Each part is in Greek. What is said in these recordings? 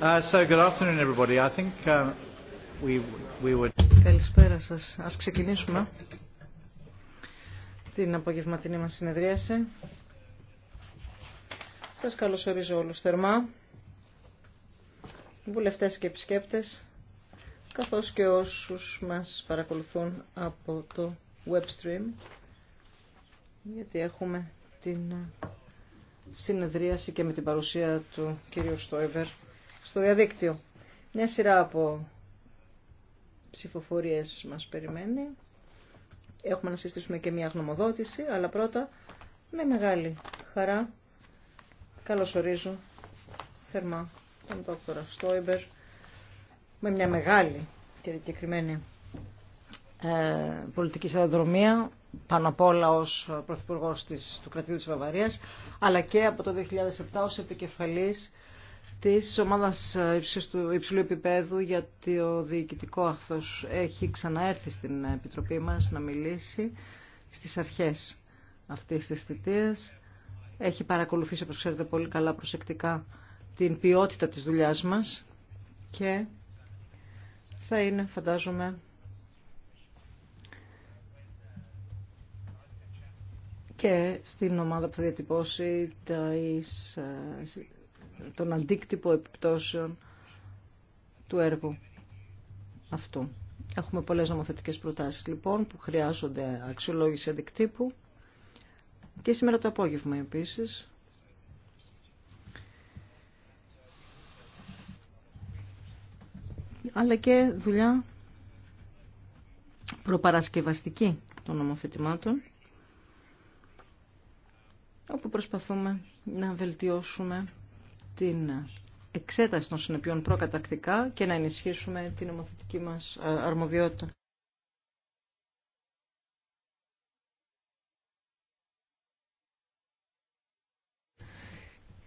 Καλησπέρα σας. Ας ξεκινήσουμε την απογευματινή μας συνεδρίαση. Σας καλωσορίζω όλους θερμά, βουλευτές και επισκέπτες, καθώς και όσους μας παρακολουθούν από το webstream, γιατί έχουμε την συνεδρίαση και με την παρουσία του κύριου Στόιβερ στο διαδίκτυο. Μια σειρά από ψηφοφορίες μας περιμένει. Έχουμε να συστήσουμε και μια γνωμοδότηση, αλλά πρώτα με μεγάλη χαρά καλωσορίζω θερμά τον δόκτωρα Στόιμπερ με μια μεγάλη και δικαιοκριμένη ε, πολιτική αεροδρομία πάνω απ' όλα ως Πρωθυπουργός του κρατήριου της Βαβαρίας αλλά και από το 2007 ως επικεφαλής της ομάδας ε, του υψηλού επίπεδου γιατί ο διοικητικό άχθος έχει ξαναέρθει στην Επιτροπή μας να μιλήσει στις αρχές αυτής της θητείας. Έχει παρακολουθήσει, όπως ξέρετε, πολύ καλά προσεκτικά την ποιότητα της δουλειάς μας και θα είναι, φαντάζομαι, και στην ομάδα που θα διατυπώσει ε, τον αντίκτυπο επιπτώσεων του έργου αυτού. Έχουμε πολλές νομοθετικές προτάσεις λοιπόν που χρειάζονται αξιολόγηση αντικτύπου και σήμερα το απόγευμα επίσης. Αλλά και δουλειά προπαρασκευαστική των νομοθετημάτων όπου προσπαθούμε να βελτιώσουμε την εξέταση των συνεπειών προκατακτικά και να ενισχύσουμε την νομοθετική μας ε, αρμοδιότητα.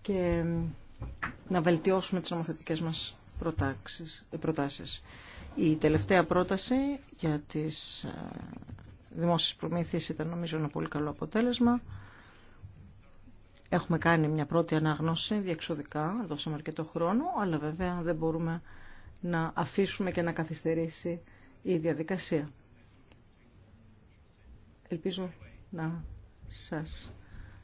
και να βελτιώσουμε τις νομοθετικές μας ε, προτάσεις. Η τελευταία πρόταση για τις ε, δημόσιες προμήθειες ήταν νομίζω ένα πολύ καλό αποτέλεσμα. Έχουμε κάνει μια πρώτη ανάγνωση διεξοδικά, δώσαμε αρκετό χρόνο, αλλά βέβαια δεν μπορούμε να αφήσουμε και να καθυστερήσει η διαδικασία. Ελπίζω να σας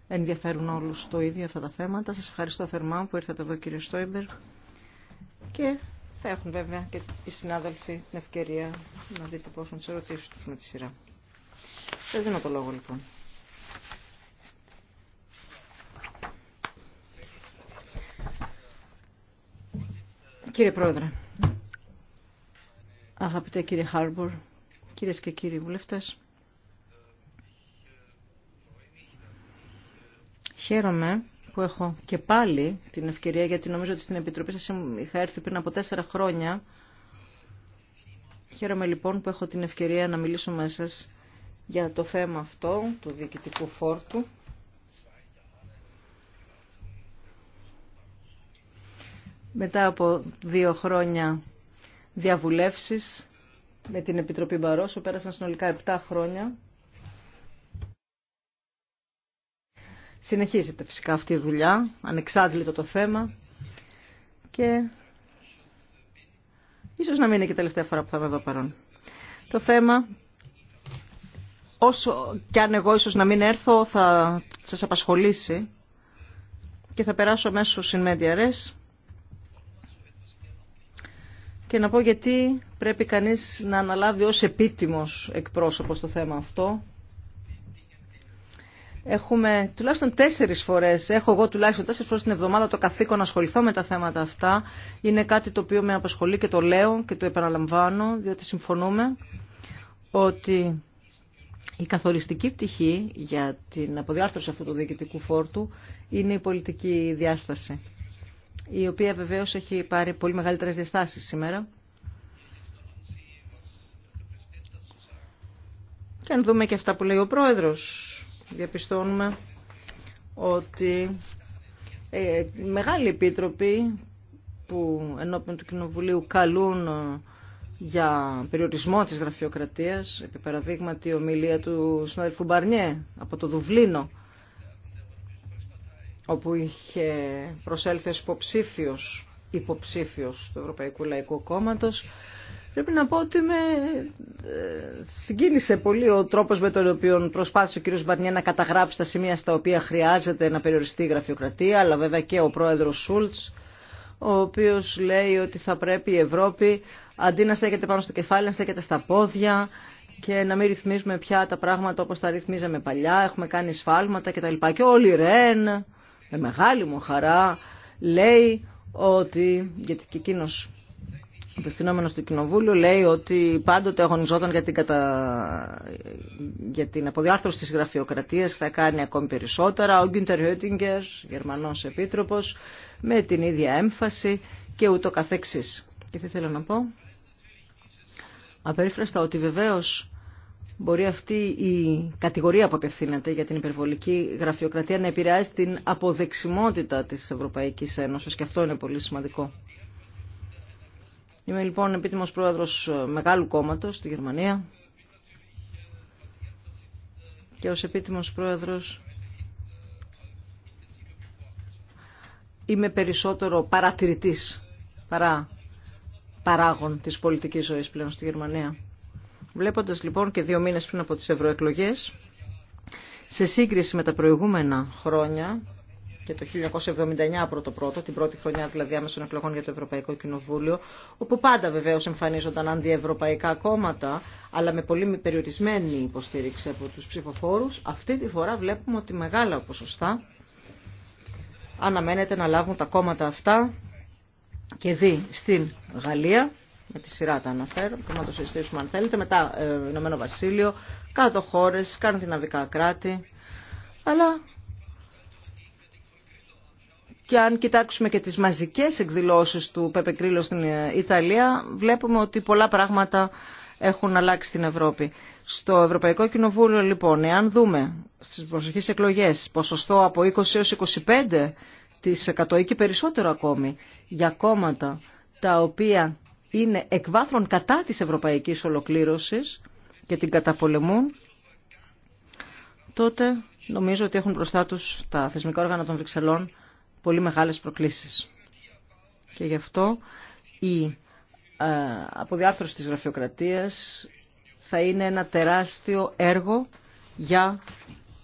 ενδιαφέρουν όλους το ίδιο αυτά τα θέματα. Σας ευχαριστώ θερμά που ήρθατε εδώ κύριε Στόιμπερ και θα έχουν βέβαια και οι συνάδελφοι την ευκαιρία να δείτε πόσο τις ερωτήσεις τους με τη σειρά. Σας δίνω το λόγο λοιπόν. Κύριε Πρόεδρε, αγαπητέ κύριε Χάρμπορ, κυρίες και κύριοι βουλευτές, χαίρομαι που έχω και πάλι την ευκαιρία, γιατί νομίζω ότι στην Επιτροπή σας είχα έρθει πριν από τέσσερα χρόνια. Χαίρομαι λοιπόν που έχω την ευκαιρία να μιλήσω μέσα για το θέμα αυτό του διοικητικού φόρτου Μετά από δύο χρόνια διαβουλεύσεις με την Επιτροπή Μπαρόσο, πέρασαν συνολικά 7 χρόνια. Συνεχίζεται φυσικά αυτή η δουλειά, ανεξάντλητο το θέμα και ίσως να μην είναι και η τελευταία φορά που θα είμαι εδώ παρόν. Το θέμα, όσο κι αν εγώ ίσως να μην έρθω, θα σας απασχολήσει και θα περάσω μέσω συνμέντια και να πω γιατί πρέπει κανείς να αναλάβει ως επίτιμος εκπρόσωπος το θέμα αυτό. Έχουμε τουλάχιστον τέσσερι φορέ, έχω εγώ τουλάχιστον τέσσερι φορέ την εβδομάδα το καθήκον να ασχοληθώ με τα θέματα αυτά. Είναι κάτι το οποίο με απασχολεί και το λέω και το επαναλαμβάνω, διότι συμφωνούμε ότι η καθοριστική πτυχή για την αποδιάρθρωση αυτού του διοικητικού φόρτου είναι η πολιτική διάσταση η οποία βεβαίως έχει πάρει πολύ μεγαλύτερες διαστάσεις σήμερα. Και αν δούμε και αυτά που λέει ο Πρόεδρος, διαπιστώνουμε ότι ε, μεγάλοι επίτροποι που ενώπιον του Κοινοβουλίου καλούν ε, για περιορισμό της γραφειοκρατίας, επί παραδείγματι ομιλία του συνάδελφου Μπαρνιέ από το Δουβλίνο, όπου είχε προσέλθει ως υποψήφιος, υποψήφιος του Ευρωπαϊκού Λαϊκού Κόμματος. Πρέπει να πω ότι με ε, συγκίνησε πολύ ο τρόπος με τον οποίο προσπάθησε ο κ. Μπαρνιέ να καταγράψει τα σημεία στα οποία χρειάζεται να περιοριστεί η γραφειοκρατία, αλλά βέβαια και ο πρόεδρος Σούλτς, ο οποίος λέει ότι θα πρέπει η Ευρώπη αντί να στέκεται πάνω στο κεφάλι, να στέκεται στα πόδια, και να μην ρυθμίζουμε πια τα πράγματα όπως τα ρυθμίζαμε παλιά, έχουμε κάνει σφάλματα κτλ. Και όλοι ρεν, με μεγάλη μου χαρά λέει ότι, γιατί και εκείνο απευθυνόμενο του Κοινοβούλου λέει ότι πάντοτε αγωνιζόταν για την, κατα... για την αποδιάρθρωση της γραφειοκρατίας θα κάνει ακόμη περισσότερα. Ο Γκίντερ Χιώτιγκερ, Γερμανός Επίτροπος, με την ίδια έμφαση και ούτω καθεξής. Τι θέλω να πω. Απερίφραστα ότι βεβαίως μπορεί αυτή η κατηγορία που απευθύνεται για την υπερβολική γραφειοκρατία να επηρεάζει την αποδεξιμότητα της Ευρωπαϊκής Ένωσης και αυτό είναι πολύ σημαντικό. Είμαι λοιπόν επίτιμος πρόεδρος μεγάλου κόμματος στη Γερμανία και ως επίτιμος πρόεδρος είμαι περισσότερο παρατηρητής παρά παράγων της πολιτικής ζωής πλέον στη Γερμανία. Βλέποντας λοιπόν και δύο μήνες πριν από τις ευρωεκλογέ, σε σύγκριση με τα προηγούμενα χρόνια και το 1979 πρώτο πρώτο, την πρώτη χρονιά δηλαδή άμεσων εκλογών για το Ευρωπαϊκό Κοινοβούλιο, όπου πάντα βεβαίως εμφανίζονταν αντιευρωπαϊκά κόμματα, αλλά με πολύ περιορισμένη υποστήριξη από τους ψηφοφόρους, αυτή τη φορά βλέπουμε ότι μεγάλα ποσοστά αναμένεται να λάβουν τα κόμματα αυτά και δει στην Γαλλία με τη σειρά τα αναφέρω, μπορούμε να το συζητήσουμε αν θέλετε, μετά ε, Ηνωμένο Βασίλειο, κάτω χώρε, σκανδιναβικά κράτη, αλλά και αν κοιτάξουμε και τις μαζικές εκδηλώσεις του Πέπε Κρίλο στην ε, Ιταλία, βλέπουμε ότι πολλά πράγματα έχουν αλλάξει στην Ευρώπη. Στο Ευρωπαϊκό Κοινοβούλιο, λοιπόν, εάν δούμε στις προσεχείς εκλογές ποσοστό από 20 έως 25% της εκατοίκη περισσότερο ακόμη για κόμματα τα οποία είναι εκβάθρων κατά της ευρωπαϊκής ολοκλήρωσης και την καταπολεμούν, τότε νομίζω ότι έχουν μπροστά τους τα θεσμικά όργανα των Βρυξελών πολύ μεγάλες προκλήσεις. Και γι' αυτό η ε, αποδιάρθρωση της γραφειοκρατίας θα είναι ένα τεράστιο έργο για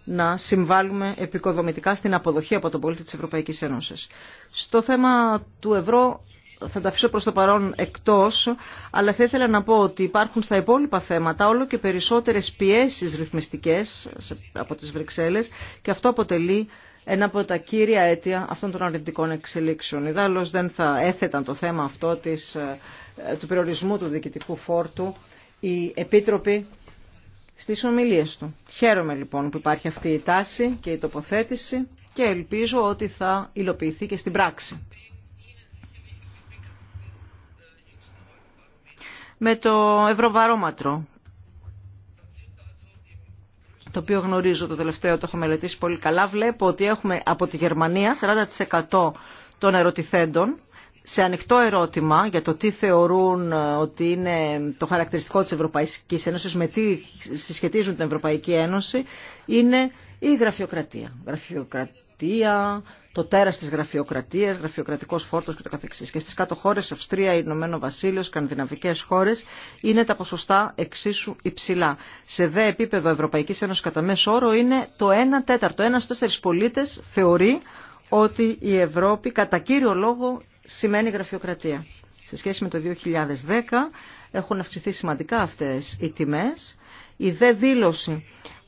να συμβάλλουμε επικοδομητικά στην αποδοχή από τον πολίτη της Ευρωπαϊκής Ένωσης. Στο θέμα του ευρώ θα τα αφήσω προς το παρόν εκτός, αλλά θα ήθελα να πω ότι υπάρχουν στα υπόλοιπα θέματα όλο και περισσότερες πιέσεις ρυθμιστικές από τις Βρυξέλλες και αυτό αποτελεί ένα από τα κύρια αίτια αυτών των αρνητικών εξελίξεων. Ιδάλλως δεν θα έθεταν το θέμα αυτό της, ε, του περιορισμού του διοικητικού φόρτου οι επίτροποι στις ομιλίες του. Χαίρομαι λοιπόν που υπάρχει αυτή η τάση και η τοποθέτηση και ελπίζω ότι θα υλοποιηθεί και στην πράξη. με το ευρωβαρόματρο το οποίο γνωρίζω το τελευταίο, το έχω μελετήσει πολύ καλά, βλέπω ότι έχουμε από τη Γερμανία 40% των ερωτηθέντων σε ανοιχτό ερώτημα για το τι θεωρούν ε, ότι είναι το χαρακτηριστικό της Ευρωπαϊκής Ένωσης, με τι συσχετίζουν την Ευρωπαϊκή Ένωση, είναι η γραφειοκρατία. Γραφειοκρατία το τέρα τη γραφειοκρατίας, γραφειοκρατικό φόρτος και Και στι κάτω χώρε, Αυστρία, Ηνωμένο Βασίλειο, Σκανδιναβικέ χώρε, είναι τα ποσοστά εξίσου υψηλά. Σε δε επίπεδο Ευρωπαϊκή Ένωση κατά μέσο όρο είναι το 1 τέταρτο. ένα- στου τέσσερι πολίτε θεωρεί ότι η Ευρώπη κατά κύριο λόγο σημαίνει γραφειοκρατία. Σε σχέση με το 2010 έχουν αυξηθεί σημαντικά αυτές οι τιμές. Η δε δήλωση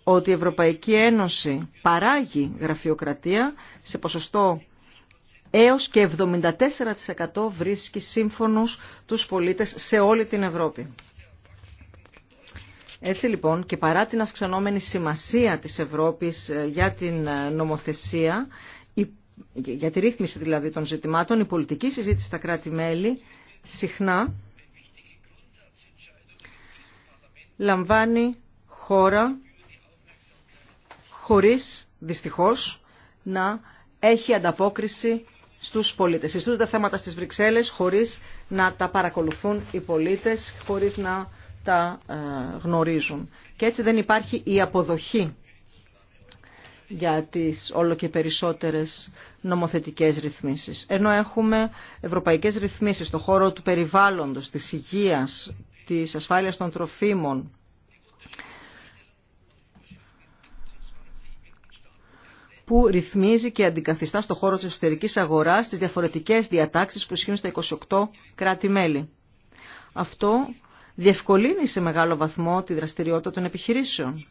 ότι η Ευρωπαϊκή Ένωση παράγει γραφειοκρατία σε ποσοστό έως και 74% βρίσκει σύμφωνους τους πολίτες σε όλη την Ευρώπη. Έτσι λοιπόν και παρά την αυξανόμενη σημασία της Ευρώπης ε, για την ε, νομοθεσία, για τη ρύθμιση δηλαδή των ζητημάτων, η πολιτική συζήτηση στα κράτη-μέλη συχνά λαμβάνει χώρα χωρίς δυστυχώς να έχει ανταπόκριση στους πολίτες. Συστούνται τα θέματα στις Βρυξέλλες χωρίς να τα παρακολουθούν οι πολίτες, χωρίς να τα ε, γνωρίζουν. Και έτσι δεν υπάρχει η αποδοχή για τις όλο και περισσότερες νομοθετικές ρυθμίσεις. Ενώ έχουμε ευρωπαϊκές ρυθμίσεις στον χώρο του περιβάλλοντος, της υγείας, της ασφάλειας των τροφίμων, που ρυθμίζει και αντικαθιστά στο χώρο της εσωτερικής αγοράς τις διαφορετικές διατάξεις που ισχύουν στα 28 κράτη-μέλη. Αυτό διευκολύνει σε μεγάλο βαθμό τη δραστηριότητα των επιχειρήσεων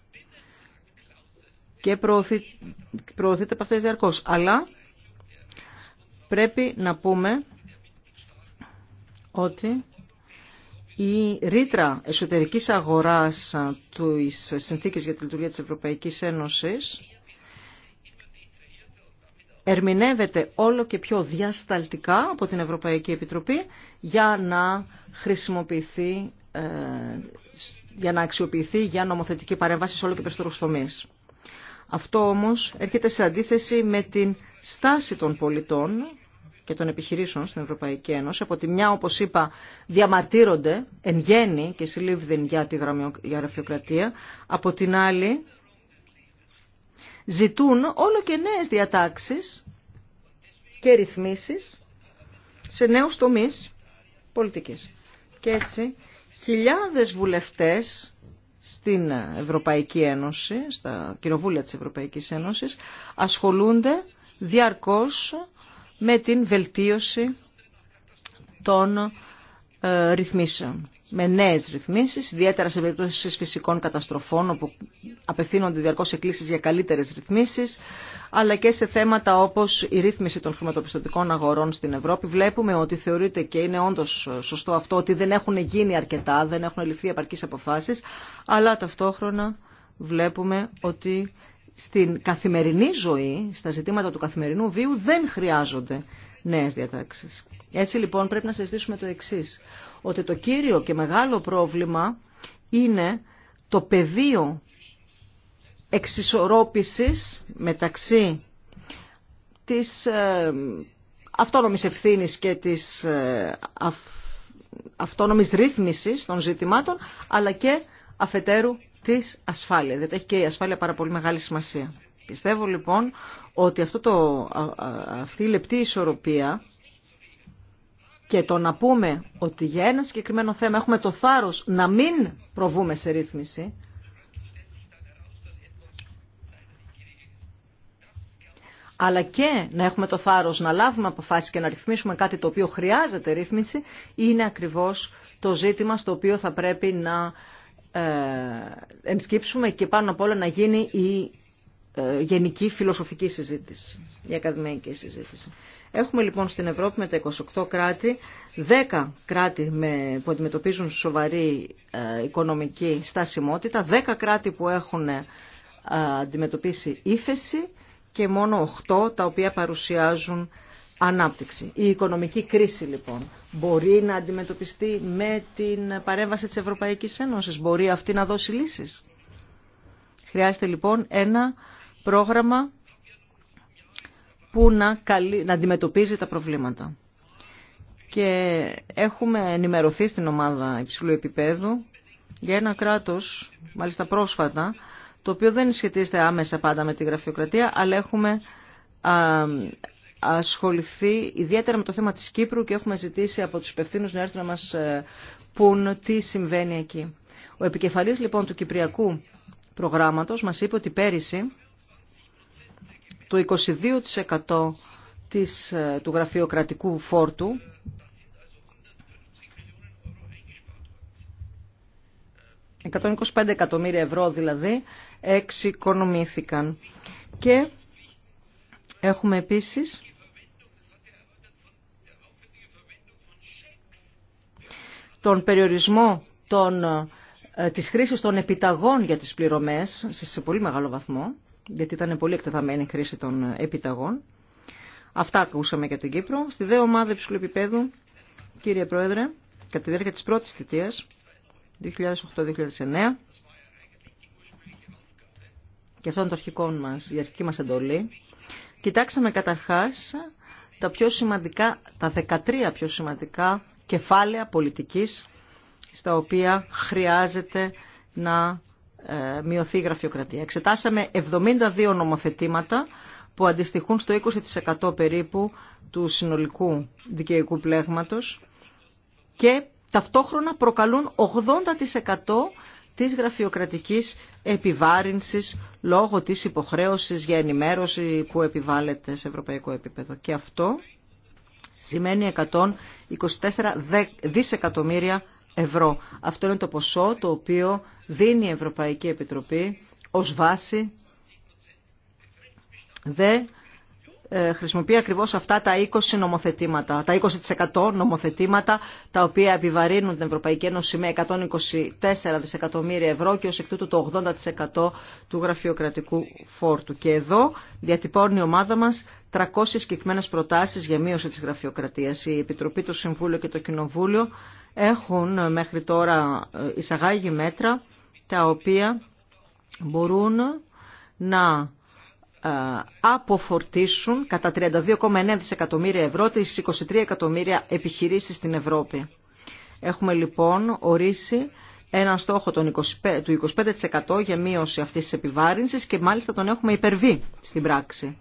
και προωθεί, προωθείται από αυτές διαρκώς. Αλλά πρέπει να πούμε ότι η ρήτρα εσωτερικής αγοράς της συνθήκης για τη λειτουργία της Ευρωπαϊκής Ένωσης ερμηνεύεται όλο και πιο διασταλτικά από την Ευρωπαϊκή Επιτροπή για να χρησιμοποιηθεί, ε, για να αξιοποιηθεί για νομοθετική παρέμβαση σε όλο και περισσότερους τομείς. Αυτό όμως έρχεται σε αντίθεση με την στάση των πολιτών και των επιχειρήσεων στην Ευρωπαϊκή Ένωση. Από τη μια, όπως είπα, διαμαρτύρονται εν γέννη και συλλήβδην για τη γραφειοκρατία. Από την άλλη, ζητούν όλο και νέες διατάξεις και ρυθμίσεις σε νέους τομείς πολιτικής. Και έτσι χιλιάδες βουλευτές στην Ευρωπαϊκή Ένωση, στα κοινοβούλια της Ευρωπαϊκής Ένωσης, ασχολούνται διαρκώς με την βελτίωση των ε, ρυθμίσεων. Με νέε ρυθμίσει, ιδιαίτερα σε περιπτώσει φυσικών καταστροφών, όπου απευθύνονται διαρκώ εκκλήσει για καλύτερε ρυθμίσει, αλλά και σε θέματα όπω η ρύθμιση των χρηματοπιστωτικών αγορών στην Ευρώπη. Βλέπουμε ότι θεωρείται και είναι όντω σωστό αυτό ότι δεν έχουν γίνει αρκετά, δεν έχουν ληφθεί επαρκεί αποφάσει, αλλά ταυτόχρονα βλέπουμε ότι στην καθημερινή ζωή, στα ζητήματα του καθημερινού βίου, δεν χρειάζονται νέε διατάξει. Έτσι λοιπόν πρέπει να συζητήσουμε το εξής, ότι το κύριο και μεγάλο πρόβλημα είναι το πεδίο εξισορρόπησης μεταξύ της ε, αυτόνομης ευθύνης και της ε, αυτόνομης ρύθμισης των ζητημάτων, αλλά και αφετέρου της ασφάλειας. Δεν έχει και η ασφάλεια πάρα πολύ μεγάλη σημασία. Πιστεύω λοιπόν ότι αυτό το, αυτή η λεπτή ισορροπία και το να πούμε ότι για ένα συγκεκριμένο θέμα έχουμε το θάρρος να μην προβούμε σε ρύθμιση, αλλά και να έχουμε το θάρρος να λάβουμε αποφάσεις και να ρυθμίσουμε κάτι το οποίο χρειάζεται ρύθμιση, είναι ακριβώς το ζήτημα στο οποίο θα πρέπει να ε, ενσκύψουμε και πάνω απ' όλα να γίνει η ε, γενική φιλοσοφική συζήτηση, η ακαδημαϊκή συζήτηση. Έχουμε λοιπόν στην Ευρώπη με τα 28 κράτη, 10 κράτη με, που αντιμετωπίζουν σοβαρή ε, οικονομική στασιμότητα, 10 κράτη που έχουν ε, αντιμετωπίσει ύφεση και μόνο 8 τα οποία παρουσιάζουν ανάπτυξη. Η οικονομική κρίση λοιπόν μπορεί να αντιμετωπιστεί με την παρέμβαση της Ευρωπαϊκής Ένωσης, μπορεί αυτή να δώσει λύσεις. Χρειάζεται λοιπόν ένα πρόγραμμα που να, καλύ... να αντιμετωπίζει τα προβλήματα. Και έχουμε ενημερωθεί στην ομάδα υψηλού επίπεδου για ένα κράτος, μάλιστα πρόσφατα, το οποίο δεν σχετίζεται άμεσα πάντα με τη γραφειοκρατία, αλλά έχουμε ασχοληθεί ιδιαίτερα με το θέμα της Κύπρου και έχουμε ζητήσει από τους υπευθύνους να έρθουν να μας ε, πούν τι συμβαίνει εκεί. Ο επικεφαλής λοιπόν του Κυπριακού προγράμματος μας είπε ότι πέρυσι το 22% της, ε, του γραφειοκρατικού φόρτου ...125 εκατομμύρια ευρώ δηλαδή εξοικονομήθηκαν. Και έχουμε επίσης τον περιορισμό των, ε, της χρήσης των επιταγών για τις πληρωμές σε πολύ μεγάλο βαθμό γιατί ήταν πολύ εκτεταμένη η χρήση των επιταγών. Αυτά ακούσαμε για την Κύπρο. Στη δε ομάδα υψηλού επίπεδου, κύριε Πρόεδρε, κατά τη διάρκεια τη πρωτη θητειας θητείας, 2008-2009, και αυτό είναι το αρχικό μας, η αρχική μας εντολή, κοιτάξαμε καταρχάς τα, πιο σημαντικά, τα 13 πιο σημαντικά κεφάλαια πολιτικής στα οποία χρειάζεται να ε, μειωθεί η γραφειοκρατία. Εξετάσαμε 72 νομοθετήματα που αντιστοιχούν στο 20% περίπου του συνολικού δικαιοικού πλέγματος και ταυτόχρονα προκαλούν 80% της γραφειοκρατικής επιβάρυνσης λόγω της υποχρέωσης για ενημέρωση που επιβάλλεται σε ευρωπαϊκό επίπεδο. Και αυτό σημαίνει 124 δισεκατομμύρια ευρώ. Αυτό είναι το ποσό το οποίο δίνει η Ευρωπαϊκή Επιτροπή ως βάση δε ε, χρησιμοποιεί ακριβώς αυτά τα 20 νομοθετήματα, τα 20% νομοθετήματα τα οποία επιβαρύνουν την Ευρωπαϊκή Ένωση με 124 δισεκατομμύρια ευρώ και ως εκ τούτου το 80% του γραφειοκρατικού φόρτου. Και εδώ διατυπώνει η ομάδα μας 300 συγκεκριμένε προτάσεις για μείωση της γραφειοκρατίας. Η Επιτροπή, το Συμβούλιο και το Κοινοβούλιο έχουν ε, μέχρι τώρα ε, εισαγάγει μέτρα τα οποία μπορούν να ε, αποφορτήσουν κατά 32,9 δισεκατομμύρια ευρώ τις 23 εκατομμύρια επιχειρήσεις στην Ευρώπη. Έχουμε λοιπόν ορίσει έναν στόχο των 25, του 25% για μείωση αυτής της επιβάρυνσης και μάλιστα τον έχουμε υπερβεί στην πράξη.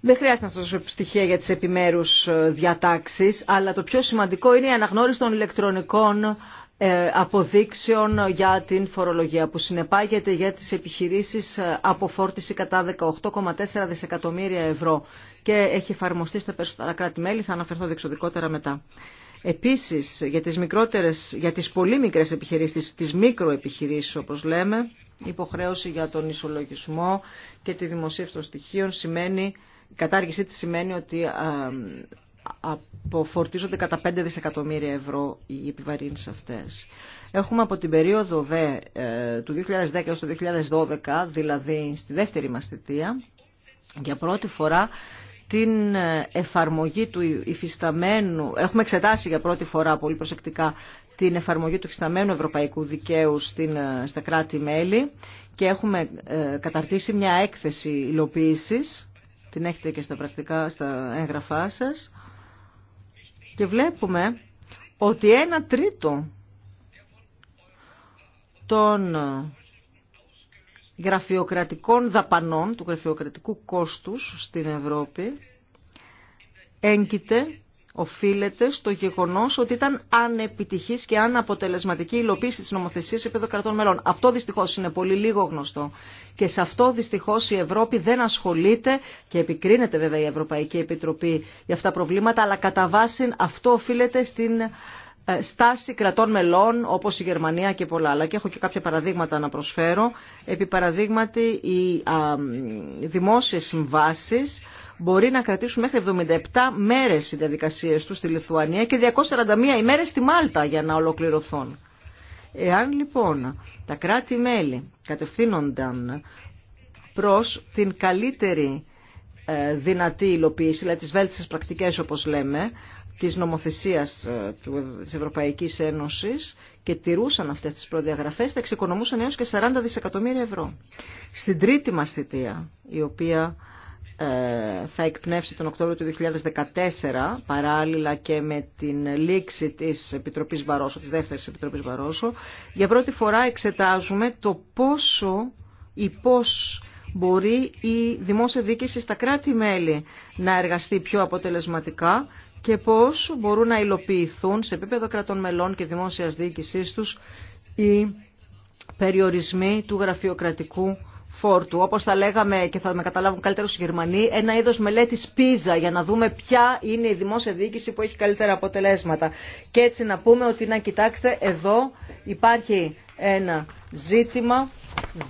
Δεν χρειάζεται να σας δώσω στοιχεία για τις επιμέρους ε, διατάξεις, αλλά το πιο σημαντικό είναι η αναγνώριση των ηλεκτρονικών ε, αποδείξεων για την φορολογία που συνεπάγεται για τις επιχειρήσεις ε, φόρτιση κατά 18,4 δισεκατομμύρια ευρώ και έχει εφαρμοστεί στα περισσότερα κράτη-μέλη, θα αναφερθώ δεξοδικότερα μετά. Επίσης, για τις, μικρότερες, για τις πολύ μικρές επιχειρήσεις, τις μικροεπιχειρήσεις όπως λέμε, υποχρέωση για τον ισολογισμό και τη δημοσίευση των στοιχείων σημαίνει, η κατάργησή της σημαίνει ότι ε, αποφορτίζονται κατά 5 δισεκατομμύρια ευρώ οι επιβαρύνσεις αυτές. Έχουμε από την περίοδο δε, ε, του 2010 έως το 2012, δηλαδή στη δεύτερη μας θητεία, για πρώτη φορά την ε, εφαρμογή του υφισταμένου, έχουμε εξετάσει για πρώτη φορά πολύ προσεκτικά την εφαρμογή του υφισταμένου ευρωπαϊκού δικαίου στην, ε, στα κράτη-μέλη και έχουμε καταρτήσει μια έκθεση υλοποίησης, την έχετε και στα πρακτικά, στα έγγραφά σας και βλέπουμε ότι ένα τρίτο των γραφειοκρατικών δαπανών, του γραφειοκρατικού κόστους στην Ευρώπη, έγκυται οφείλεται στο γεγονό ότι ήταν ανεπιτυχή και αναποτελεσματική η υλοποίηση τη νομοθεσία επί επίπεδο κρατών μελών. Αυτό δυστυχώ είναι πολύ λίγο γνωστό. Και σε αυτό δυστυχώ η Ευρώπη δεν ασχολείται και επικρίνεται βέβαια η Ευρωπαϊκή Επιτροπή για αυτά τα προβλήματα, αλλά κατά βάση αυτό οφείλεται στην ε, στάση κρατών μελών όπως η Γερμανία και πολλά άλλα. Και έχω και κάποια παραδείγματα να προσφέρω. Επί παραδείγματι οι δημόσιες συμβάσεις μπορεί να κρατήσουν μέχρι 77 μέρες οι διαδικασίες του στη Λιθουανία και 241 ημέρες στη Μάλτα για να ολοκληρωθούν. Εάν λοιπόν τα κράτη-μέλη κατευθύνονταν προς την καλύτερη ε, δυνατή υλοποίηση, δηλαδή τις βέλτιστες πρακτικές όπως λέμε, της νομοθεσίας ε, της Ευρωπαϊκής Ένωσης και τηρούσαν αυτές τις προδιαγραφές, θα εξοικονομούσαν έως και 40 δισεκατομμύρια ευρώ. Στην τρίτη μας θητεία, η οποία ε, θα εκπνεύσει τον Οκτώβριο του 2014 παράλληλα και με την λήξη της Επιτροπής Βαρόσο, της δεύτερης Επιτροπής Βαρόσο για πρώτη φορά εξετάζουμε το πόσο ή πώς μπορεί η δημόσια διοίκηση στα κράτη-μέλη να εργαστεί πιο αποτελεσματικά και πώς μπορούν να υλοποιηθούν σε επίπεδο κρατών μελών και δημόσιας διοίκησής τους οι περιορισμοί του γραφειοκρατικού φόρτου, όπως θα λέγαμε και θα με καταλάβουν καλύτερα στους Γερμανοί, ένα είδος μελέτης πίζα για να δούμε ποια είναι η δημόσια διοίκηση που έχει καλύτερα αποτελέσματα. Και έτσι να πούμε ότι να κοιτάξτε εδώ υπάρχει ένα ζήτημα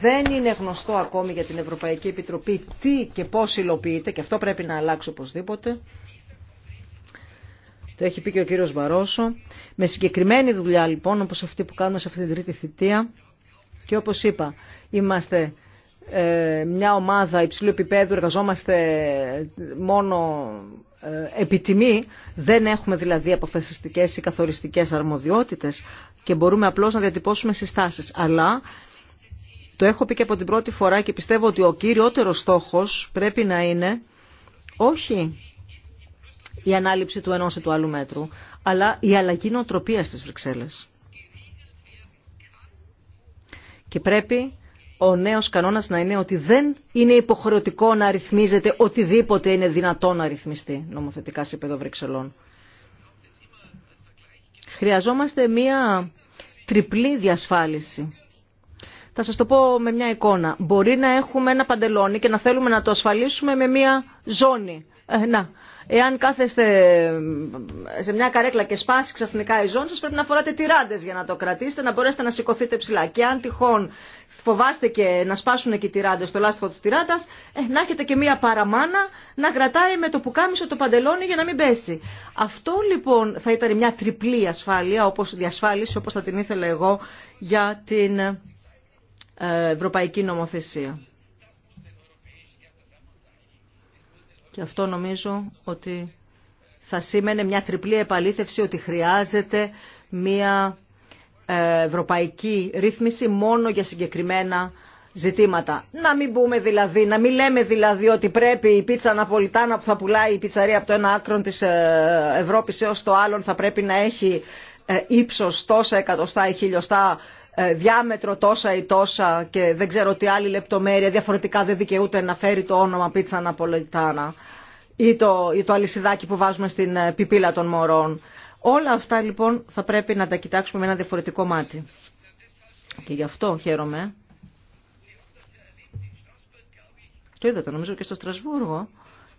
δεν είναι γνωστό ακόμη για την Ευρωπαϊκή Επιτροπή τι και πώς υλοποιείται και αυτό πρέπει να αλλάξει οπωσδήποτε. Το έχει πει και ο κύριος Βαρόσο. Με συγκεκριμένη δουλειά λοιπόν όπως αυτή που κάνουμε σε αυτή την τρίτη θητεία και όπως είπα είμαστε ε, μια ομάδα υψηλού επίπεδου, εργαζόμαστε μόνο ε, επιτιμή, δεν έχουμε δηλαδή αποφασιστικές ή καθοριστικές αρμοδιότητες και μπορούμε απλώς να διατυπώσουμε συστάσεις. Αλλά το έχω πει και από την πρώτη φορά και πιστεύω ότι ο κυριότερος στόχος πρέπει να είναι όχι η ανάληψη του ενός ή του άλλου μέτρου, αλλά η αλλαγή νοοτροπίας στις Βρυξέλλες. Και πρέπει ο νέος κανόνας να είναι ότι δεν είναι υποχρεωτικό να αριθμίζεται οτιδήποτε είναι δυνατό να αριθμιστεί νομοθετικά σε επίπεδο Βρυξελών. Χρειαζόμαστε μία τριπλή διασφάλιση. Θα σας το πω με μια εικόνα. Μπορεί να έχουμε ένα παντελόνι και να θέλουμε να το ασφαλίσουμε με μια ζώνη. Ε, εάν κάθεστε ε, σε μια καρέκλα και σπάσει ξαφνικά η ζώνη σας, πρέπει να φοράτε τυράντες για να το κρατήσετε, να μπορέσετε να σηκωθείτε ψηλά. Και αν τυχόν φοβάστε και να σπάσουν και οι τυράντε, το λάστιχο τη τυράντα, ε, να έχετε και μία παραμάνα να κρατάει με το πουκάμισο το παντελόνι για να μην πέσει. Αυτό λοιπόν θα ήταν μια τριπλή ασφάλεια, όπω διασφάλιση, όπω θα την ήθελα εγώ, για την ε, ευρωπαϊκή νομοθεσία. Και αυτό νομίζω ότι θα σήμαινε μια τριπλή επαλήθευση ότι χρειάζεται μια ε, ευρωπαϊκή ρύθμιση μόνο για συγκεκριμένα ζητήματα. Να μην πούμε δηλαδή, να μην λέμε δηλαδή ότι πρέπει η πίτσα Ναπολιτάνα που θα πουλάει η πιτσαρία από το ένα άκρο της ε, Ευρώπης έως το άλλο θα πρέπει να έχει ε, ύψος τόσα εκατοστά ή χιλιοστά διάμετρο τόσα ή τόσα και δεν ξέρω τι άλλη λεπτομέρεια διαφορετικά δεν δικαιούται να φέρει το όνομα πίτσα Ναπολιτάνα ή το, ή το αλυσιδάκι που βάζουμε στην πιπίλα των μωρών. Όλα αυτά λοιπόν θα πρέπει να τα κοιτάξουμε με ένα διαφορετικό μάτι. Και γι' αυτό χαίρομαι. Το είδατε νομίζω και στο Στρασβούργο.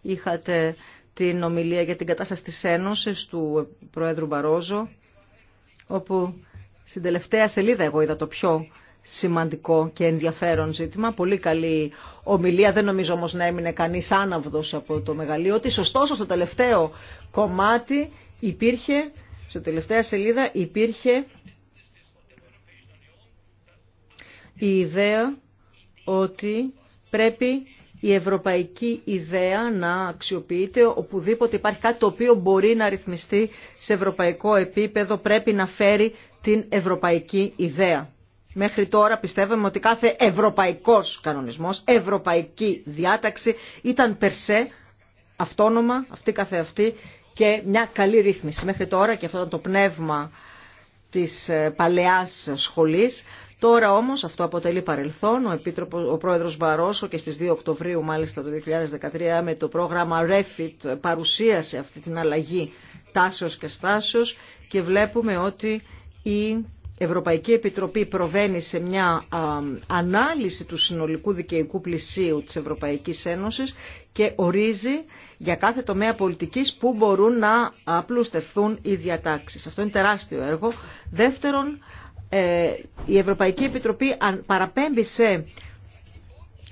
Είχατε την ομιλία για την κατάσταση της Ένωσης του Προέδρου Μπαρόζο, όπου στην τελευταία σελίδα εγώ είδα το πιο σημαντικό και ενδιαφέρον ζήτημα. Πολύ καλή ομιλία, δεν νομίζω όμως να έμεινε κανείς άναυδος από το μεγαλείο τη, Ωστόσο στο τελευταίο κομμάτι υπήρχε, στο τελευταία σελίδα υπήρχε η ιδέα ότι πρέπει η ευρωπαϊκή ιδέα να αξιοποιείται οπουδήποτε υπάρχει κάτι το οποίο μπορεί να ρυθμιστεί σε ευρωπαϊκό επίπεδο, πρέπει να φέρει την ευρωπαϊκή ιδέα. Μέχρι τώρα πιστεύαμε ότι κάθε ευρωπαϊκός κανονισμός, ευρωπαϊκή διάταξη ήταν περσέ αυτόνομα, αυτή καθεαυτή, και μια καλή ρύθμιση. Μέχρι τώρα και αυτό ήταν το πνεύμα της ε, παλαιάς σχολής. Τώρα όμως αυτό αποτελεί παρελθόν. Ο, Επίτροπος, ο πρόεδρος Βαρόσο και στις 2 Οκτωβρίου μάλιστα το 2013 με το πρόγραμμα REFIT παρουσίασε αυτή την αλλαγή τάσεως και στάσεως και βλέπουμε ότι η Ευρωπαϊκή Επιτροπή προβαίνει σε μια ανάλυση του συνολικού δικαιικού πλησίου της Ευρωπαϊκής Ένωσης και ορίζει για κάθε τομέα πολιτικής που μπορούν να απλουστευθούν οι διατάξεις. Αυτό είναι τεράστιο έργο. Δεύτερον, ε, η Ευρωπαϊκή Επιτροπή παραπέμπει σε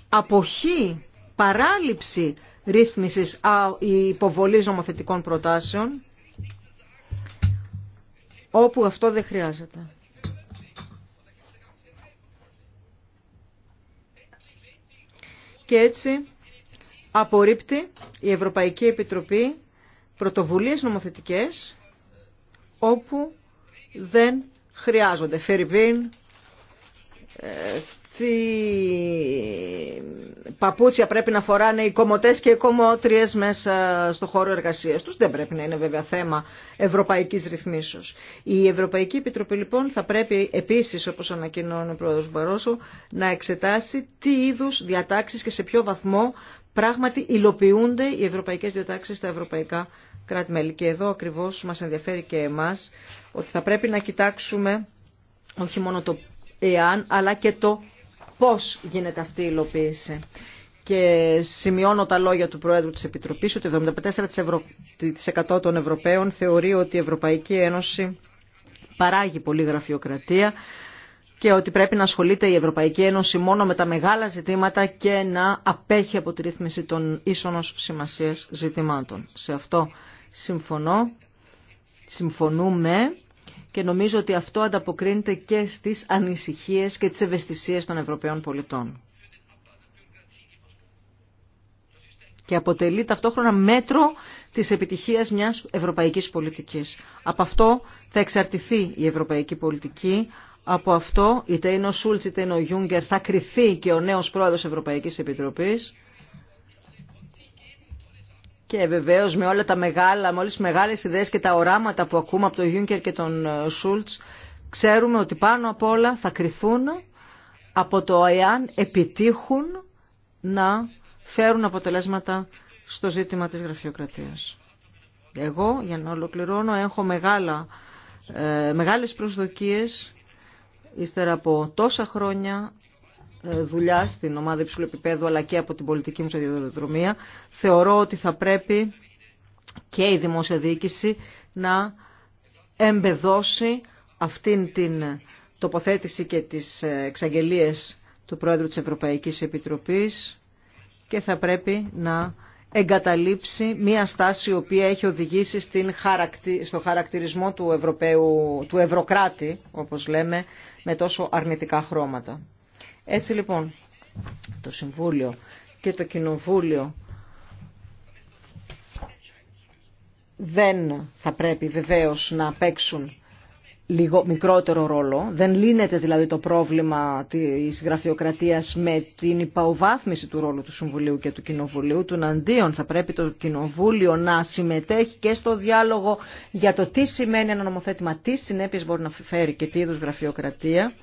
αποχή, παράληψη ρύθμισης υποβολή νομοθετικών προτάσεων, όπου αυτό δεν χρειάζεται. Και έτσι απορρίπτει η Ευρωπαϊκή Επιτροπή πρωτοβουλίες νομοθετικές όπου δεν χρειάζονται. Φεριβίν, ε, τι παπούτσια πρέπει να φοράνε οι κομμωτές και οι κομμωτριές μέσα στο χώρο εργασίας τους. Δεν πρέπει να είναι βέβαια θέμα ευρωπαϊκής ρυθμίσεως. Η Ευρωπαϊκή Επιτροπή λοιπόν θα πρέπει επίσης, όπως ανακοινώνει ο πρόεδρος Μπαρόσο, να εξετάσει τι είδους διατάξεις και σε ποιο βαθμό πράγματι υλοποιούνται οι ευρωπαϊκές διατάξεις στα ευρωπαϊκά κράτη-μέλη. Και εδώ ακριβώς μας ενδιαφέρει και εμάς ότι θα πρέπει να κοιτάξουμε όχι μόνο το εάν, αλλά και το πώς γίνεται αυτή η υλοποίηση. Και σημειώνω τα λόγια του Προέδρου της Επιτροπής ότι 74% των Ευρωπαίων θεωρεί ότι η Ευρωπαϊκή Ένωση παράγει πολύ γραφειοκρατία, και ότι πρέπει να ασχολείται η Ευρωπαϊκή Ένωση μόνο με τα μεγάλα ζητήματα και να απέχει από τη ρύθμιση των ίσονος σημασίας ζητημάτων. Σε αυτό συμφωνώ, συμφωνούμε και νομίζω ότι αυτό ανταποκρίνεται και στις ανησυχίες και τις ευαισθησίες των Ευρωπαίων πολιτών. και αποτελεί ταυτόχρονα μέτρο της επιτυχίας μιας ευρωπαϊκής πολιτικής. Από αυτό θα εξαρτηθεί η ευρωπαϊκή πολιτική, από αυτό, είτε είναι ο Σούλτ είτε είναι ο Γιούγκερ, θα κριθεί και ο νέος πρόεδρος Ευρωπαϊκής Επιτροπής. Και βεβαίω με όλα τα μεγάλα, με όλες τις μεγάλες ιδέες και τα οράματα που ακούμε από τον Γιούγκερ και τον ε, Σούλτς, ξέρουμε ότι πάνω απ' όλα θα κριθούν από το εάν επιτύχουν να φέρουν αποτελέσματα στο ζήτημα της γραφειοκρατίας. Εγώ, για να ολοκληρώνω, έχω μεγάλα, ε, μεγάλες προσδοκίες ύστερα από τόσα χρόνια ε, δουλειά στην ομάδα υψηλού επίπεδου αλλά και από την πολιτική μου διαδρομία, θεωρώ ότι θα πρέπει και η δημόσια διοίκηση να εμπεδώσει αυτήν την τοποθέτηση και τις ε, εξαγγελίες του Πρόεδρου της Ευρωπαϊκής Επιτροπής και θα πρέπει να εγκαταλείψει μία στάση η οποία έχει οδηγήσει στην στο χαρακτηρισμό του, Ευρωπαίου... του Ευρωκράτη, όπως λέμε, με τόσο αρνητικά χρώματα. Έτσι λοιπόν, το Συμβούλιο και το Κοινοβούλιο δεν θα πρέπει βεβαίως να παίξουν λίγο μικρότερο ρόλο. Δεν λύνεται δηλαδή το πρόβλημα της γραφειοκρατίας με την υπαοβάθμιση του ρόλου του Συμβουλίου και του Κοινοβουλίου. Του αντίον θα πρέπει το Κοινοβούλιο να συμμετέχει και στο διάλογο για το τι σημαίνει ένα νομοθέτημα, τι συνέπειες μπορεί να φέρει και τι είδου γραφειοκρατία.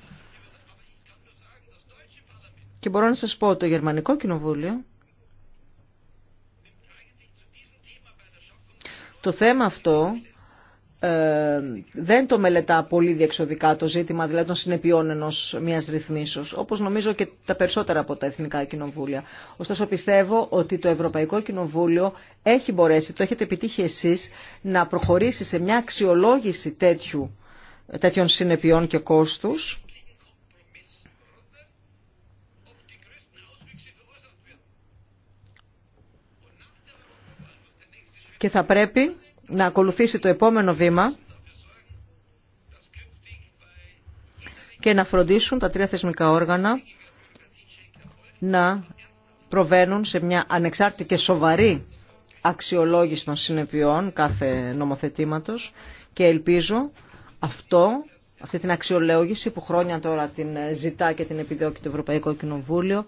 Και μπορώ να σας πω, το Γερμανικό Κοινοβούλιο το θέμα αυτό ε, δεν το μελετά πολύ διεξοδικά το ζήτημα δηλαδή των συνεπειών ενός μιας ρυθμίσεως όπως νομίζω και τα περισσότερα από τα εθνικά κοινοβούλια. Ωστόσο πιστεύω ότι το Ευρωπαϊκό Κοινοβούλιο έχει μπορέσει, το έχετε επιτύχει εσείς να προχωρήσει σε μια αξιολόγηση τέτοιου, τέτοιων συνεπειών και κόστους και θα πρέπει να ακολουθήσει το επόμενο βήμα και να φροντίσουν τα τρία θεσμικά όργανα να προβαίνουν σε μια ανεξάρτητη και σοβαρή αξιολόγηση των συνεπειών κάθε νομοθετήματος και ελπίζω αυτό, αυτή την αξιολόγηση που χρόνια τώρα την ζητά και την επιδιώκει το Ευρωπαϊκό Κοινοβούλιο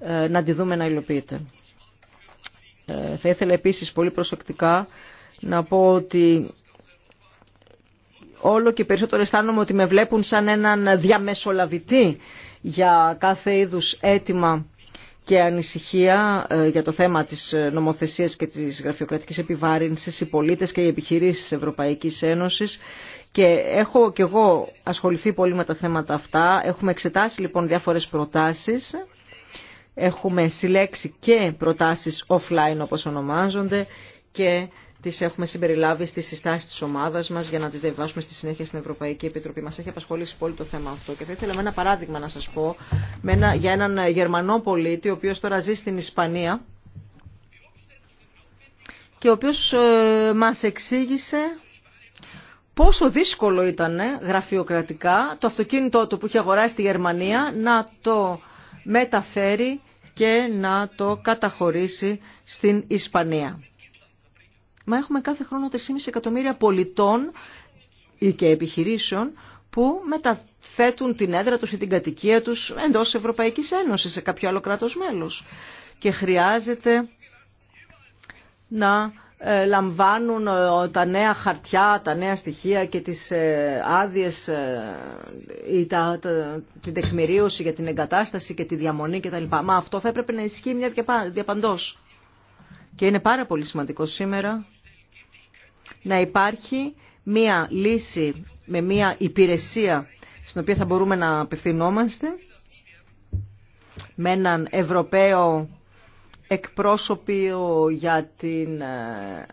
ε, να τη δούμε να υλοποιείται. Ε, θα ήθελα επίσης πολύ προσεκτικά να πω ότι όλο και περισσότερο αισθάνομαι ότι με βλέπουν σαν έναν διαμεσολαβητή για κάθε είδους αίτημα και ανησυχία ε, για το θέμα της νομοθεσίας και της γραφειοκρατικής επιβάρυνσης, οι πολίτες και οι επιχειρήσεις της Ευρωπαϊκής Ένωσης. Και έχω κι εγώ ασχοληθεί πολύ με τα θέματα αυτά. Έχουμε εξετάσει λοιπόν διάφορες προτάσεις. Έχουμε συλλέξει και προτάσεις offline όπως ονομάζονται και τις έχουμε συμπεριλάβει στις συστάσεις της ομάδας μας για να τις διαβάσουμε στη συνέχεια στην Ευρωπαϊκή Επιτροπή. Μας έχει απασχολήσει πολύ το θέμα αυτό και θα ήθελα με ένα παράδειγμα να σας πω με ένα, για έναν Γερμανό πολίτη ο οποίος τώρα ζει στην Ισπανία και ο οποίος ε, μας εξήγησε πόσο δύσκολο ήταν ε, γραφειοκρατικά το αυτοκίνητό του που είχε αγοράσει στη Γερμανία να το μεταφέρει και να το καταχωρήσει στην Ισπανία. Μα έχουμε κάθε χρόνο 3,5 εκατομμύρια πολιτών ή και επιχειρήσεων που μεταθέτουν την έδρα τους ή την κατοικία τους εντός Ευρωπαϊκής Ένωσης σε κάποιο άλλο κράτος μέλος. Και χρειάζεται να ε, λαμβάνουν ε, τα νέα χαρτιά, τα νέα στοιχεία και τις ε, άδειες ή τα, τα, την τεκμηρίωση για την εγκατάσταση και τη διαμονή κτλ. Μα αυτό θα έπρεπε να ισχύει μια διαπαντός. Και είναι πάρα πολύ σημαντικό σήμερα να υπάρχει μία λύση με μία υπηρεσία στην οποία θα μπορούμε να απευθυνόμαστε με έναν Ευρωπαίο εκπρόσωπο για την ε,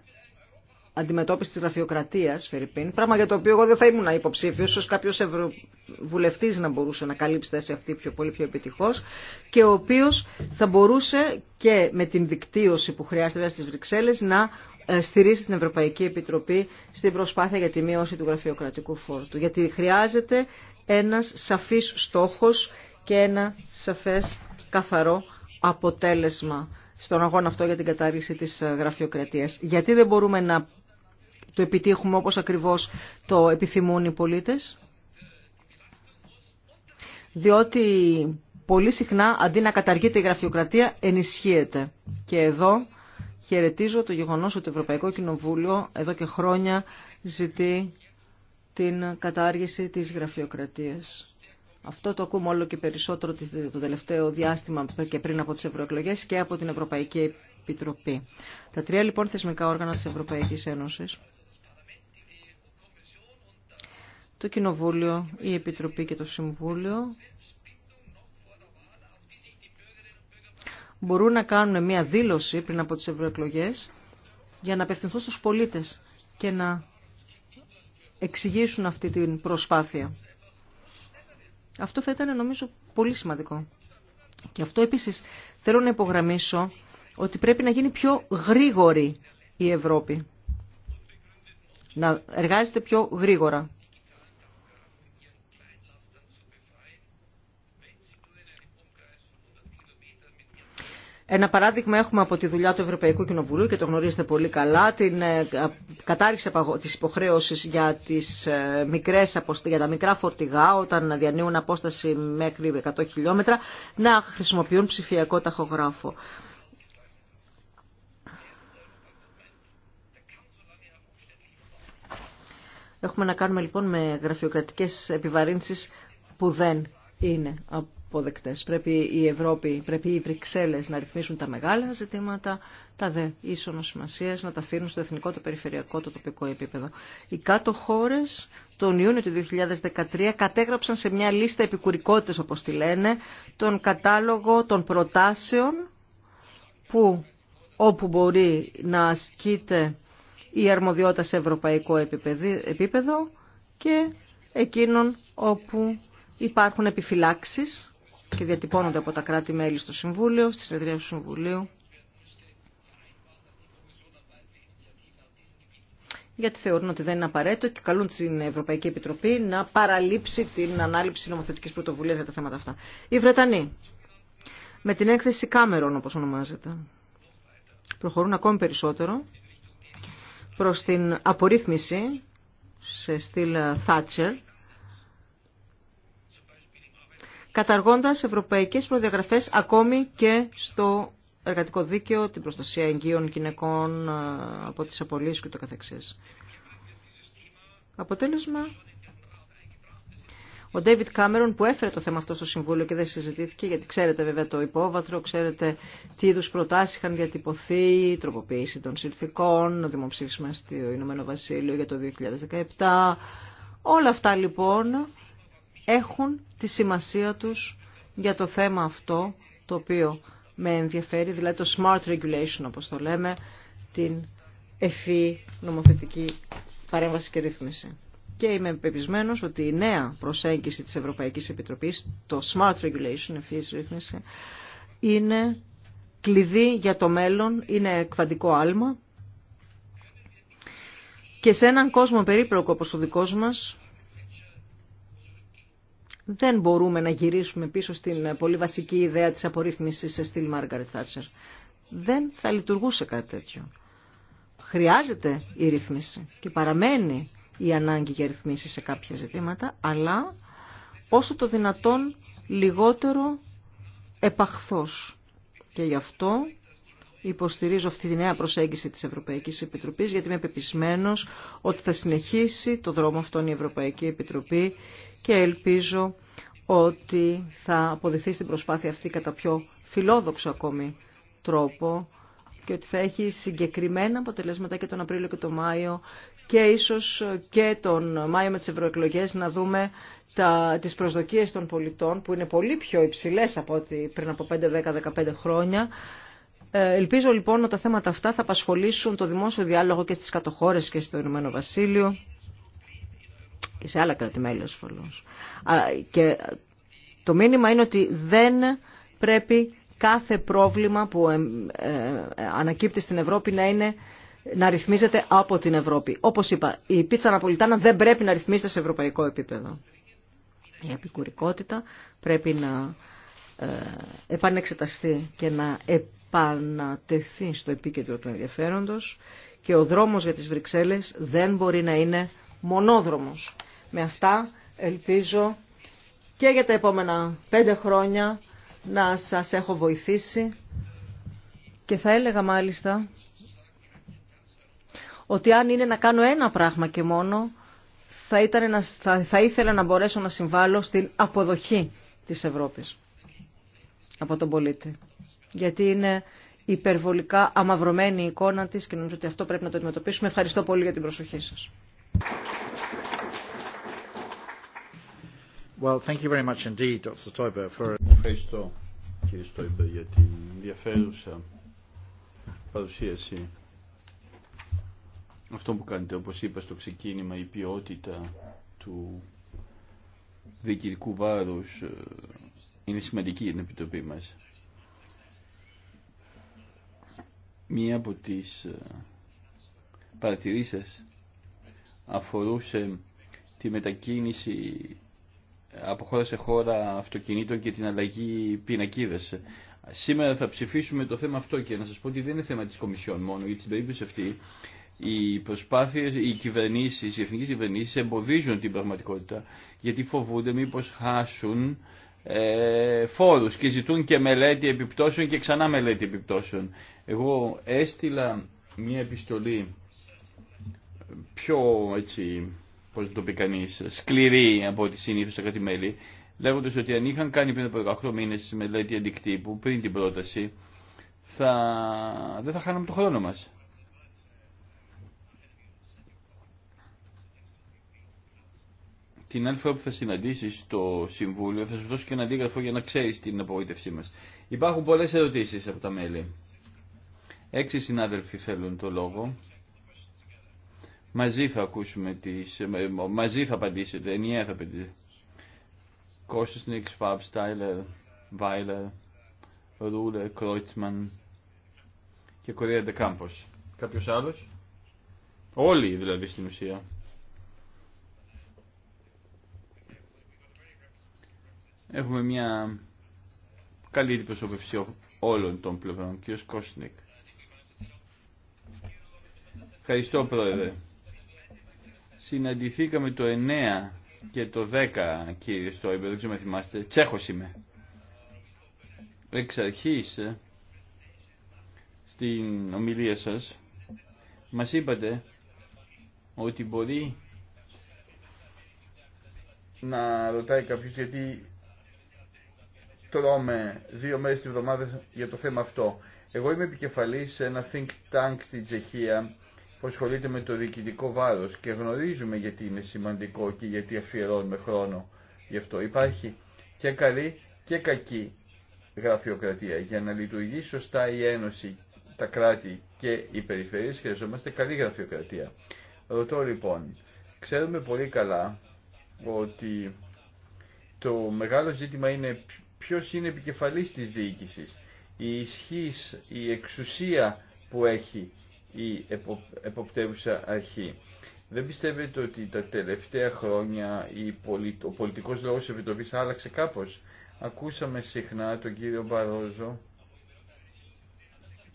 αντιμετώπιση της γραφειοκρατίας, πράγμα για το οποίο εγώ δεν θα ήμουν υποψήφιος, ίσως κάποιος ευρωβουλευτής να μπορούσε να καλύψει θέση αυτή πιο πολύ πιο επιτυχώς και ο οποίος θα μπορούσε και με την δικτύωση που χρειάζεται στις Βρυξέλλες να ε, στηρίζει την Ευρωπαϊκή Επιτροπή στην προσπάθεια για τη μείωση του γραφειοκρατικού φόρτου. Γιατί χρειάζεται ένας σαφής στόχος και ένα σαφές καθαρό αποτέλεσμα στον αγώνα αυτό για την κατάργηση της ε, γραφειοκρατίας. Γιατί δεν μπορούμε να το επιτύχουμε όπως ακριβώς το επιθυμούν οι πολίτες. Διότι πολύ συχνά αντί να καταργείται η γραφειοκρατία ενισχύεται. Και εδώ χαιρετίζω το γεγονός ότι το Ευρωπαϊκό Κοινοβούλιο εδώ και χρόνια ζητεί την κατάργηση της γραφειοκρατίας. Αυτό το ακούμε όλο και περισσότερο το τελευταίο διάστημα και πριν από τις ευρωεκλογές και από την Ευρωπαϊκή Επιτροπή. Τα τρία λοιπόν θεσμικά όργανα της Ευρωπαϊκής Ένωσης, το Κοινοβούλιο, η Επιτροπή και το Συμβούλιο, μπορούν να κάνουν μια δήλωση πριν από τις ευρωεκλογέ για να απευθυνθούν στους πολίτες και να εξηγήσουν αυτή την προσπάθεια. Αυτό θα ήταν νομίζω πολύ σημαντικό. Και αυτό επίσης θέλω να υπογραμμίσω ότι πρέπει να γίνει πιο γρήγορη η Ευρώπη. Να εργάζεται πιο γρήγορα. Ένα παράδειγμα έχουμε από τη δουλειά του Ευρωπαϊκού Κοινοβουλίου και το γνωρίζετε πολύ καλά, την ε, κατάργηση της υποχρέωσης για, τις ε, μικρές, για τα μικρά φορτηγά όταν διανύουν απόσταση μέχρι 100 χιλιόμετρα να χρησιμοποιούν ψηφιακό ταχογράφο. Έχουμε να κάνουμε λοιπόν με γραφειοκρατικές επιβαρύνσεις που δεν είναι αποδεκτές. Πρέπει η Ευρώπη, πρέπει οι Βρυξέλλες να ρυθμίσουν τα μεγάλα ζητήματα, τα δε ίσονο να τα αφήνουν στο εθνικό, το περιφερειακό, το τοπικό επίπεδο. Οι κάτω χώρες τον Ιούνιο του 2013 κατέγραψαν σε μια λίστα επικουρικότητες, όπως τη λένε, τον κατάλογο των προτάσεων που όπου μπορεί να ασκείται η αρμοδιότητα σε ευρωπαϊκό επίπεδο και εκείνων όπου Υπάρχουν επιφυλάξεις και διατυπώνονται από τα κράτη-μέλη στο Συμβούλιο, στη συνεδρία του Συμβουλίου. γιατί θεωρούν ότι δεν είναι απαραίτητο και καλούν την Ευρωπαϊκή Επιτροπή να παραλείψει την ανάληψη νομοθετική πρωτοβουλία για τα θέματα αυτά. Οι Βρετανοί, με την έκθεση Κάμερον όπω ονομάζεται, προχωρούν ακόμη περισσότερο προ την απορρίθμιση σε στυλ Θάτσερ καταργώντας ευρωπαϊκές προδιαγραφές ακόμη και στο εργατικό δίκαιο, την προστασία εγγύων γυναικών ε, από τις απολύσεις και το καθεξής. Αποτέλεσμα, ο Ντέιβιτ Κάμερον που έφερε το θέμα αυτό στο Συμβούλιο και δεν συζητήθηκε, γιατί ξέρετε βέβαια το υπόβαθρο, ξέρετε τι είδου προτάσει είχαν διατυπωθεί, τροποποίηση των συνθηκών, δημοψήφισμα στο Ηνωμένο Βασίλειο για το 2017. Όλα αυτά λοιπόν έχουν τη σημασία τους για το θέμα αυτό το οποίο με ενδιαφέρει, δηλαδή το smart regulation όπως το λέμε, την ευφύ νομοθετική παρέμβαση και ρύθμιση. Και είμαι πεπισμένος ότι η νέα προσέγγιση της Ευρωπαϊκής Επιτροπής, το smart regulation, ευφύης ρύθμιση, είναι κλειδί για το μέλλον, είναι εκφαντικό άλμα. Και σε έναν κόσμο περίπλοκο όπως ο δικός μας, δεν μπορούμε να γυρίσουμε πίσω στην πολύ βασική ιδέα της απορρίθμισης σε στυλ Μάργαρη Θάτσερ. Δεν θα λειτουργούσε κάτι τέτοιο. Χρειάζεται η ρυθμίση και παραμένει η ανάγκη για ρυθμίση σε κάποια ζητήματα, αλλά όσο το δυνατόν λιγότερο επαχθός. Και γι' αυτό υποστηρίζω αυτή τη νέα προσέγγιση της Ευρωπαϊκής Επιτροπής γιατί είμαι πεπισμένος ότι θα συνεχίσει το δρόμο αυτόν η Ευρωπαϊκή Επιτροπή και ελπίζω ότι θα αποδειχθεί στην προσπάθεια αυτή κατά πιο φιλόδοξο ακόμη τρόπο και ότι θα έχει συγκεκριμένα αποτελέσματα και τον Απρίλιο και τον Μάιο και ίσως και τον Μάιο με τις ευρωεκλογές να δούμε τα, τις προσδοκίες των πολιτών που είναι πολύ πιο υψηλές από ό,τι πριν από 5, 10, 15 χρόνια ε, ελπίζω λοιπόν ότι τα θέματα αυτά θα απασχολήσουν το δημόσιο διάλογο και στις κατοχώρες και στο Ηνωμένο Βασίλειο και σε άλλα κρατημέλη ασφαλώς. Και το μήνυμα είναι ότι δεν πρέπει κάθε πρόβλημα που ε, ε, ανακύπτει στην Ευρώπη να είναι να ρυθμίζεται από την Ευρώπη. Όπως είπα, η πίτσα Ναπολιτάνα δεν πρέπει να ρυθμίζεται σε ευρωπαϊκό επίπεδο. Η επικουρικότητα πρέπει να επανεξεταστεί και να επανατεθεί στο επίκεντρο του ενδιαφέροντος και ο δρόμος για τις Βρυξέλλες δεν μπορεί να είναι μονόδρομος. Με αυτά ελπίζω και για τα επόμενα πέντε χρόνια να σας έχω βοηθήσει και θα έλεγα μάλιστα ότι αν είναι να κάνω ένα πράγμα και μόνο θα, να, θα, θα ήθελα να μπορέσω να συμβάλλω στην αποδοχή της Ευρώπης από τον πολίτη γιατί είναι υπερβολικά αμαυρωμένη η εικόνα της και νομίζω ότι αυτό πρέπει να το αντιμετωπίσουμε. Ευχαριστώ πολύ για την προσοχή σας. Well, thank you very much indeed, for... Ευχαριστώ κύριε Στόιμπερ για την ενδιαφέρουσα παρουσίαση. Αυτό που κάνετε, όπως είπα στο ξεκίνημα, η ποιότητα του διοικητικού βάρους ε, είναι σημαντική για την Επιτροπή μας. μία από τις ε, παρατηρήσεις αφορούσε τη μετακίνηση από χώρα σε χώρα αυτοκινήτων και την αλλαγή πινακίδες. Σήμερα θα ψηφίσουμε το θέμα αυτό και να σας πω ότι δεν είναι θέμα της Κομισιόν μόνο, γιατί στην περίπτωση αυτή οι προσπάθειες, οι κυβερνήσεις, οι εθνικές κυβερνήσεις εμποδίζουν την πραγματικότητα, γιατί φοβούνται μήπως χάσουν ε, φόρους και ζητούν και μελέτη επιπτώσεων και ξανά μελέτη επιπτώσεων. Εγώ έστειλα μια επιστολή πιο έτσι, πώς το πει σκληρή από ό,τι συνήθως κάτι μέλη λέγοντας ότι αν είχαν κάνει πριν από 18 μήνες μελέτη αντικτύπου, πριν την πρόταση, θα... δεν θα χάναμε το χρόνο μας. την άλλη φορά που θα συναντήσει στο Συμβούλιο θα σου δώσω και ένα αντίγραφο για να ξέρει την απογοήτευσή μα. Υπάρχουν πολλέ ερωτήσει από τα μέλη. Έξι συνάδελφοι θέλουν το λόγο. Μαζί θα ακούσουμε τις... Μαζί θα απαντήσετε, ενιαία θα απαντήσετε. Κόσσνικ, Νίξ, Φαμπ, Στάιλερ, Βάιλερ, Ρούλε, Κρόιτσμαν και Κορία Ντεκάμπος. Κάποιο άλλο. Όλοι δηλαδή στην ουσία. έχουμε μια καλή αντιπροσώπευση όλων των πλευρών. Κύριο Κόσνικ. Ευχαριστώ Πρόεδρε. Συναντηθήκαμε το 9 και το 10 κύριε Στόιμπερ, δεν ξέρω αν θυμάστε. Τσέχος είμαι. Εξ αρχής ε, στην ομιλία σας μας είπατε ότι μπορεί να ρωτάει κάποιος γιατί τρώμε δύο μέρες τη βδομάδα για το θέμα αυτό. Εγώ είμαι επικεφαλής σε ένα think tank στην Τσεχία που ασχολείται με το διοικητικό βάρος και γνωρίζουμε γιατί είναι σημαντικό και γιατί αφιερώνουμε χρόνο γι' αυτό. Υπάρχει και καλή και κακή γραφειοκρατία. Για να λειτουργεί σωστά η Ένωση, τα κράτη και οι περιφερειές χρειαζόμαστε καλή γραφειοκρατία. Ρωτώ λοιπόν, ξέρουμε πολύ καλά ότι το μεγάλο ζήτημα είναι ποιος είναι επικεφαλής της διοίκησης, η ισχύς, η εξουσία που έχει η εποπτεύουσα αρχή. Δεν πιστεύετε ότι τα τελευταία χρόνια ο πολιτικός λόγος Επιτροπής άλλαξε κάπως. Ακούσαμε συχνά τον κύριο Μπαρόζο,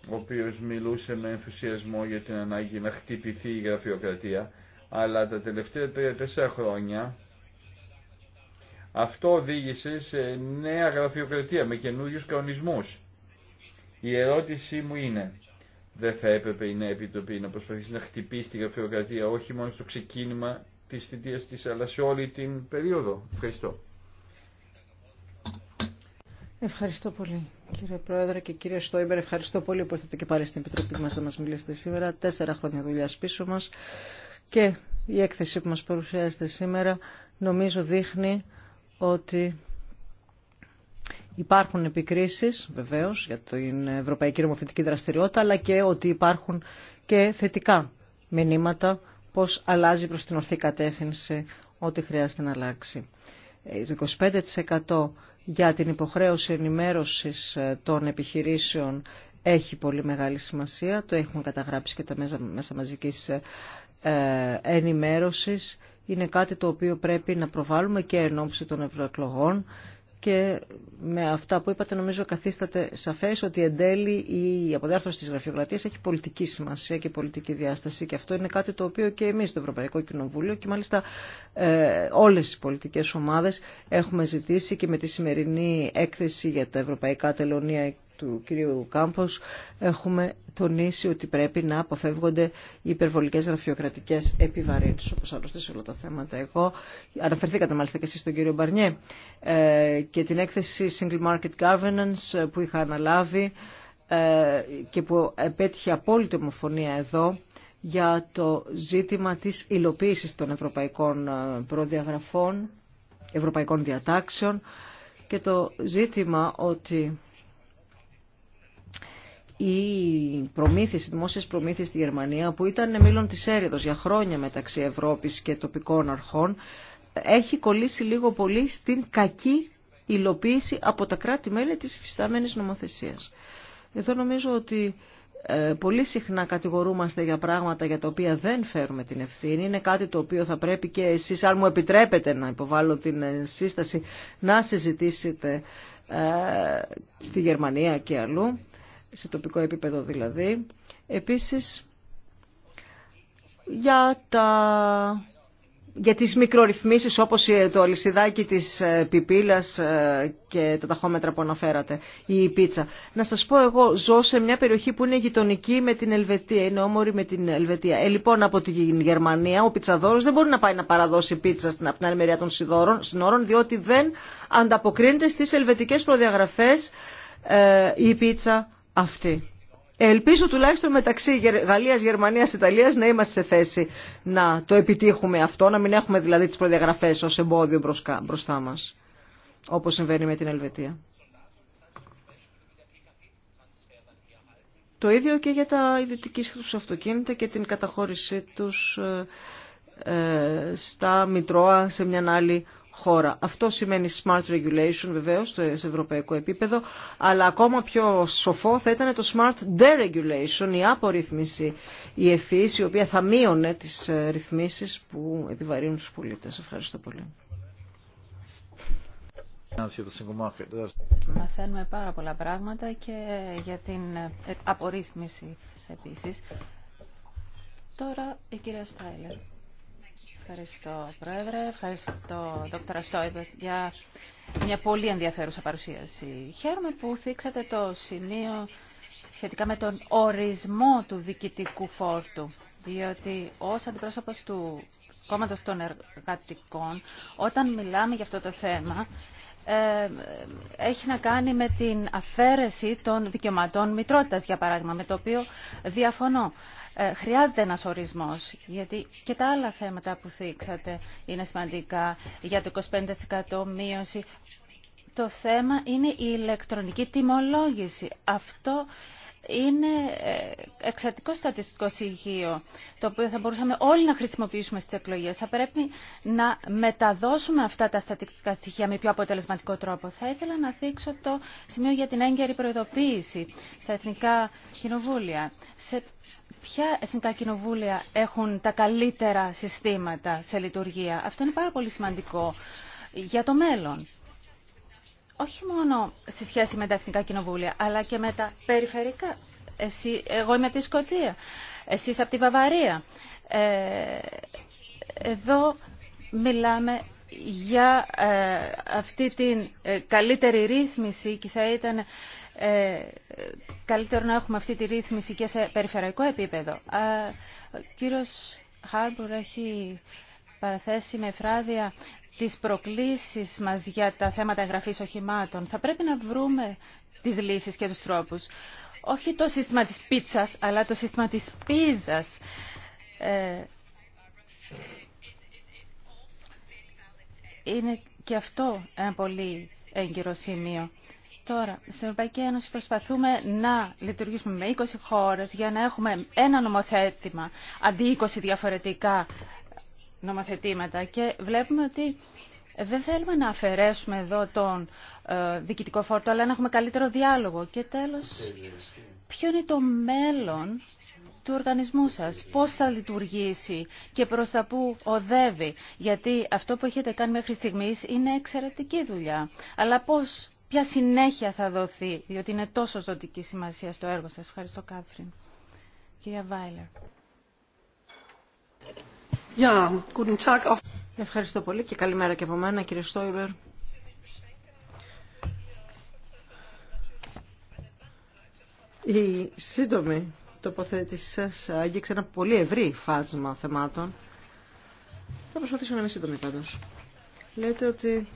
ο οποίος μιλούσε με ενθουσιασμό για την ανάγκη να χτυπηθεί η γραφειοκρατία, αλλά τα τελευταία τρία-τέσσερα χρόνια αυτό οδήγησε σε νέα γραφειοκρατία με καινούριου κανονισμούς. Η ερώτησή μου είναι, δεν θα έπρεπε η Νέα Επιτροπή να προσπαθήσει να χτυπήσει τη γραφειοκρατία όχι μόνο στο ξεκίνημα της θητείας της, αλλά σε όλη την περίοδο. Ευχαριστώ. Ευχαριστώ πολύ κύριε Πρόεδρε και κύριε Στόιμπερ. Ευχαριστώ πολύ που ήρθατε και πάλι στην Επιτροπή μας να μας μιλήσετε σήμερα. Τέσσερα χρόνια δουλειά πίσω μας και η έκθεση που μας παρουσιάζεται σήμερα νομίζω δείχνει ότι υπάρχουν επικρίσεις βεβαίως για την ευρωπαϊκή νομοθετική δραστηριότητα αλλά και ότι υπάρχουν και θετικά μηνύματα πώς αλλάζει προς την ορθή κατεύθυνση ό,τι χρειάζεται να αλλάξει. Ε, το 25% για την υποχρέωση ενημέρωσης ε, των επιχειρήσεων έχει πολύ μεγάλη σημασία, το έχουμε καταγράψει και τα μέσα μαζικής ε, ε, ενημέρωσης. Είναι κάτι το οποίο πρέπει να προβάλλουμε και εν ώψη των ευρωεκλογών και με αυτά που είπατε νομίζω καθίσταται σαφές ότι εν τέλει η αποδιάρθρωση της γραφειοκρατίας έχει πολιτική σημασία και πολιτική διάσταση και αυτό είναι κάτι το οποίο και εμείς στο Ευρωπαϊκό Κοινοβούλιο και μάλιστα ε, όλες οι πολιτικές ομάδες έχουμε ζητήσει και με τη σημερινή έκθεση για τα ευρωπαϊκά τελωνία του κυρίου Κάμπος έχουμε τονίσει ότι πρέπει να αποφεύγονται οι υπερβολικές γραφειοκρατικές επιβαρύνσεις, όπως άλλωστε σε όλα τα θέματα. Εγώ αναφερθήκατε μάλιστα και εσείς στον κύριο Μπαρνιέ ε, και την έκθεση Single Market Governance που είχα αναλάβει ε, και που επέτυχε απόλυτη ομοφωνία εδώ για το ζήτημα της υλοποίησης των ευρωπαϊκών ε, προδιαγραφών, ευρωπαϊκών διατάξεων και το ζήτημα ότι η οι δημόσιες προμήθειες στη Γερμανία που ήταν μήλων της έρηδος για χρόνια μεταξύ Ευρώπης και τοπικών αρχών έχει κολλήσει λίγο πολύ στην κακή υλοποίηση από τα κράτη-μέλη της υφιστάμενης νομοθεσίας. Εδώ νομίζω ότι ε, πολύ συχνά κατηγορούμαστε για πράγματα για τα οποία δεν φέρουμε την ευθύνη. Είναι κάτι το οποίο θα πρέπει και εσείς, αν μου επιτρέπετε να υποβάλω την ε, σύσταση, να συζητήσετε ε, στη Γερμανία και αλλού σε τοπικό επίπεδο δηλαδή. Επίσης, για, τα... για τις μικρορυθμίσεις όπως το αλυσιδάκι της ε, πιπίλας ε, και τα ταχόμετρα που αναφέρατε ή η πίτσα. Να σας πω εγώ ζω σε μια περιοχή που είναι γειτονική με την Ελβετία, είναι όμορη με την Ελβετία. Ε, λοιπόν από την Γερμανία ο πιτσαδόρος δεν μπορεί να πάει να παραδώσει πίτσα στην άλλη μεριά των συνόρων διότι δεν ανταποκρίνεται στις ελβετικές προδιαγραφές ε, η πίτσα αυτή. Ελπίζω τουλάχιστον μεταξύ Γαλλίας, Γερμανίας, Ιταλίας να είμαστε σε θέση να το επιτύχουμε αυτό, να μην έχουμε δηλαδή τις προδιαγραφές ως εμπόδιο μπροστά μας, όπως συμβαίνει με την Ελβετία. Το ίδιο και για τα ιδιωτική τους αυτοκίνητα και την καταχώρησή τους ε, ε, στα Μητρώα σε μια άλλη χώρα. Αυτό σημαίνει smart regulation βεβαίως σε ευρωπαϊκό επίπεδο, αλλά ακόμα πιο σοφό θα ήταν το smart deregulation, η απορρίθμιση, η ευφύης, η οποία θα μείωνε τι ε, ρυθμίσεις που επιβαρύνουν του πολίτες. Ευχαριστώ πολύ. Μαθαίνουμε πάρα πολλά πράγματα και για την ε, απορρίθμιση επίσης. Τώρα η κυρία Στάιλερ. Ευχαριστώ, Πρόεδρε. Ευχαριστώ, Δόκτωρα Στόιμπερ, για μια πολύ ενδιαφέρουσα παρουσίαση. Χαίρομαι που θίξατε το σημείο σχετικά με τον ορισμό του διοικητικού φόρτου, διότι ως αντιπρόσωπος του κόμματος των εργατικών, όταν μιλάμε για αυτό το θέμα, ε, έχει να κάνει με την αφαίρεση των δικαιωματών μητρότητας, για παράδειγμα, με το οποίο διαφωνώ. Ε, χρειάζεται ένας ορισμός, γιατί και τα άλλα θέματα που θίξατε είναι σημαντικά για το 25% μείωση. Το θέμα είναι η ηλεκτρονική τιμολόγηση. Αυτό είναι ε, εξαιρετικό στατιστικό στοιχείο, το οποίο θα μπορούσαμε όλοι να χρησιμοποιήσουμε στις εκλογές. Θα πρέπει να μεταδώσουμε αυτά τα στατιστικά στοιχεία με πιο αποτελεσματικό τρόπο. Θα ήθελα να δείξω το σημείο για την έγκαιρη προειδοποίηση στα Εθνικά Κοινοβούλια ποια εθνικά κοινοβούλια έχουν τα καλύτερα συστήματα σε λειτουργία. Αυτό είναι πάρα πολύ σημαντικό για το μέλλον. Όχι μόνο στη σχέση με τα εθνικά κοινοβούλια, αλλά και με τα περιφερικά. Εσύ, εγώ είμαι από τη Σκοτία, εσείς από τη Βαβαρία. Ε, εδώ μιλάμε για ε, αυτή την ε, καλύτερη ρύθμιση και θα ήταν ε, καλύτερο να έχουμε αυτή τη ρύθμιση και σε περιφερειακό επίπεδο. Ο κύριος Χάρμπουρ έχει παραθέσει με φράδια τις προκλήσεις μας για τα θέματα εγγραφής οχημάτων. Θα πρέπει να βρούμε τις λύσεις και τους τρόπους. Όχι το σύστημα της πίτσας, αλλά το σύστημα της πίζας. Ε, είναι και αυτό ένα πολύ έγκυρο σημείο. Τώρα, στην Ευρωπαϊκή Ένωση προσπαθούμε να λειτουργήσουμε με 20 χώρες για να έχουμε ένα νομοθέτημα αντί 20 διαφορετικά νομοθετήματα και βλέπουμε ότι δεν θέλουμε να αφαιρέσουμε εδώ τον ε, διοικητικό φόρτο, αλλά να έχουμε καλύτερο διάλογο. Και τέλος, ποιο είναι το μέλλον του οργανισμού σας, πώς θα λειτουργήσει και προς τα που οδεύει. Γιατί αυτό που έχετε κάνει μέχρι στιγμής είναι εξαιρετική δουλειά. Αλλά πώς ποια συνέχεια θα δοθεί, διότι είναι τόσο ζωτική σημασία στο έργο σας. Ευχαριστώ, Κάθριν. Κυρία Βάιλερ. Ευχαριστώ πολύ και καλημέρα και από μένα, κύριε Στόιμπερ. Η σύντομη τοποθέτηση σας άγγιξε ένα πολύ ευρύ φάσμα θεμάτων. Θα προσπαθήσω να είμαι σύντομη πάντως. Λέτε ότι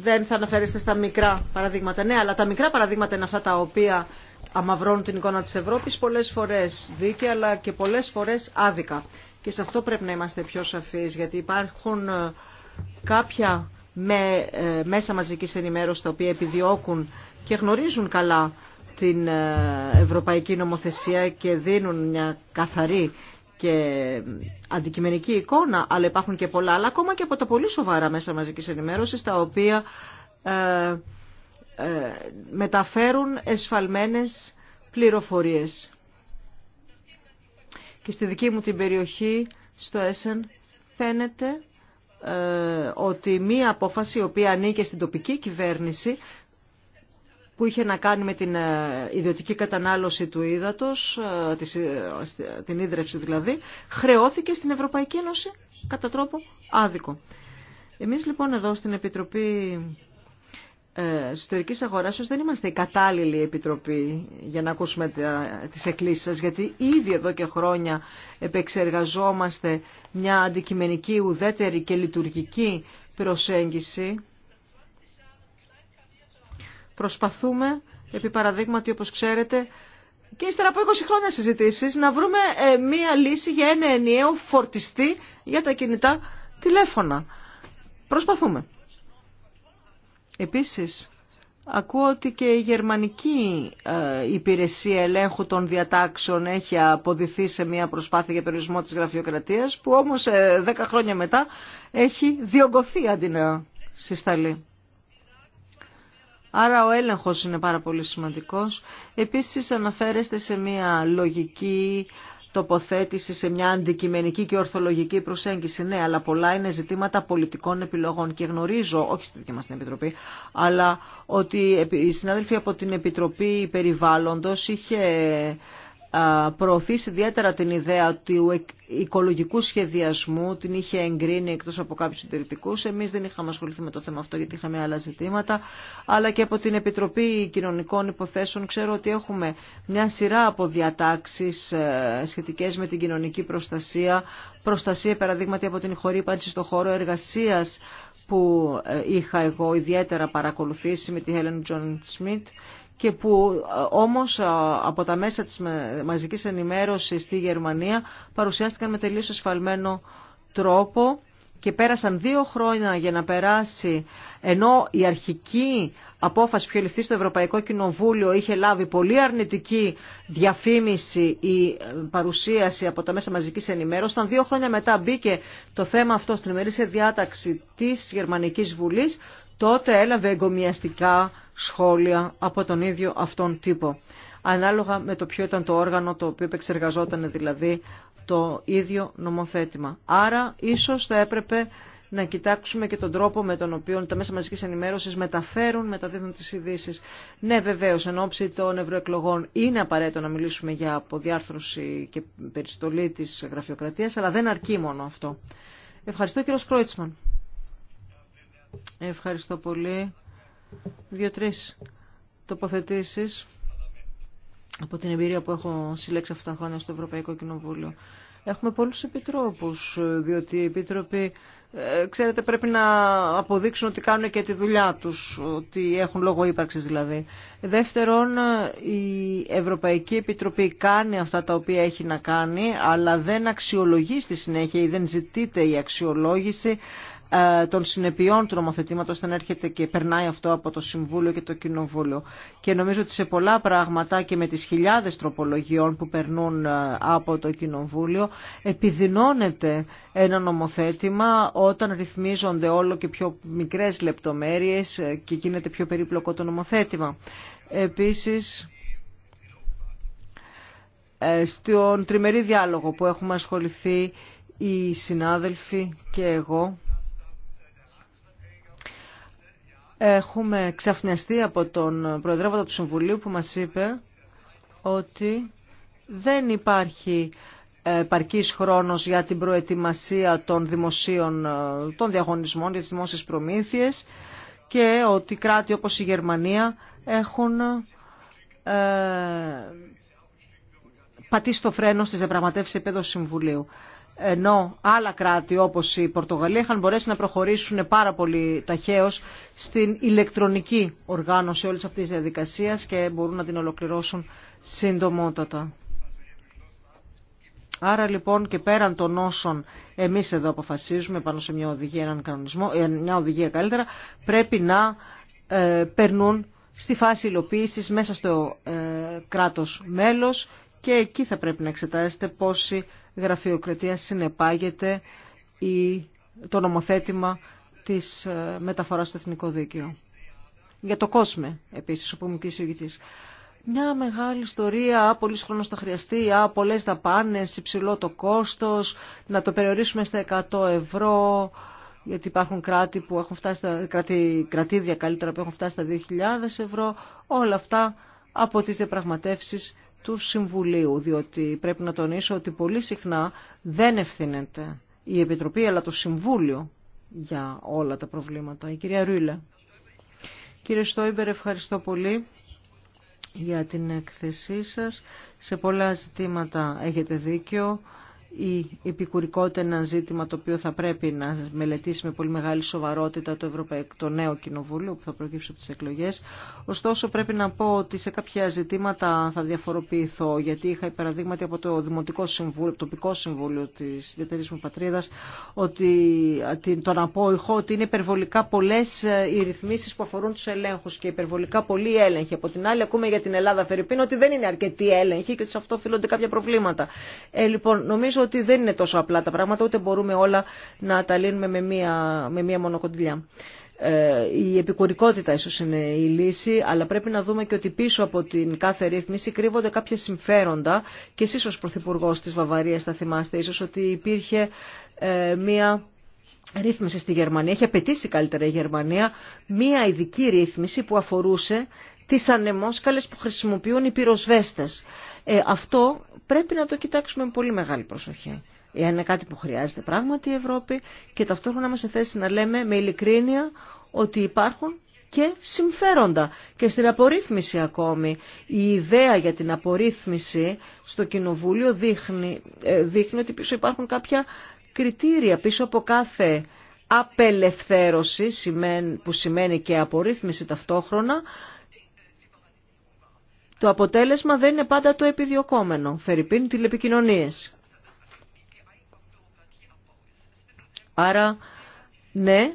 δεν θα αναφέρεστε στα μικρά παραδείγματα. Ναι, αλλά τα μικρά παραδείγματα είναι αυτά τα οποία αμαυρώνουν την εικόνα της Ευρώπης πολλές φορές δίκαια αλλά και πολλές φορές άδικα. Και σε αυτό πρέπει να είμαστε πιο σαφείς γιατί υπάρχουν ε, κάποια με, ε, μέσα μαζικής ενημέρωσης τα οποία επιδιώκουν και γνωρίζουν καλά την ε, ευρωπαϊκή νομοθεσία και δίνουν μια καθαρή και αντικειμενική εικόνα, αλλά υπάρχουν και πολλά άλλα, ακόμα και από τα πολύ σοβαρά μέσα μαζικής ενημέρωσης, τα οποία ε, ε, μεταφέρουν εσφαλμένες πληροφορίες. Και στη δική μου την περιοχή, στο ΕΣΕΝ, φαίνεται ε, ότι μία απόφαση η οποία ανήκε στην τοπική κυβέρνηση που είχε να κάνει με την ε, ιδιωτική κατανάλωση του ύδατος, ε, ε, την ίδρυψη δηλαδή, χρεώθηκε στην Ευρωπαϊκή Ένωση κατά τρόπο άδικο. Εμείς λοιπόν εδώ στην Επιτροπή Εσωτερικής Αγοράς δεν είμαστε η κατάλληλη επιτροπή για να ακούσουμε τις εκκλήσεις σας, γιατί ήδη εδώ και χρόνια επεξεργαζόμαστε μια αντικειμενική, ουδέτερη και λειτουργική προσέγγιση Προσπαθούμε, επί παραδείγματι όπως ξέρετε, και ύστερα από 20 χρόνια συζητήσεις, να βρούμε ε, μία λύση για ένα ενιαίο φορτιστή για τα κινητά τηλέφωνα. Προσπαθούμε. Επίσης, ακούω ότι και η γερμανική ε, υπηρεσία ελέγχου των διατάξεων έχει αποδηθεί σε μια προσπάθεια για περιορισμό της γραφειοκρατίας, που όμως 10 ε, χρόνια μετά έχει διωγγωθεί αντί να Άρα ο έλεγχος είναι πάρα πολύ σημαντικός. Επίσης αναφέρεστε σε μια λογική τοποθέτηση σε μια αντικειμενική και ορθολογική προσέγγιση. Ναι, αλλά πολλά είναι ζητήματα πολιτικών επιλογών και γνωρίζω, όχι στη δική μας την Επιτροπή, αλλά ότι η συνάδελφοι από την Επιτροπή Περιβάλλοντος είχε προωθήσει ιδιαίτερα την ιδέα του οικολογικού σχεδιασμού, την είχε εγκρίνει εκτός από κάποιους συντηρητικού. Εμείς δεν είχαμε ασχοληθεί με το θέμα αυτό γιατί είχαμε άλλα ζητήματα, αλλά και από την Επιτροπή Κοινωνικών Υποθέσεων ξέρω ότι έχουμε μια σειρά από διατάξεις ε, σχετικές με την κοινωνική προστασία, προστασία παραδείγματι από την χορύπανση στο χώρο εργασίας που ε, είχα εγώ ιδιαίτερα παρακολουθήσει με τη Helen John Smith και που ε, όμως ε, από τα μέσα της μαζικής ενημέρωσης στη Γερμανία παρουσιάστηκαν με τελείως ασφαλμένο τρόπο και πέρασαν δύο χρόνια για να περάσει, ενώ η αρχική απόφαση που είχε ληφθεί στο Ευρωπαϊκό Κοινοβούλιο είχε λάβει πολύ αρνητική διαφήμιση ή ε, παρουσίαση από τα μέσα μαζικής ενημέρωσης. Όταν δύο χρόνια μετά μπήκε το θέμα αυτό στην ημερήσια διάταξη της Γερμανικής Βουλής, τότε έλαβε εγκομιαστικά σχόλια από τον ίδιο αυτόν τύπο. Ανάλογα με το ποιο ήταν το όργανο το οποίο επεξεργαζόταν δηλαδή το ίδιο νομοθέτημα. Άρα ίσως θα έπρεπε να κοιτάξουμε και τον τρόπο με τον οποίο τα μέσα μαζικής ενημέρωση μεταφέρουν, μεταδίδουν τις ειδήσει. Ναι βεβαίως εν ώψη των ευρωεκλογών είναι απαραίτητο να μιλήσουμε για αποδιάρθρωση και περιστολή της γραφειοκρατίας αλλά δεν αρκεί μόνο αυτό. Ευχαριστώ κύριο Κρόιτσμαν. Ευχαριστώ πολύ. Δύο-τρεις τοποθετήσεις από την εμπειρία που έχω συλλέξει αυτά τα χρόνια στο Ευρωπαϊκό Κοινοβούλιο. Έχουμε πολλούς επιτρόπους, διότι οι επιτροποί, ε, ξέρετε, πρέπει να αποδείξουν ότι κάνουν και τη δουλειά τους, ότι έχουν λόγο ύπαρξης δηλαδή. Δεύτερον, η Ευρωπαϊκή Επιτροπή κάνει αυτά τα οποία έχει να κάνει, αλλά δεν αξιολογεί στη συνέχεια ή δεν ζητείται η αξιολόγηση ε, των συνεπειών του νομοθετήματος όταν έρχεται και περνάει αυτό από το Συμβούλιο και το Κοινοβούλιο. Και νομίζω ότι σε πολλά πράγματα και με τις χιλιάδες τροπολογιών που περνούν ε, από το Κοινοβούλιο επιδεινώνεται ένα νομοθέτημα όταν ρυθμίζονται όλο και πιο μικρές λεπτομέρειες ε, και γίνεται πιο περίπλοκο το νομοθέτημα. Επίσης, στον τριμερή διάλογο που έχουμε ασχοληθεί οι συνάδελφοι και εγώ Έχουμε ξαφνιαστεί από τον Προεδρεύοντα του Συμβουλίου που μας είπε ότι δεν υπάρχει παρκής χρόνος για την προετοιμασία των δημοσίων, των διαγωνισμών για τις δημόσιες προμήθειες και ότι κράτη όπως η Γερμανία έχουν ε, πατήσει το φρένο στις διαπραγματεύσεις επίπεδο Συμβουλίου ενώ άλλα κράτη όπως η Πορτογαλία είχαν μπορέσει να προχωρήσουν πάρα πολύ ταχαίως στην ηλεκτρονική οργάνωση όλης αυτής της διαδικασίας και μπορούν να την ολοκληρώσουν συντομότατα. Άρα λοιπόν και πέραν των όσων εμείς εδώ αποφασίζουμε πάνω σε μια οδηγία, έναν κανονισμό, ε, μια οδηγία καλύτερα, πρέπει να ε, περνούν στη φάση υλοποίηση, μέσα στο ε, κράτος μέλος και εκεί θα πρέπει να εξετάσετε πόσοι γραφειοκρατία συνεπάγεται η, το νομοθέτημα της ε, μεταφοράς στο εθνικό δίκαιο. Για το κόσμο, επίσης, ο Πομικής Υγητής. Μια μεγάλη ιστορία, πολλή χρόνο θα χρειαστεί, α, πολλές υψηλό το κόστος, να το περιορίσουμε στα 100 ευρώ, γιατί υπάρχουν κράτη που έχουν φτάσει στα, κράτη, κρατήδια καλύτερα που έχουν φτάσει στα 2.000 ευρώ, όλα αυτά από τις διαπραγματεύσεις του Συμβουλίου, διότι πρέπει να τονίσω ότι πολύ συχνά δεν ευθύνεται η Επιτροπή αλλά το Συμβούλιο για όλα τα προβλήματα. Η κυρία Ρούιλε. Κύριε Στόιμπερ, ευχαριστώ πολύ για την έκθεσή σας. Σε πολλά ζητήματα έχετε δίκιο η επικουρικότητα είναι ένα ζήτημα το οποίο θα πρέπει να μελετήσει με πολύ μεγάλη σοβαρότητα το, Ευρωπαϊκό, το νέο κοινοβούλιο που θα προκύψει από τις εκλογές. Ωστόσο πρέπει να πω ότι σε κάποια ζητήματα θα διαφοροποιηθώ γιατί είχα παραδείγματι από το Δημοτικό Συμβούλιο, τοπικό συμβούλιο της ιδιαίτερης μου πατρίδας ότι τον απόϊχο ότι είναι υπερβολικά πολλές ε, οι ρυθμίσεις που αφορούν τους ελέγχους και υπερβολικά πολλοί έλεγχοι. Από την άλλη ακούμε για την Ελλάδα Φερρυπίν ότι δεν είναι αρκετοί έλεγχοι και ότι σε αυτό οφείλονται κάποια προβλήματα. Ε, λοιπόν, νομίζω ότι δεν είναι τόσο απλά τα πράγματα, ούτε μπορούμε όλα να τα λύνουμε με μία, με μία μονοκοντιλιά. Ε, η επικουρικότητα ίσως είναι η λύση, αλλά πρέπει να δούμε και ότι πίσω από την κάθε ρύθμιση κρύβονται κάποια συμφέροντα και εσείς ως Πρωθυπουργός της Βαβαρίας θα θυμάστε ίσως ότι υπήρχε ε, μία ρύθμιση στη Γερμανία, έχει απαιτήσει καλύτερα η Γερμανία μία ειδική ρύθμιση που αφορούσε τις ανεμόσκαλες που χρησιμοποιούν οι πυροσβέστες. Ε, αυτό πρέπει να το κοιτάξουμε με πολύ μεγάλη προσοχή. Ε, είναι κάτι που χρειάζεται πράγματι η Ευρώπη και ταυτόχρονα είμαστε θέση να λέμε με ειλικρίνεια ότι υπάρχουν και συμφέροντα. Και στην απορρίθμιση ακόμη. Η ιδέα για την απορρίθμιση στο Κοινοβούλιο δείχνει, ε, δείχνει ότι πίσω υπάρχουν κάποια κριτήρια. Πίσω από κάθε απελευθέρωση που σημαίνει και απορρίθμιση ταυτόχρονα το αποτέλεσμα δεν είναι πάντα το επιδιωκόμενο. Φερρυπίν τηλεπικοινωνίες. Άρα, ναι,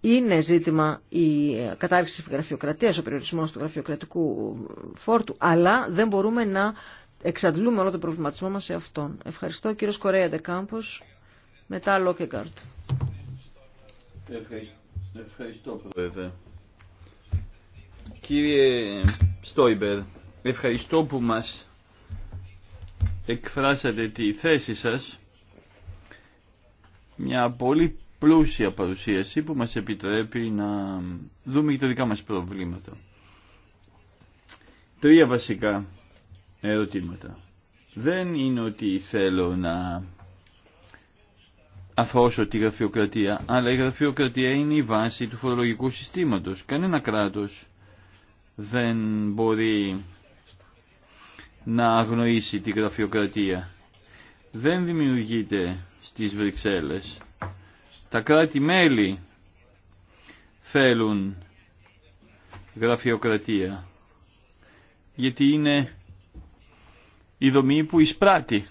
είναι ζήτημα η κατάρριξη της γραφειοκρατίας, ο περιορισμός του γραφειοκρατικού φόρτου, αλλά δεν μπορούμε να εξαντλούμε όλο τον προβληματισμό μας σε αυτόν. Ευχαριστώ κύριο Κορέα Ντεκάμπος, μετά Λόκεγκαρτ. ευχαριστώ Πρόεδρε. Κύριε Στόιμπερ, Ευχαριστώ που μας εκφράσατε τη θέση σας. Μια πολύ πλούσια παρουσίαση που μας επιτρέπει να δούμε και τα δικά μας προβλήματα. Τρία βασικά ερωτήματα. Δεν είναι ότι θέλω να αφώσω τη γραφειοκρατία, αλλά η γραφειοκρατία είναι η βάση του φορολογικού συστήματος. Κανένα κράτος δεν μπορεί να αγνοήσει τη γραφειοκρατία. Δεν δημιουργείται στις Βρυξέλλες. Τα κράτη-μέλη θέλουν γραφειοκρατία γιατί είναι η δομή που εισπράττει.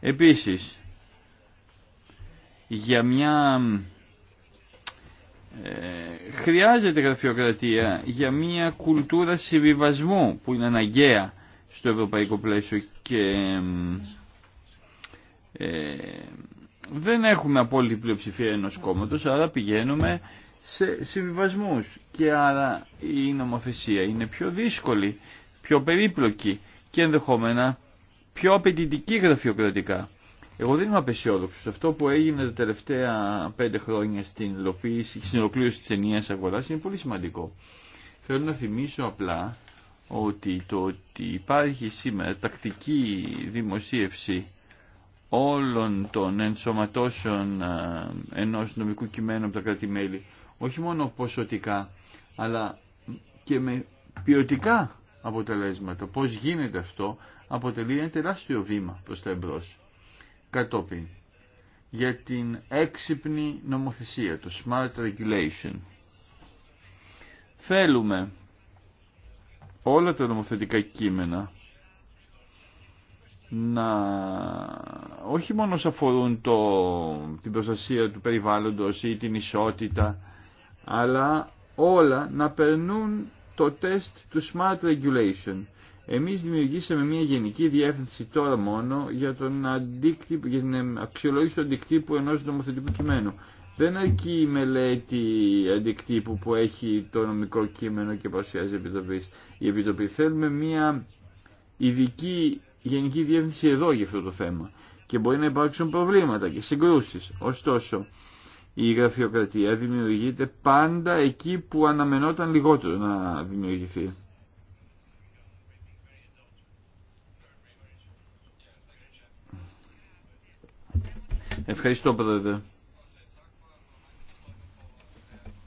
Επίσης, για μια... Ε, χρειάζεται γραφειοκρατία για μια κουλτούρα συμβιβασμού που είναι αναγκαία στο ευρωπαϊκό πλαίσιο και ε, δεν έχουμε απόλυτη πλειοψηφία ενός κόμματος, άρα πηγαίνουμε σε συμβιβασμούς και άρα η νομοθεσία είναι πιο δύσκολη, πιο περίπλοκη και ενδεχόμενα πιο απαιτητική γραφειοκρατικά. Εγώ δεν είμαι απεσιόδοξο. Αυτό που έγινε τα τελευταία πέντε χρόνια στην, υλοποίηση, στην ολοκλήρωση τη ενία αγορά είναι πολύ σημαντικό. Θέλω να θυμίσω απλά ότι το ότι υπάρχει σήμερα τακτική δημοσίευση όλων των ενσωματώσεων ε, ενός νομικού κειμένου από τα κράτη-μέλη, όχι μόνο ποσοτικά, αλλά και με ποιοτικά αποτελέσματα. Πώς γίνεται αυτό αποτελεί ένα τεράστιο βήμα προς τα εμπρός. Κατόπιν, για την έξυπνη νομοθεσία, το smart regulation. Θέλουμε όλα τα νομοθετικά κείμενα να όχι μόνο αφορούν το, την προστασία του περιβάλλοντος ή την ισότητα αλλά όλα να περνούν το τεστ του Smart Regulation. Εμείς δημιουργήσαμε μια γενική διεύθυνση τώρα μόνο για, τον αντίκτυπο, για την αξιολόγηση του αντικτύπου ενός νομοθετικού κειμένου. Δεν αρκεί η μελέτη αντικτύπου που έχει το νομικό κείμενο και παρουσιάζει η Επιτροπή. Η Επιτροπή θέλουμε μια ειδική γενική διεύθυνση εδώ για αυτό το θέμα. Και μπορεί να υπάρξουν προβλήματα και συγκρούσει. Ωστόσο, η γραφειοκρατία δημιουργείται πάντα εκεί που αναμενόταν λιγότερο να δημιουργηθεί. Ευχαριστώ, Πρόεδρε.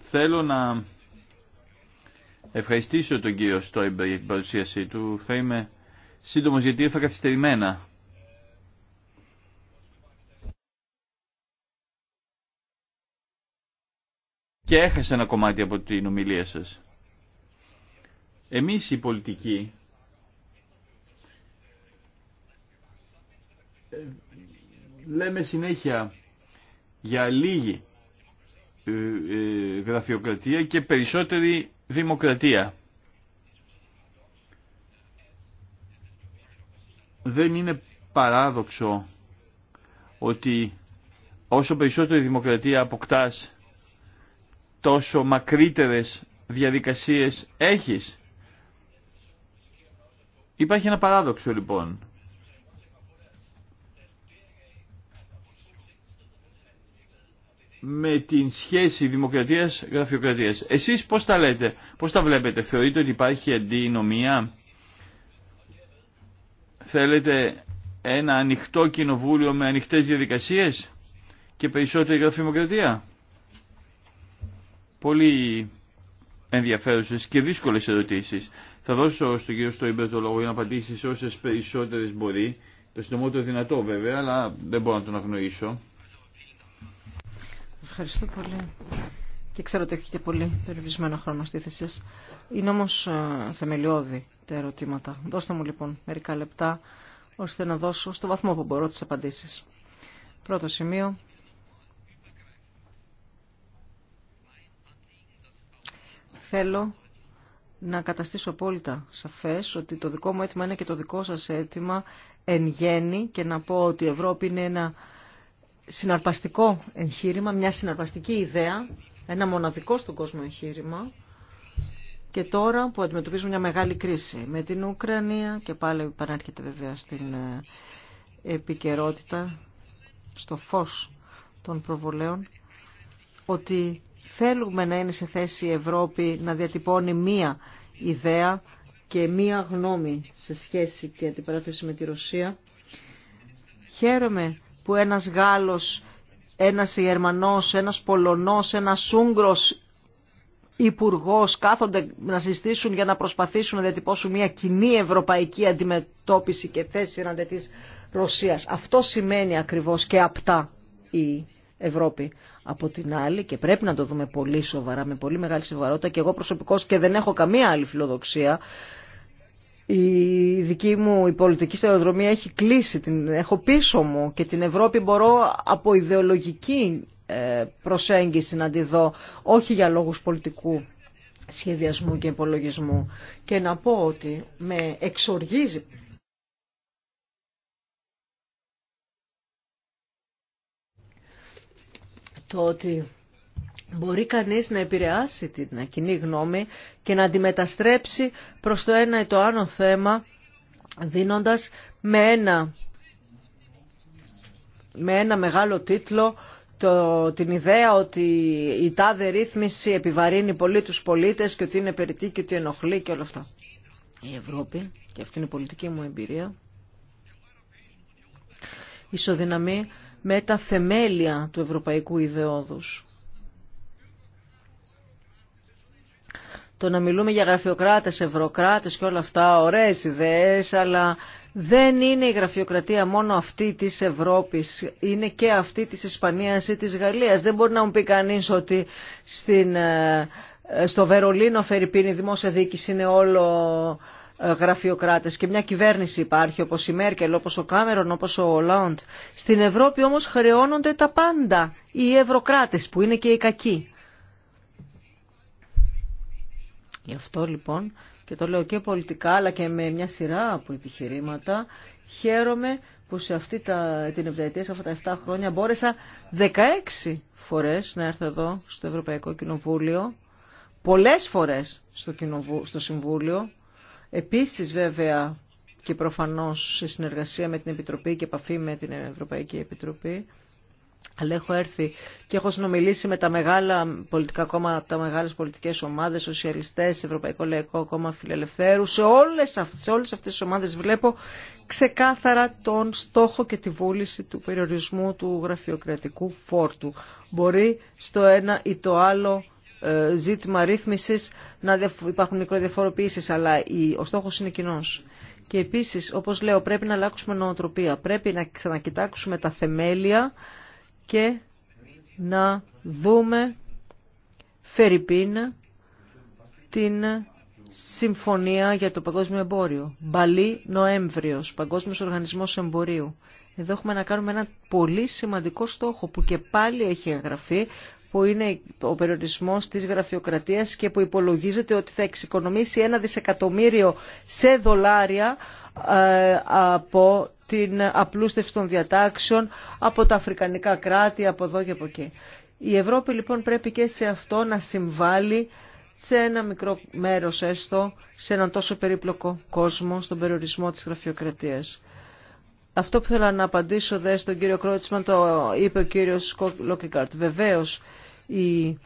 Θέλω να ευχαριστήσω τον κύριο Στόιμπερ για την παρουσίασή του. Θα είμαι σύντομος γιατί ήρθα καθυστερημένα. Και έχασα ένα κομμάτι από την ομιλία σας. Εμείς οι πολιτικοί ε, λέμε συνέχεια για λίγοι ε, ε, γραφειοκρατία και περισσότερη δημοκρατία. Δεν είναι παράδοξο ότι όσο περισσότερη δημοκρατία αποκτάς τόσο μακρύτερες διαδικασίες έχεις. Υπάρχει ένα παράδοξο λοιπόν με την σχέση δημοκρατίας-γραφειοκρατίας. Εσείς πώς τα λέτε, πώς τα βλέπετε, θεωρείτε ότι υπάρχει αντινομία, θέλετε ένα ανοιχτό κοινοβούλιο με ανοιχτές διαδικασίες και περισσότερη γραφειοκρατία. Πολύ ενδιαφέρουσες και δύσκολες ερωτήσεις. Θα δώσω στον κύριο Στοίμπερ το λόγο για να απαντήσει σε όσες περισσότερες μπορεί, το συντομότερο δυνατό βέβαια, αλλά δεν μπορώ να τον αγνοήσω. Ευχαριστώ πολύ. Και ξέρω ότι έχετε πολύ περιορισμένο χρόνο στη θέση σας. Είναι όμως ε, θεμελιώδη τα ερωτήματα. Δώστε μου λοιπόν μερικά λεπτά ώστε να δώσω στο βαθμό που μπορώ τις απαντήσεις. Πρώτο σημείο. Θέλω να καταστήσω απόλυτα σαφές ότι το δικό μου αίτημα είναι και το δικό σας αίτημα εν γέννη και να πω ότι η Ευρώπη είναι ένα συναρπαστικό εγχείρημα, μια συναρπαστική ιδέα, ένα μοναδικό στον κόσμο εγχείρημα και τώρα που αντιμετωπίζουμε μια μεγάλη κρίση με την Ουκρανία και πάλι επανέρχεται βέβαια στην ε, επικαιρότητα, στο φως των προβολέων, ότι θέλουμε να είναι σε θέση η Ευρώπη να διατυπώνει μία ιδέα και μία γνώμη σε σχέση και την με τη Ρωσία. Χαίρομαι που ένας Γάλλος, ένας Γερμανός, ένας Πολωνός, ένας Ούγγρος υπουργός, κάθονται να συστήσουν για να προσπαθήσουν να διατυπώσουν μια κοινή ευρωπαϊκή αντιμετώπιση και θέση εναντί της Ρωσίας. Αυτό σημαίνει ακριβώς και απτά η Ευρώπη. Από την άλλη, και πρέπει να το δούμε πολύ σοβαρά, με πολύ μεγάλη σοβαρότητα, και εγώ προσωπικώς και δεν έχω καμία άλλη φιλοδοξία, η δική μου πολιτική αεροδρομία έχει κλείσει, την έχω πίσω μου και την Ευρώπη μπορώ από ιδεολογική ε, προσέγγιση να τη δω, όχι για λόγους πολιτικού σχεδιασμού και υπολογισμού. Και να πω ότι με εξοργίζει το ότι μπορεί κανείς να επηρεάσει την κοινή γνώμη και να αντιμεταστρέψει προς το ένα ή το άλλο θέμα δίνοντας με ένα, με ένα μεγάλο τίτλο το, την ιδέα ότι η τάδε ρύθμιση επιβαρύνει πολύ τους πολίτες και ότι είναι περιττή και ότι ενοχλεί και όλα αυτά. Η Ευρώπη, και αυτή είναι η πολιτική μου εμπειρία, ισοδυναμεί με τα θεμέλια του ευρωπαϊκού ιδεόδους. το να μιλούμε για γραφειοκράτες, ευρωκράτες και όλα αυτά, ωραίες ιδέες, αλλά δεν είναι η γραφειοκρατία μόνο αυτή της Ευρώπης, είναι και αυτή της Ισπανίας ή της Γαλλίας. Δεν μπορεί να μου πει κανείς ότι στην, ε, στο Βερολίνο φέρει πίνη δημόσια διοίκηση είναι όλο ε, γραφειοκράτες και μια κυβέρνηση υπάρχει όπως η Μέρκελ, όπως ο Κάμερον, όπως ο Ολάντ. Στην Ευρώπη όμως χρεώνονται τα πάντα οι ευρωκράτες που είναι και οι κακοί. Γι' αυτό λοιπόν, και το λέω και πολιτικά, αλλά και με μια σειρά από επιχειρήματα, χαίρομαι που σε αυτή τα, την επταετία, σε αυτά τα 7 χρόνια, μπόρεσα 16 φορές να έρθω εδώ στο Ευρωπαϊκό Κοινοβούλιο, πολλές φορές στο, κοινοβου, στο Συμβούλιο, επίσης βέβαια και προφανώς σε συνεργασία με την Επιτροπή και επαφή με την Ευρωπαϊκή Επιτροπή, αλλά έχω έρθει και έχω συνομιλήσει με τα μεγάλα πολιτικά κόμματα, τα μεγάλες πολιτικές ομάδες, σοσιαλιστές, Ευρωπαϊκό Λαϊκό Κόμμα Φιλελευθέρου. Σε όλες, αυτές, σε όλες αυτές τις ομάδες βλέπω ξεκάθαρα τον στόχο και τη βούληση του περιορισμού του γραφειοκρατικού φόρτου. Μπορεί στο ένα ή το άλλο ε, ζήτημα ρύθμιση να υπάρχουν μικροδιαφοροποιήσεις, αλλά ο στόχος είναι κοινό. Και επίσης, όπως λέω, πρέπει να αλλάξουμε νοοτροπία. Πρέπει να ξανακοιτάξουμε τα θεμέλια και να δούμε φερρυπίν την συμφωνία για το παγκόσμιο εμπόριο. Μπαλή Νοέμβριος, Παγκόσμιος Οργανισμός Εμπορίου. Εδώ έχουμε να κάνουμε ένα πολύ σημαντικό στόχο που και πάλι έχει εγγραφεί, που είναι ο περιορισμός της γραφειοκρατίας και που υπολογίζεται ότι θα εξοικονομήσει ένα δισεκατομμύριο σε δολάρια ε, από την απλούστευση των διατάξεων από τα αφρικανικά κράτη, από εδώ και από εκεί. Η Ευρώπη λοιπόν πρέπει και σε αυτό να συμβάλλει σε ένα μικρό μέρος έστω, σε έναν τόσο περίπλοκο κόσμο, στον περιορισμό της γραφειοκρατίας. Αυτό που θέλω να απαντήσω δε στον κύριο Κρότσμαν το είπε ο κύριος Λόκεγκαρτ. Βεβαίως η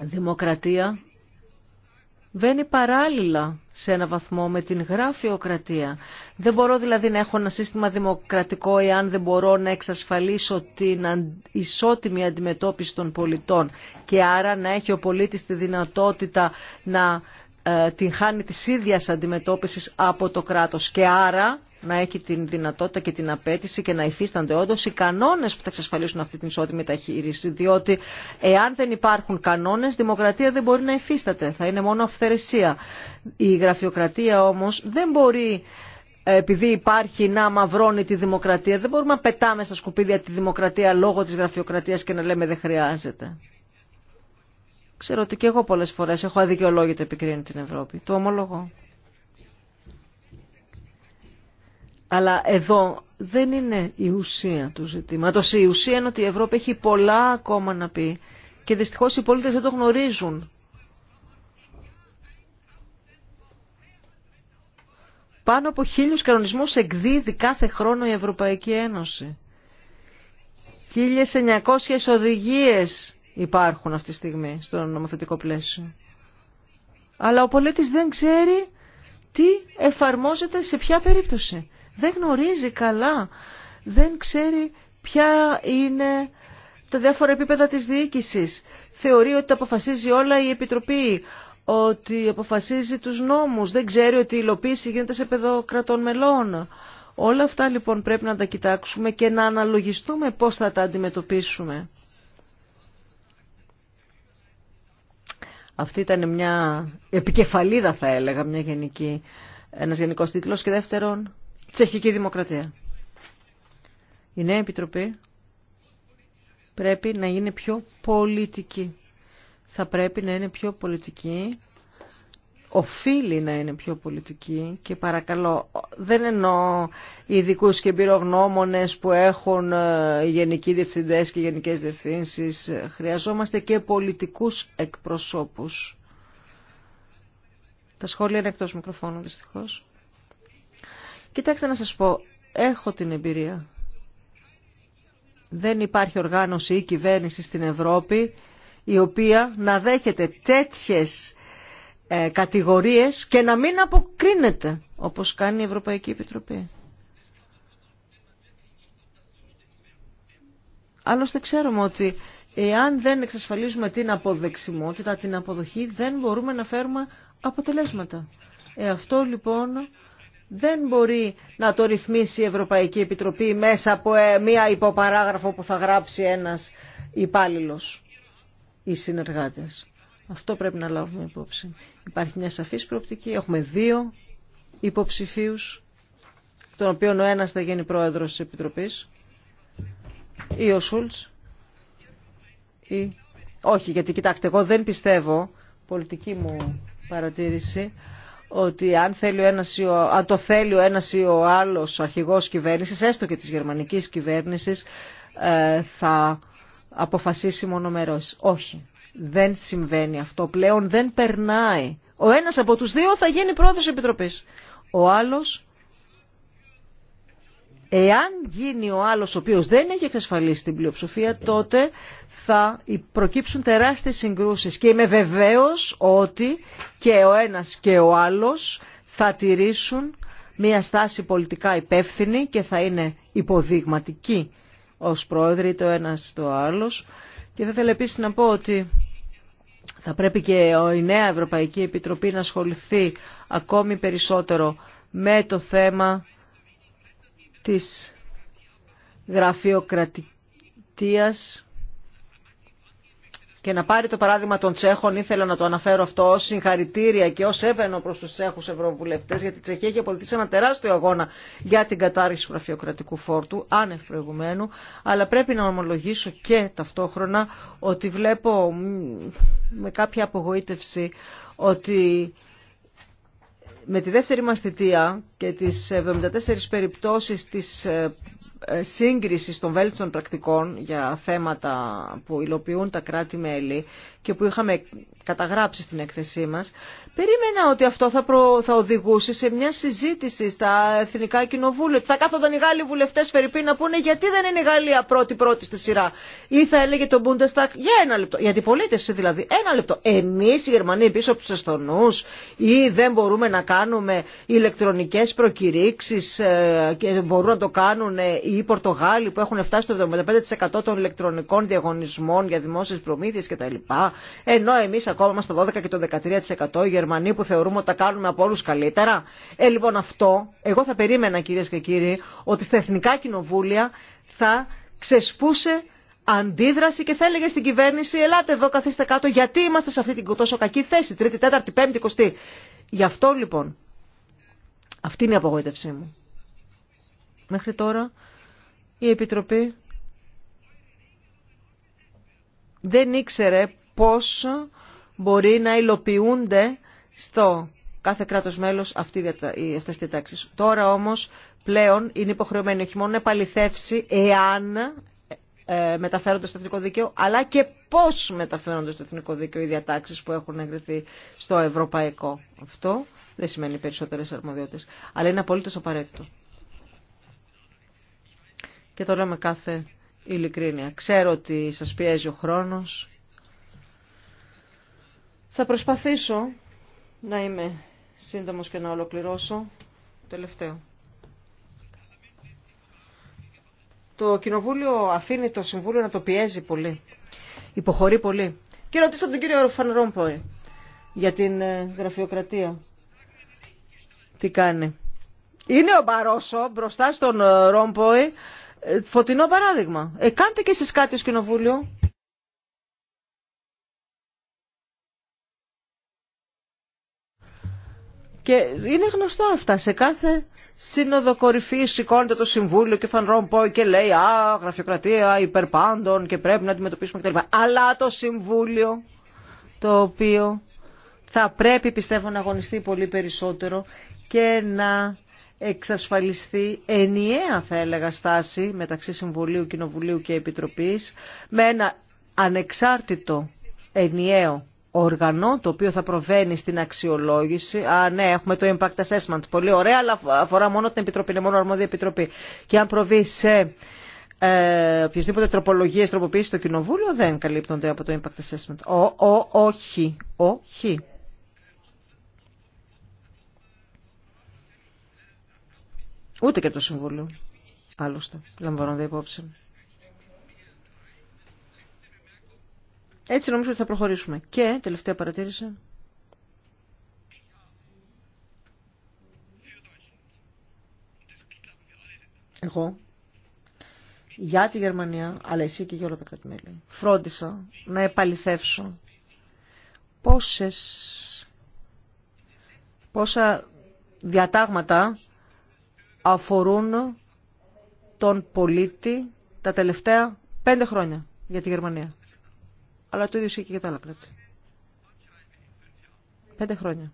δημοκρατία βαίνει παράλληλα σε ένα βαθμό με την γραφειοκρατία. Δεν μπορώ δηλαδή να έχω ένα σύστημα δημοκρατικό εάν δεν μπορώ να εξασφαλίσω την ισότιμη αντιμετώπιση των πολιτών και άρα να έχει ο πολίτης τη δυνατότητα να ε, την χάνει της ίδιας αντιμετώπισης από το κράτος και άρα να έχει την δυνατότητα και την απέτηση και να υφίστανται όντω οι κανόνε που θα εξασφαλίσουν αυτή την ισότιμη μεταχείριση. Διότι εάν δεν υπάρχουν κανόνε, δημοκρατία δεν μπορεί να υφίσταται. Θα είναι μόνο αυθαιρεσία. Η γραφειοκρατία όμω δεν μπορεί επειδή υπάρχει να μαυρώνει τη δημοκρατία. Δεν μπορούμε να πετάμε στα σκουπίδια τη δημοκρατία λόγω της γραφειοκρατίας και να λέμε δεν χρειάζεται. Ξέρω ότι και εγώ πολλές φορές έχω αδικαιολόγητα επικρίνει την Ευρώπη. Το ομολογώ. Αλλά εδώ δεν είναι η ουσία του ζητήματος. Η ουσία είναι ότι η Ευρώπη έχει πολλά ακόμα να πει και δυστυχώς οι πολίτες δεν το γνωρίζουν. Πάνω από χίλιους κανονισμούς εκδίδει κάθε χρόνο η Ευρωπαϊκή Ένωση. 1.900 οδηγίες υπάρχουν αυτή τη στιγμή στο νομοθετικό πλαίσιο. Αλλά ο πολίτης δεν ξέρει τι εφαρμόζεται σε ποια περίπτωση. Δεν γνωρίζει καλά, δεν ξέρει ποια είναι τα διάφορα επίπεδα της διοίκησης. Θεωρεί ότι τα αποφασίζει όλα η Επιτροπή, ότι αποφασίζει τους νόμους, δεν ξέρει ότι η υλοποίηση γίνεται σε παιδοκρατών κρατών μελών. Όλα αυτά λοιπόν πρέπει να τα κοιτάξουμε και να αναλογιστούμε πώς θα τα αντιμετωπίσουμε. Αυτή ήταν μια επικεφαλίδα θα έλεγα, μια γενική, ένας γενικός τίτλος και δεύτερον Τσεχική Δημοκρατία. Η νέα Επιτροπή πρέπει να είναι πιο πολιτική. Θα πρέπει να είναι πιο πολιτική οφείλει να είναι πιο πολιτική και παρακαλώ δεν εννοώ ειδικού και εμπειρογνώμονε που έχουν ε, γενικοί διευθυντές και γενικές διευθύνσεις. Χρειαζόμαστε και πολιτικούς εκπροσώπους. Τα σχόλια είναι εκτός μικροφώνου δυστυχώς. Κοιτάξτε να σας πω, έχω την εμπειρία. Δεν υπάρχει οργάνωση ή κυβέρνηση στην Ευρώπη η οποία να δέχεται τέτοιες ε, κατηγορίες και να μην αποκρίνεται όπως κάνει η Ευρωπαϊκή Επιτροπή. Άλλωστε ξέρουμε ότι εάν δεν εξασφαλίζουμε την αποδεξιμότητα, την αποδοχή, δεν μπορούμε να φέρουμε αποτελέσματα. Ε, αυτό λοιπόν δεν μπορεί να το ρυθμίσει η Ευρωπαϊκή Επιτροπή μέσα από ε, μία υποπαράγραφο που θα γράψει ένας υπάλληλος ή συνεργάτες. Αυτό πρέπει να λάβουμε υπόψη. Υπάρχει μια σαφής προοπτική. Έχουμε δύο υποψηφίους, τον οποίο ο ένας θα γίνει πρόεδρος της Επιτροπής, ή ο Σούλτς, ή... Όχι, γιατί κοιτάξτε, εγώ δεν πιστεύω, πολιτική μου παρατήρηση, ότι αν, θέλει ο ένας το θέλει ο ένας ή ο άλλος αρχηγός κυβέρνησης, έστω και της γερμανικής κυβέρνησης, ε, θα αποφασίσει μονομερός. Όχι. Δεν συμβαίνει αυτό πλέον, δεν περνάει. Ο ένας από τους δύο θα γίνει πρόεδρος επιτροπής. Ο άλλος, εάν γίνει ο άλλος ο οποίος δεν έχει εξασφαλίσει την πλειοψηφία, τότε θα προκύψουν τεράστιες συγκρούσεις. Και είμαι βεβαίως ότι και ο ένας και ο άλλος θα τηρήσουν μια στάση πολιτικά υπεύθυνη και θα είναι υποδειγματική ως πρόεδροι το ένας το άλλος. Και θα ήθελα επίσης να πω ότι θα πρέπει και η νέα Ευρωπαϊκή Επιτροπή να ασχοληθεί ακόμη περισσότερο με το θέμα της γραφειοκρατίας και να πάρει το παράδειγμα των Τσέχων, ήθελα να το αναφέρω αυτό ω συγχαρητήρια και ω έβαινο προ του Τσέχου Ευρωβουλευτέ, γιατί η Τσεχία έχει αποδείξει ένα τεράστιο αγώνα για την κατάργηση του γραφειοκρατικού φόρτου, άνευ προηγουμένου, αλλά πρέπει να ομολογήσω και ταυτόχρονα ότι βλέπω με κάποια απογοήτευση ότι με τη δεύτερη μας θητεία και τις 74 περιπτώσεις της ε, ε, σύγκριση των βέλτιστων πρακτικών για θέματα που υλοποιούν τα κράτη-μέλη και που είχαμε καταγράψει στην έκθεσή μας, περίμενα ότι αυτό θα, προ... θα οδηγούσε σε μια συζήτηση στα Εθνικά Κοινοβούλια. Θα κάθονταν οι Γάλλοι βουλευτές Φερρυπή να πούνε γιατί δεν είναι η Γαλλία πρώτη-πρώτη στη σειρά. Ή θα έλεγε τον Bundestag για ένα λεπτό. Για την πολίτευση δηλαδή. Ένα λεπτό. Εμείς οι Γερμανοί πίσω από τους Εστονούς ή δεν μπορούμε να κάνουμε ηλεκτρονικές προκηρύξεις ε, και μπορούν να το κάνουν ε, οι Πορτογάλοι που έχουν φτάσει στο 75% των ηλεκτρονικών διαγωνισμών για δημόσιες προμήθειες κτλ. Ενώ εμείς ακόμα είμαστε 12% και το 13% οι Γερμανοί που θεωρούμε ότι τα κάνουμε από όλους καλύτερα. Ε, λοιπόν αυτό, εγώ θα περίμενα κυρίες και κύριοι, ότι στα εθνικά κοινοβούλια θα ξεσπούσε αντίδραση και θα έλεγε στην κυβέρνηση ελάτε εδώ καθίστε κάτω γιατί είμαστε σε αυτή την τόσο κακή θέση τρίτη, τέταρτη, πέμπτη, κοστή. Γι' αυτό λοιπόν αυτή είναι η απογοήτευσή μου. Μέχρι τώρα η Επιτροπή δεν ήξερε πώς μπορεί να υλοποιούνται στο κάθε κράτος μέλος αυτές τις διατάξεις. Τώρα όμως πλέον είναι υποχρεωμένη όχι μόνο να επαληθεύσει εάν ε, ε, μεταφέρονται στο εθνικό δίκαιο, αλλά και πώς μεταφέρονται στο εθνικό δίκαιο οι διατάξεις που έχουν εγκριθεί στο ευρωπαϊκό. Αυτό δεν σημαίνει περισσότερες αρμοδιότητες, αλλά είναι απολύτως απαραίτητο και το λέμε κάθε ειλικρίνεια. Ξέρω ότι σας πιέζει ο χρόνος. Θα προσπαθήσω να είμαι σύντομος και να ολοκληρώσω τελευταίο. Το Κοινοβούλιο αφήνει το Συμβούλιο να το πιέζει πολύ. Υποχωρεί πολύ. Και ρωτήσα τον κύριο Φαν Ρόμποε για την ε, γραφειοκρατία. Τι κάνει. Είναι ο Μπαρόσο μπροστά στον ε, Ρόμποε φωτεινό παράδειγμα. Ε, κάντε και εσείς κάτι ως κοινοβούλιο. Και είναι γνωστό αυτά. Σε κάθε σύνοδο κορυφή σηκώνεται το Συμβούλιο και Φαν και λέει Α, γραφειοκρατία υπερπάντων και πρέπει να αντιμετωπίσουμε κτλ. Αλλά το Συμβούλιο το οποίο θα πρέπει πιστεύω να αγωνιστεί πολύ περισσότερο και να εξασφαλιστεί ενιαία θα έλεγα στάση μεταξύ Συμβουλίου, Κοινοβουλίου και Επιτροπής με ένα ανεξάρτητο ενιαίο όργανο το οποίο θα προβαίνει στην αξιολόγηση. Α, ναι, έχουμε το impact assessment. Πολύ ωραία, αλλά αφορά μόνο την Επιτροπή, είναι μόνο αρμόδια Επιτροπή. Και αν προβεί σε ε, οποιασδήποτε τροπολογίες τροποποίηση στο Κοινοβούλιο, δεν καλύπτονται από το impact assessment. Ο, ο, όχι, όχι. Ούτε και το Συμβούλιο. Άλλωστε, λαμβάνονται υπόψη. Έτσι νομίζω ότι θα προχωρήσουμε. Και, τελευταία παρατήρηση. Εγώ, για τη Γερμανία, αλλά εσύ και για όλα τα κρατημέλη, φρόντισα να επαληθεύσω πόσες, πόσα διατάγματα αφορούν τον πολίτη τα τελευταία πέντε χρόνια για τη Γερμανία. Αλλά το ίδιο ισχύει και για τα άλλα κράτη. Πέντε χρόνια.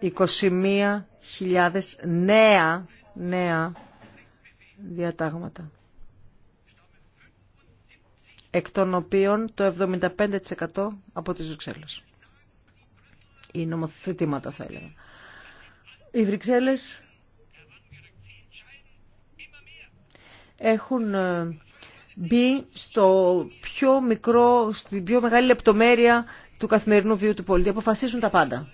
21.000 νέα, νέα διατάγματα. Εκ των οποίων το 75% από τις Βρυξέλλες. Οι νομοθετήματα θα έλεγα οι Βρυξέλλες έχουν ε, μπει στο πιο μικρό, στην πιο μεγάλη λεπτομέρεια του καθημερινού βίου του πολίτη. Αποφασίζουν τα πάντα.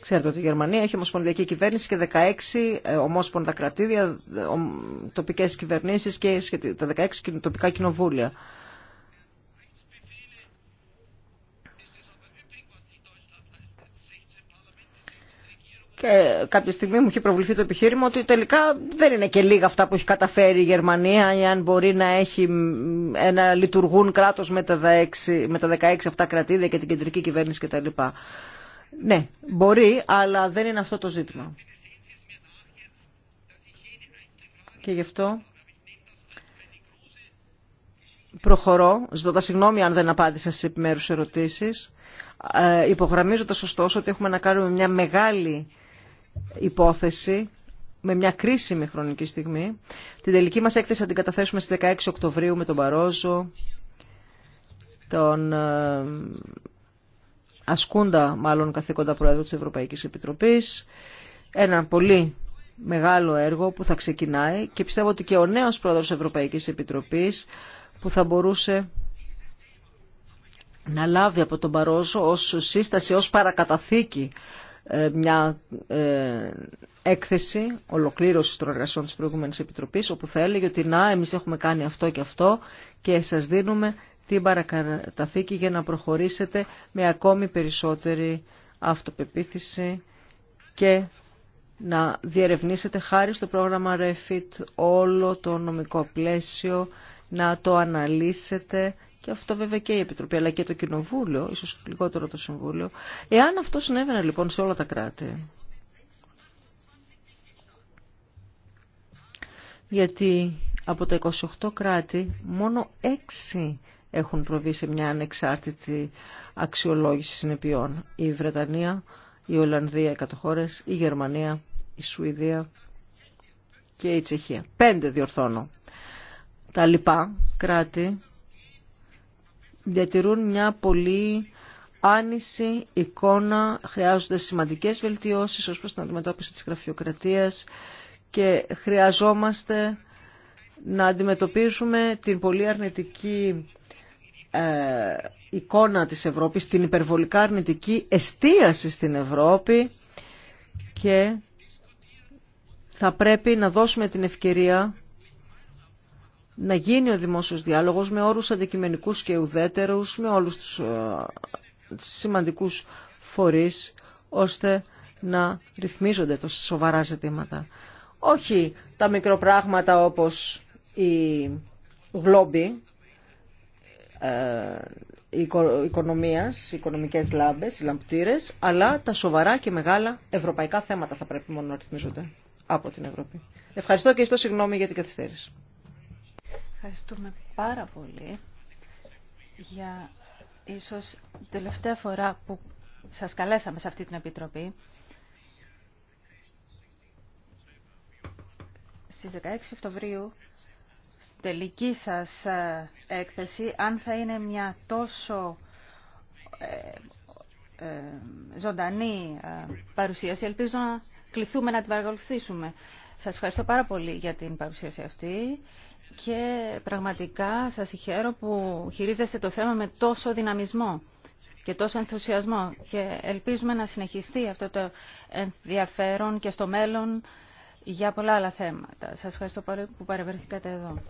Ξέρετε ότι η Γερμανία έχει ομοσπονδιακή κυβέρνηση και 16 ε, ομόσπονδα κρατήδια, ε, τοπικές κυβερνήσεις και τα 16 τοπικά κοινοβούλια. Και ε, κάποια στιγμή μου είχε προβληθεί το επιχείρημα ότι τελικά δεν είναι και λίγα αυτά που έχει καταφέρει η Γερμανία, αν μπορεί να έχει ένα λειτουργούν κράτος με τα 16, με τα 16 αυτά κρατήδια και την κεντρική κυβέρνηση κτλ. Ναι, μπορεί, αλλά δεν είναι αυτό το ζήτημα. Και γι' αυτό προχωρώ, ζητώντα συγγνώμη αν δεν απάντησα στι επιμέρους ερωτήσεις, ε, υπογραμμίζοντας ωστόσο ότι έχουμε να κάνουμε μια μεγάλη υπόθεση με μια κρίσιμη χρονική στιγμή. Την τελική μας έκθεση θα την καταθέσουμε στις 16 Οκτωβρίου με τον Παρόζο, τον ε, ασκούντα μάλλον καθήκοντα Πρόεδρο της Ευρωπαϊκής Επιτροπής. Ένα πολύ μεγάλο έργο που θα ξεκινάει και πιστεύω ότι και ο νέος Πρόεδρος της Ευρωπαϊκής Επιτροπής που θα μπορούσε να λάβει από τον Παρόζο ως σύσταση, ως παρακαταθήκη ε, μια ε, έκθεση ολοκλήρωση των εργασιών της προηγούμενης επιτροπής όπου θα έλεγε ότι να εμείς έχουμε κάνει αυτό και αυτό και σας δίνουμε την παρακαταθήκη για να προχωρήσετε με ακόμη περισσότερη αυτοπεποίθηση και να διερευνήσετε χάρη στο πρόγραμμα REFIT όλο το νομικό πλαίσιο, να το αναλύσετε και αυτό βέβαια και η Επιτροπή αλλά και το Κοινοβούλιο, ίσως λιγότερο το Συμβούλιο. Εάν αυτό συνέβαινε λοιπόν σε όλα τα κράτη, γιατί από τα 28 κράτη μόνο 6 έχουν προβεί σε μια ανεξάρτητη αξιολόγηση συνεπειών. Η Βρετανία, η Ολλανδία, οι κατοχώρες, η Γερμανία, η Σουηδία και η Τσεχία. Πέντε διορθώνω. Τα λοιπά κράτη διατηρούν μια πολύ άνηση εικόνα, χρειάζονται σημαντικές βελτιώσεις ως προς την αντιμετώπιση της γραφειοκρατίας και χρειαζόμαστε να αντιμετωπίσουμε την πολύ αρνητική ε, εικόνα της Ευρώπης, την υπερβολικά αρνητική εστίαση στην Ευρώπη και θα πρέπει να δώσουμε την ευκαιρία να γίνει ο δημόσιος διάλογος με όρους αντικειμενικούς και ουδέτερους, με όλους τους ε, σημαντικούς φορείς, ώστε να ρυθμίζονται τα σοβαρά ζητήματα. Όχι τα μικροπράγματα όπως η γλόμπη ε, οικονομίας, οικονομικές λάμπες, λαμπτήρες, αλλά τα σοβαρά και μεγάλα ευρωπαϊκά θέματα θα πρέπει μόνο να ρυθμίζονται από την Ευρώπη. Ευχαριστώ και ζητώ συγγνώμη για την καθυστέρηση. Ευχαριστούμε πάρα πολύ για ίσως τελευταία φορά που σας καλέσαμε σε αυτή την Επιτροπή. Στις 16 Οκτωβρίου, στην τελική σας ε, έκθεση, αν θα είναι μια τόσο ε, ε, ζωντανή παρουσίαση, ελπίζω να κληθούμε να την παρακολουθήσουμε. Σας ευχαριστώ πάρα πολύ για την παρουσίαση αυτή και πραγματικά σας χαίρω που χειρίζεστε το θέμα με τόσο δυναμισμό και τόσο ενθουσιασμό και ελπίζουμε να συνεχιστεί αυτό το ενδιαφέρον και στο μέλλον για πολλά άλλα θέματα. Σας ευχαριστώ πολύ που παρευρεθήκατε εδώ.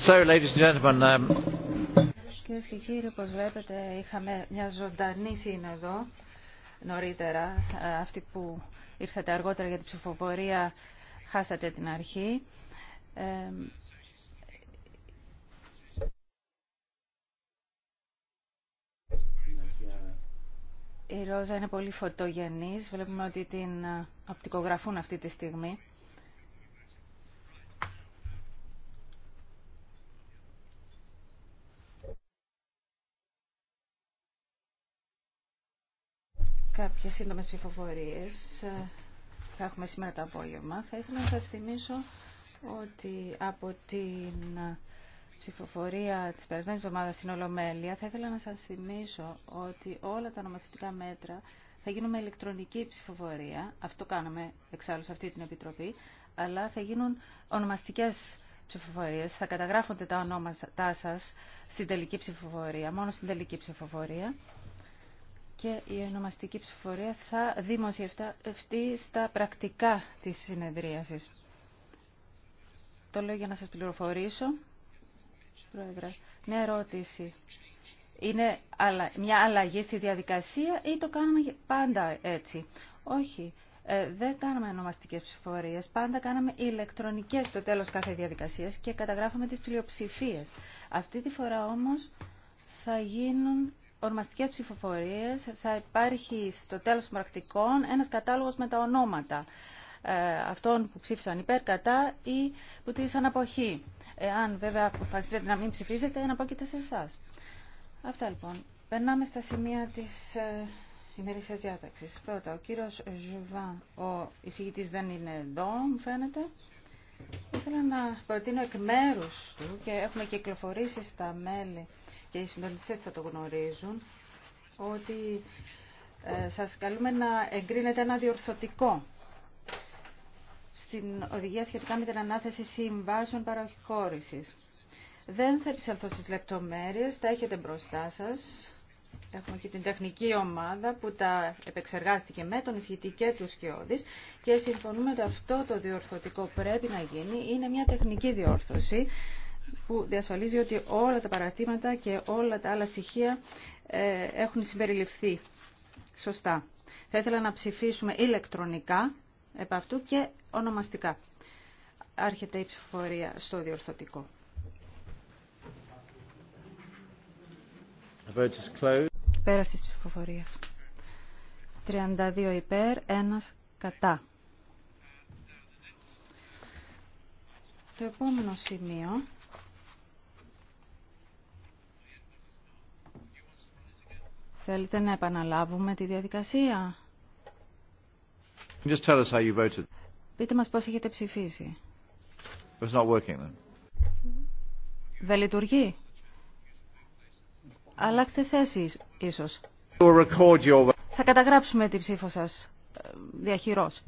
Κυρίε um, Κυρίες και κύριοι, όπω βλέπετε, είχαμε μια ζωντανή σύνοδο νωρίτερα. Ε, Αυτοί που ήρθατε αργότερα για την ψηφοφορία χάσατε την αρχή. Ε, η Ρόζα είναι πολύ φωτογενής. Βλέπουμε ότι την ε, οπτικογραφούν αυτή τη στιγμή. κάποιες σύντομες ψηφοφορίες ε, θα έχουμε σήμερα το απόγευμα. Θα ήθελα να σας θυμίσω ότι από την ψηφοφορία της περασμένης εβδομάδας στην Ολομέλεια θα ήθελα να σας θυμίσω ότι όλα τα νομοθετικά μέτρα θα γίνουν με ηλεκτρονική ψηφοφορία. Αυτό κάναμε εξάλλου σε αυτή την Επιτροπή. Αλλά θα γίνουν ονομαστικές ψηφοφορίες. Θα καταγράφονται τα ονόματά σας στην τελική ψηφοφορία, μόνο στην τελική ψηφοφορία και η ονομαστική ψηφορία θα δημοσιευτεί στα πρακτικά της συνεδρίασης. Το λέω για να σας πληροφορήσω. μια ερώτηση. Είναι μια αλλαγή στη διαδικασία ή το κάνουμε πάντα έτσι. Όχι. Ε, δεν κάναμε ονομαστικές ψηφορίες, πάντα κάναμε ηλεκτρονικές στο τέλος κάθε διαδικασίας και καταγράφαμε τις πλειοψηφίες. Αυτή τη φορά όμως θα γίνουν Ορμαστικές ψηφοφορίες θα υπάρχει στο τέλος των πρακτικών ένας κατάλογος με τα ονόματα ε, αυτών που ψήφισαν υπέρ, κατά ή που τήρησαν αποχή. Εάν βέβαια αποφασίζετε να μην ψηφίζετε εναπόκειται σε εσά. Αυτά λοιπόν. Περνάμε στα σημεία της ε, ημερήσιας διάταξης. Πρώτα, ο κύριος Ζουβά, ο εισηγητής δεν είναι εδώ, μου φαίνεται. Ήθελα να προτείνω εκ μέρους του και έχουμε κυκλοφορήσει στα μέλη και οι συντονιστές θα το γνωρίζουν, ότι ε, σας καλούμε να εγκρίνετε ένα διορθωτικό στην οδηγία σχετικά με την ανάθεση συμβάσεων παροχώρησης. Δεν θα επισέλθω στις λεπτομέρειες, τα έχετε μπροστά σας. Έχουμε και την τεχνική ομάδα που τα επεξεργάστηκε με τον ισχυτή και του Σκιώδης και συμφωνούμε ότι αυτό το διορθωτικό πρέπει να γίνει. Είναι μια τεχνική διόρθωση που διασφαλίζει ότι όλα τα παρατήματα και όλα τα άλλα στοιχεία ε, έχουν συμπεριληφθεί σωστά. Θα ήθελα να ψηφίσουμε ηλεκτρονικά επ' αυτού και ονομαστικά. Άρχεται η ψηφοφορία στο διορθωτικό. Πέραση της ψηφοφορίας. 32 υπέρ, 1 κατά. Το επόμενο σημείο Θέλετε να επαναλάβουμε τη διαδικασία. Πείτε μας πώς έχετε ψηφίσει. not working, then. Mm-hmm. Δεν λειτουργεί. Αλλάξτε θέση, ίσως. Θα καταγράψουμε τη ψήφο σας ε, διαχειρός.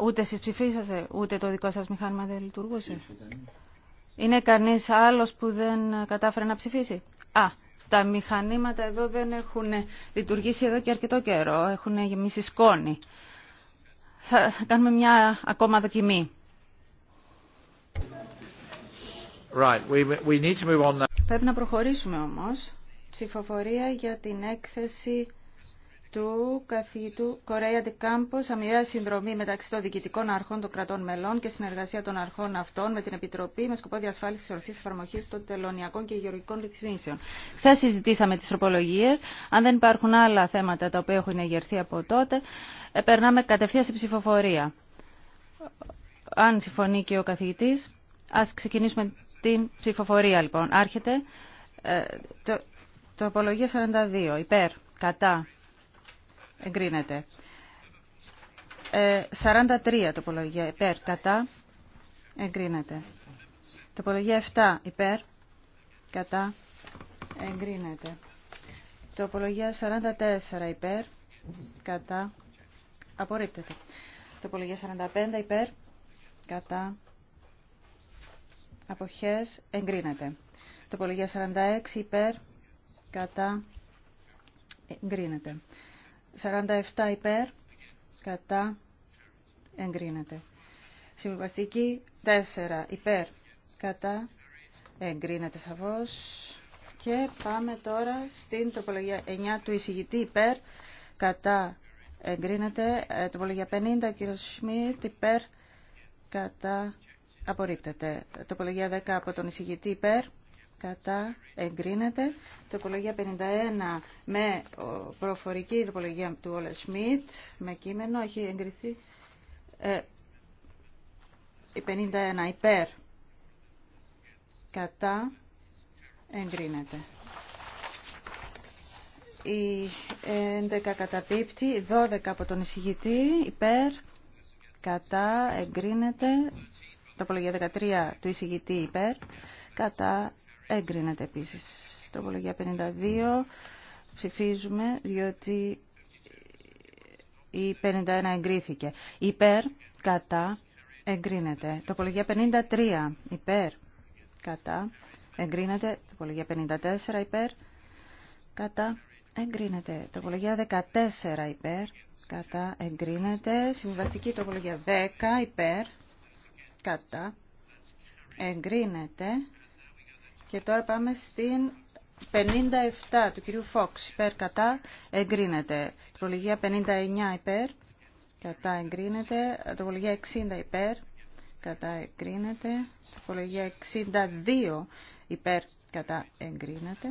ούτε εσείς ψηφίσατε, ούτε το δικό σας μηχάνημα δεν λειτουργούσε. Είναι κανείς άλλος που δεν κατάφερε να ψηφίσει. Α, τα μηχανήματα εδώ δεν έχουν λειτουργήσει εδώ και αρκετό καιρό. Έχουν γεμίσει σκόνη. Θα κάνουμε μια ακόμα δοκιμή. Right. We need to move on Πρέπει να προχωρήσουμε όμως. Ψηφοφορία για την έκθεση του καθηγητού Κορέα Ντεκάμπο, αμοιβαία συνδρομή μεταξύ των διοικητικών αρχών των κρατών μελών και συνεργασία των αρχών αυτών με την Επιτροπή με σκοπό διασφάλιση ορθή εφαρμογή των τελωνιακών και γεωργικών ρυθμίσεων. Θα συζητήσαμε τι τροπολογίε. Αν δεν υπάρχουν άλλα θέματα τα οποία έχουν εγερθεί από τότε, ε, περνάμε κατευθείαν σε ψηφοφορία. Αν συμφωνεί και ο καθηγητή, α ξεκινήσουμε την ψηφοφορία λοιπόν. Άρχεται. Ε, το, τροπολογία 42. Υπέρ. Κατά εγκρίνεται. 43 ε, τοπολογία υπέρ, κατά, εγκρίνεται. Τοπολογία 7 υπέρ, κατά, εγκρίνεται. Τοπολογία 44 υπέρ, κατά, απορρίπτεται. Τοπολογία 45 υπέρ, κατά, αποχές, εγκρίνεται. Τοπολογία 46 υπέρ, κατά, εγκρίνεται. 47 υπέρ, κατά, εγκρίνεται. Συμβιβαστική 4 υπέρ, κατά, εγκρίνεται σαφώς. Και πάμε τώρα στην τροπολογία 9 του εισηγητή υπέρ, κατά, εγκρίνεται. Ε, τροπολογία 50, κύριο Σμιτ, υπέρ, κατά, απορρίπτεται. Τροπολογία 10 από τον εισηγητή υπέρ, κατά εγκρίνεται. Τροπολογία 51 με προφορική τροπολογία του Όλε Σμιτ με κείμενο έχει εγκριθεί. Ε, η 51 υπέρ κατά εγκρίνεται. Η 11 καταπίπτει, 12 από τον εισηγητή υπέρ κατά εγκρίνεται. Τροπολογία 13 του εισηγητή υπέρ κατά Έγκρινεται επίσης. Τροπολογία 52. Ψηφίζουμε διότι η 51 εγκρίθηκε. Υπέρ, κατά, εγκρίνεται. Τροπολογία 53. Υπέρ, κατά, εγκρίνεται. Τροπολογία 54. Υπέρ, κατά, εγκρίνεται. Τροπολογία 14. Υπέρ, κατά, εγκρίνεται. Συμβαστική τροπολογία 10. Υπέρ, κατά, εγκρίνεται. Και τώρα πάμε στην 57 του κυρίου Φόξ. Υπέρ κατά εγκρίνεται. Τροπολογία 59 υπέρ. Κατά εγκρίνεται. Τροπολογία 60 υπέρ. Κατά εγκρίνεται. Τροπολογία 62 υπέρ. Κατά εγκρίνεται.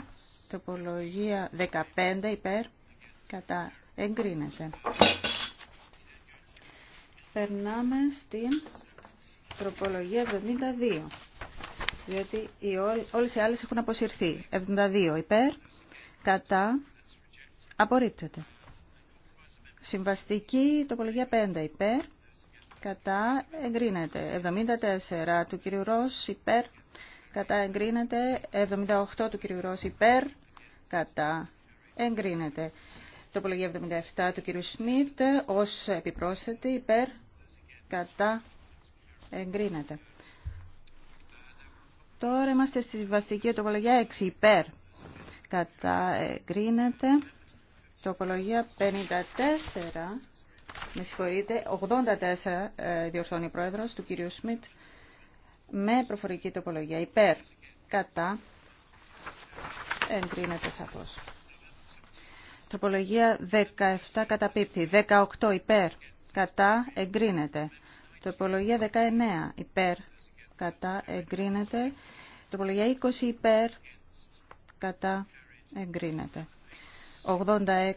Τροπολογία 15 υπέρ. Κατά εγκρίνεται. Περνάμε στην τροπολογία 72 διότι οι ό, όλες οι άλλες έχουν αποσυρθεί. 72 υπέρ, κατά, απορρίπτεται. Συμβαστική τοπολογία 5 υπέρ, κατά, εγκρίνεται. 74 του κυρίου Ρος υπέρ, κατά, εγκρίνεται. 78 του κυρίου Ρος υπέρ, κατά, εγκρίνεται. Τοπολογία 77 του κυρίου Σμιτ ως επιπρόσθετη υπέρ, κατά, εγκρίνεται. Τώρα είμαστε στη συμβαστική τοπολογία 6 υπέρ. Κατά εγκρίνεται. τοπολογία 54. Με συγχωρείτε, 84 ε, διορθώνει ο πρόεδρος του κυρίου Σμιτ με προφορική τοπολογία υπέρ. Κατά εγκρίνεται σαφώς. Τοπολογία 17 καταπίπτει. 18 υπέρ. Κατά εγκρίνεται. Τοπολογία 19 υπέρ κατά εγκρίνεται. Τροπολογία 20 υπέρ κατά εγκρίνεται. 86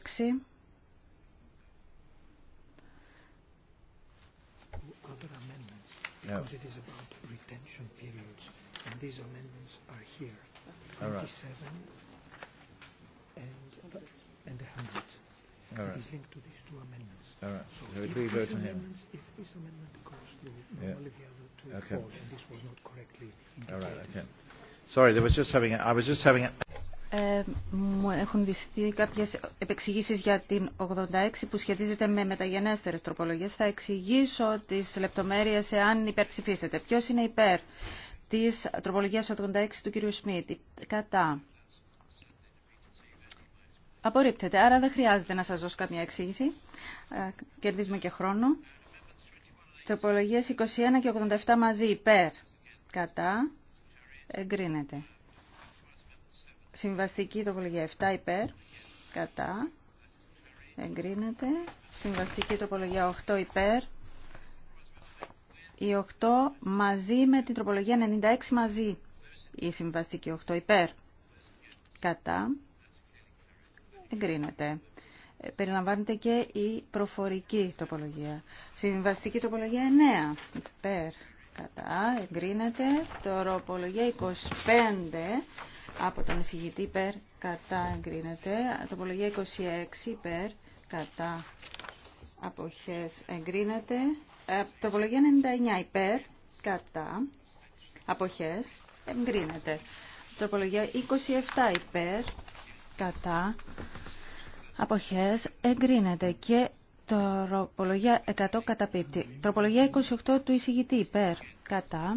It is linked to these two amendments. All right. So, if this him. if this amendment goes through, normally the other two fall, and this was not correctly All right. Okay. Sorry, there was just having. I was just having. a... Ε, μου έχουν δυστεί κάποιες επεξηγήσεις για την 86 που σχετίζεται με μεταγενέστερες τροπολογίες. Θα εξηγήσω τις λεπτομέρειες εάν υπερψηφίσετε. Ποιος είναι υπέρ της τροπολογίας 86 του κ. Σμίτ. Κατά. Απορρίπτεται. Άρα δεν χρειάζεται να σας δώσω καμία εξήγηση. Ε, κερδίζουμε και χρόνο. Τροπολογίες 21 και 87 μαζί. Υπέρ. Κατά. Εγκρίνεται. Συμβαστική τροπολογία 7 υπέρ. Κατά. Εγκρίνεται. Συμβαστική τροπολογία 8 υπέρ. Η 8 μαζί με την τροπολογία 96 μαζί. Η συμβαστική 8 υπέρ. Κατά εγκρίνεται. Ε, περιλαμβάνεται και η προφορική τοπολογία Συμβαστική τοπολογία 9. Υπέρ. Κατά. Εγκρίνεται. Τροπολογία 25 από τον εισηγητή υπέρ. Κατά. Εγκρίνεται. Τροπολογία 26 ε, υπέρ. Κατά. Αποχές εγκρίνεται. Τροπολογία 99 υπέρ. Κατά. Αποχές εγκρίνεται. Τροπολογία 27 υπέρ κατά αποχές εγκρίνεται και τροπολογία 100 καταπίπτει. Τροπολογία 28 του εισηγητή υπέρ κατά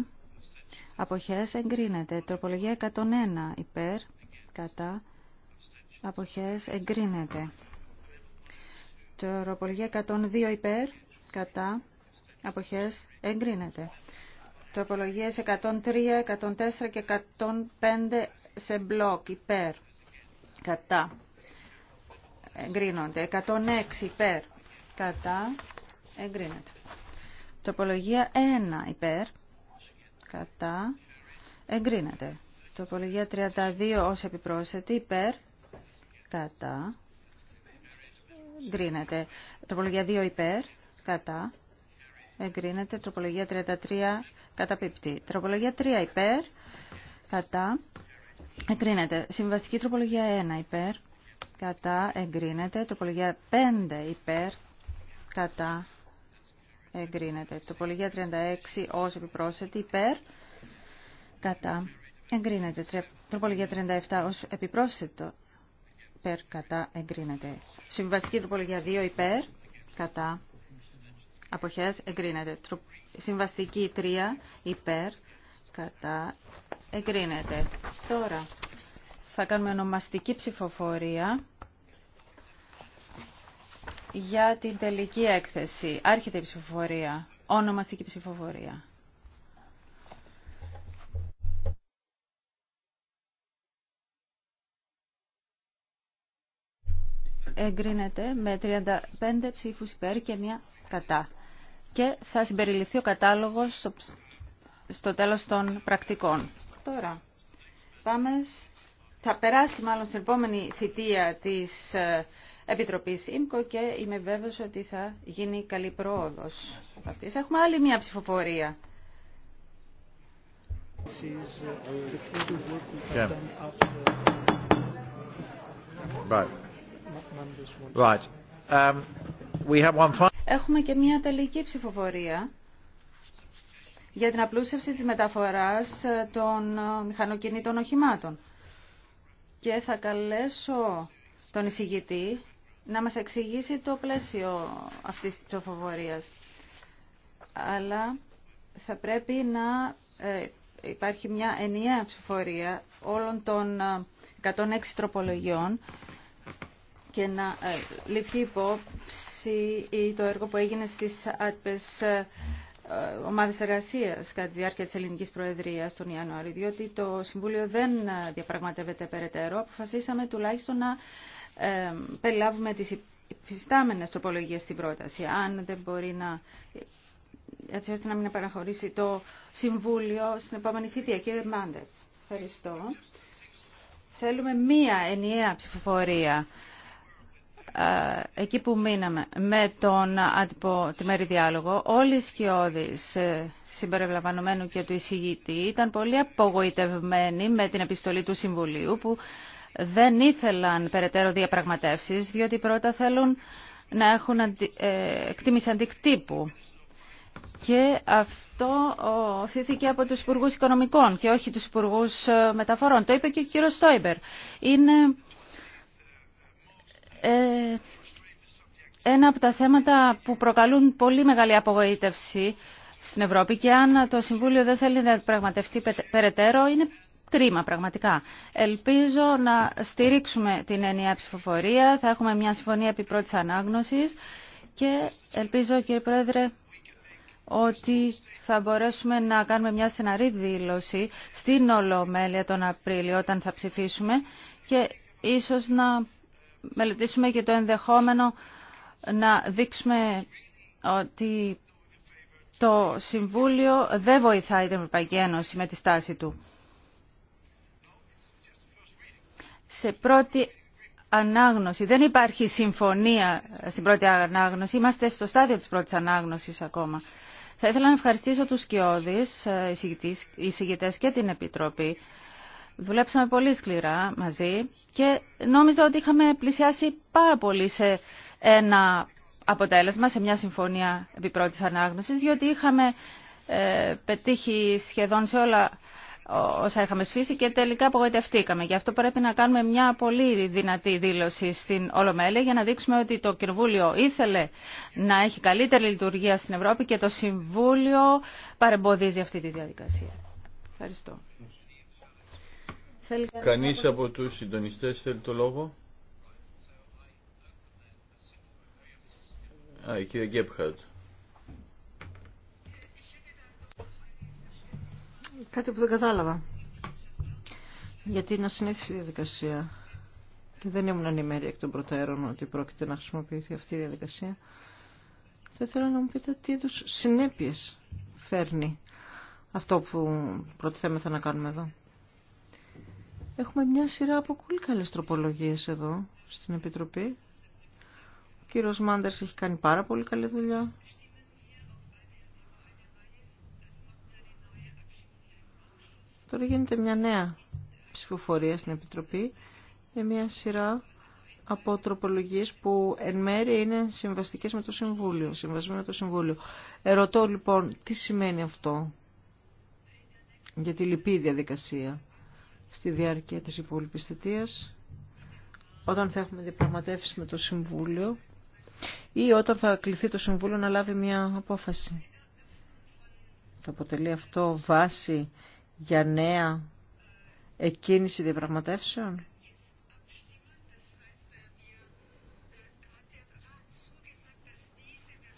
αποχές εγκρίνεται. Τροπολογία 101 υπέρ κατά αποχές εγκρίνεται. Τροπολογία 102 υπέρ κατά αποχές εγκρίνεται. Τροπολογίες 103, 104 και 105 σε μπλοκ υπέρ κατά εγκρίνονται. 106 υπέρ κατά εγκρίνεται. Τροπολογία 1 υπέρ κατά εγκρίνεται. Τροπολογία 32 ως επιπρόσθετη υπέρ κατά εγκρίνεται. Τροπολογία 2 υπέρ κατά εγκρίνεται. Τροπολογία 33 καταπίπτει. Τροπολογία 3 υπέρ κατά Εγκρίνεται. Συμβαστική τροπολογία 1 υπέρ. Κατά. Εγκρίνεται. Τροπολογία 5 υπέρ. Κατά. Εγκρίνεται. Τροπολογία 36 ως επιπρόσθετη υπέρ. Κατά. Εγκρίνεται. Τροπολογία 37 ως επιπρόσθετο υπέρ. Κατά. Εγκρίνεται. Συμβαστική τροπολογία 2 υπέρ. Κατά. Αποχές εγκρίνεται. Συμβαστική 3 υπέρ κατά εγκρίνεται. Τώρα θα κάνουμε ονομαστική ψηφοφορία για την τελική έκθεση. Άρχεται η ψηφοφορία, ονομαστική ψηφοφορία. Εγκρίνεται με 35 ψήφους υπέρ και μια κατά. Και θα συμπεριληφθεί ο κατάλογος στο τέλος των πρακτικών. Τώρα, πάμε, θα περάσει μάλλον στην επόμενη θητεία της ε, Επιτροπής ΙΜΚΟ και είμαι βέβαιος ότι θα γίνει καλή πρόοδος αυτής. Έχουμε άλλη μια ψηφοφορία. Um, Έχουμε και μια τελική ψηφοφορία για την απλούσευση της μεταφοράς ε, των ε, μηχανοκινήτων οχημάτων. Και θα καλέσω τον εισηγητή να μας εξηγήσει το πλαίσιο αυτής της ψηφοφορίας. Αλλά θα πρέπει να ε, υπάρχει μια ενιαία ψηφοφορία όλων των 106 τροπολογιών και να ληφθεί υπόψη το έργο που έγινε στις άτπες ε, ομάδες εργασίας κατά τη διάρκεια της ελληνική προεδρίας τον Ιανουάριο, διότι το Συμβούλιο δεν ε, διαπραγματεύεται περαιτέρω. Αποφασίσαμε τουλάχιστον να ε, περιλάβουμε τις υφιστάμενες τροπολογίες στην πρόταση, αν δεν μπορεί να έτσι ώστε να μην παραχωρήσει το Συμβούλιο στην επόμενη θητεία. Κύριε Μάντετς, ευχαριστώ. Θέλουμε μία ενιαία ψηφοφορία ε, εκεί που μείναμε με τον μέρη διάλογο, όλοι οι σκιώδεις ε, συμπεριλαμβανομένου και του εισηγητή ήταν πολύ απογοητευμένοι με την επιστολή του Συμβουλίου που δεν ήθελαν περαιτέρω διαπραγματεύσεις διότι πρώτα θέλουν να έχουν αντι... Ε, εκτίμηση αντικτύπου. Και αυτό οθήθηκε από τους Υπουργούς Οικονομικών και όχι τους Υπουργούς Μεταφορών. Το είπε και ο κύριος Στόιμπερ. Είναι ε, ένα από τα θέματα που προκαλούν πολύ μεγάλη απογοήτευση στην Ευρώπη και αν το Συμβούλιο δεν θέλει να πραγματευτεί περαιτέρω είναι κρίμα πραγματικά. Ελπίζω να στηρίξουμε την ενιαία ψηφοφορία, θα έχουμε μια συμφωνία επί πρώτης ανάγνωσης και ελπίζω κύριε Πρόεδρε ότι θα μπορέσουμε να κάνουμε μια στεναρή δήλωση στην Ολομέλεια τον Απρίλιο όταν θα ψηφίσουμε και ίσως να μελετήσουμε και το ενδεχόμενο να δείξουμε ότι το Συμβούλιο δεν βοηθάει την Ευρωπαϊκή Ένωση με τη στάση του. Σε πρώτη ανάγνωση, δεν υπάρχει συμφωνία στην πρώτη ανάγνωση, είμαστε στο στάδιο της πρώτης ανάγνωσης ακόμα. Θα ήθελα να ευχαριστήσω τους Σκιώδης, οι ε, και την Επιτροπή Δουλέψαμε πολύ σκληρά μαζί και νόμιζα ότι είχαμε πλησιάσει πάρα πολύ σε ένα αποτέλεσμα, σε μια συμφωνία επί πρώτης ανάγνωσης, διότι είχαμε ε, πετύχει σχεδόν σε όλα όσα είχαμε σφίσει και τελικά απογοητευτήκαμε. Γι' αυτό πρέπει να κάνουμε μια πολύ δυνατή δήλωση στην Ολομέλεια για να δείξουμε ότι το Κοινοβούλιο ήθελε να έχει καλύτερη λειτουργία στην Ευρώπη και το Συμβούλιο παρεμποδίζει αυτή τη διαδικασία. Ευχαριστώ κανείς από τους συντονιστές θέλει το λόγο. Α, η κυρία Γκέπχαρτ. Κάτι που δεν κατάλαβα. Γιατί είναι η διαδικασία. Και δεν ήμουν ενημέρη εκ των προτέρων ότι πρόκειται να χρησιμοποιηθεί αυτή η διαδικασία. Θα ήθελα να μου πείτε τι είδου συνέπειε φέρνει αυτό που προτιθέμεθα να κάνουμε εδώ. Έχουμε μια σειρά από πολύ καλές τροπολογίες εδώ στην Επιτροπή. Ο κύριος Μάντερς έχει κάνει πάρα πολύ καλή δουλειά. Τώρα γίνεται μια νέα ψηφοφορία στην Επιτροπή για μια σειρά από τροπολογίες που εν μέρει είναι συμβαστικές με το Συμβούλιο, Συμβασμένο με το Συμβούλιο. Ερωτώ λοιπόν τι σημαίνει αυτό για τη λυπή διαδικασία στη διάρκεια της υπόλοιπης θητείας, όταν θα έχουμε διαπραγματεύσει με το Συμβούλιο ή όταν θα κληθεί το Συμβούλιο να λάβει μια απόφαση. Θα αποτελεί αυτό βάση για νέα εκκίνηση διαπραγματεύσεων.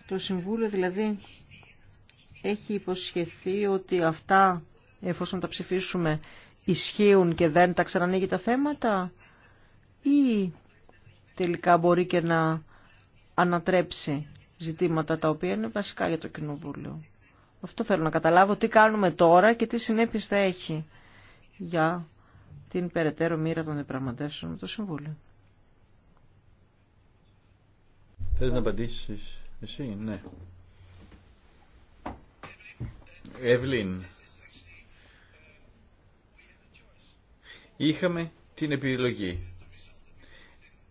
Το Συμβούλιο δηλαδή έχει υποσχεθεί ότι αυτά, εφόσον τα ψηφίσουμε, ισχύουν και δεν τα ξανανοίγει τα θέματα ή τελικά μπορεί και να ανατρέψει ζητήματα τα οποία είναι βασικά για το Κοινοβούλιο. Αυτό θέλω να καταλάβω τι κάνουμε τώρα και τι συνέπειες θα έχει για την περαιτέρω μοίρα των διαπραγματεύσεων με το Συμβούλιο. Θες να απαντήσεις εσύ, ναι. Εύλην, είχαμε την επιλογή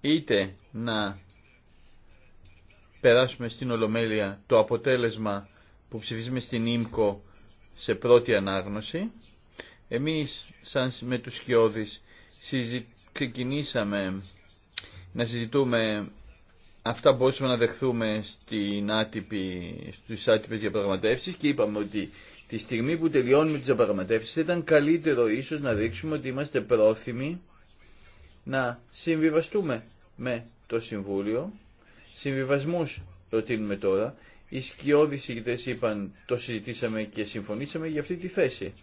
είτε να περάσουμε στην Ολομέλεια το αποτέλεσμα που ψηφίζουμε στην ΙΜΚΟ σε πρώτη ανάγνωση. Εμείς σαν με τους Σκιώδης ξεκινήσαμε να συζητούμε αυτά που μπορούσαμε να δεχθούμε στην άτυπη, στους άτυπες διαπραγματεύσεις και είπαμε ότι Τη στιγμή που τελειώνουμε τις διαπραγματεύσεις θα ήταν καλύτερο ίσως να δείξουμε ότι είμαστε πρόθυμοι να συμβιβαστούμε με το Συμβούλιο. Συμβιβασμούς προτείνουμε τώρα. Οι σκιώδεις ηγητές είπαν το συζητήσαμε και συμφωνήσαμε για αυτή τη θέση.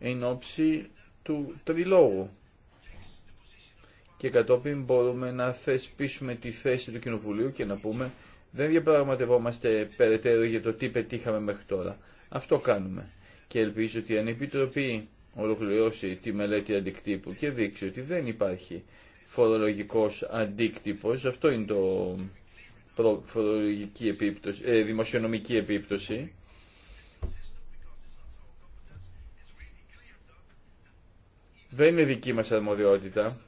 Εν ώψη του τριλόγου. Και κατόπιν μπορούμε να θεσπίσουμε τη θέση του Κοινοβουλίου και να πούμε δεν διαπραγματευόμαστε περαιτέρω για το τι πετύχαμε μέχρι τώρα. Αυτό κάνουμε. Και ελπίζω ότι αν η Επιτροπή ολοκληρώσει τη μελέτη αντικτύπου και δείξει ότι δεν υπάρχει φορολογικός αντίκτυπος, αυτό είναι το φορολογική επίπτωση, ε, δημοσιονομική επίπτωση, δεν είναι δική μας αρμοδιότητα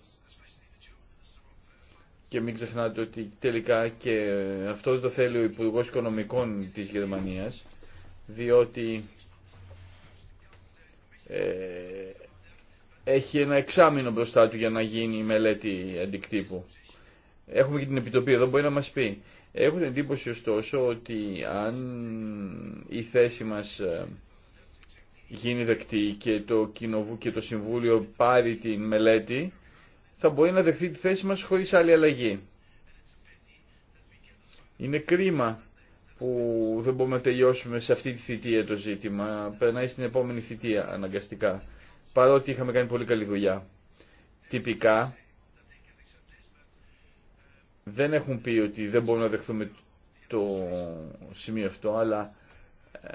και μην ξεχνάτε ότι τελικά και αυτό το θέλει ο Υπουργός Οικονομικών της Γερμανίας, διότι ε, έχει ένα εξάμεινο μπροστά του για να γίνει η μελέτη αντικτύπου. Έχουμε και την επιτοπία εδώ, μπορεί να μας πει. Έχω την εντύπωση ωστόσο ότι αν η θέση μας ε, γίνει δεκτή και το Κοινοβού και το Συμβούλιο πάρει την μελέτη, θα μπορεί να δεχθεί τη θέση μας χωρίς άλλη αλλαγή. Είναι κρίμα που δεν μπορούμε να τελειώσουμε σε αυτή τη θητεία το ζήτημα. Περνάει στην επόμενη θητεία αναγκαστικά. Παρότι είχαμε κάνει πολύ καλή δουλειά. Τυπικά δεν έχουν πει ότι δεν μπορούμε να δεχθούμε το σημείο αυτό, αλλά ε,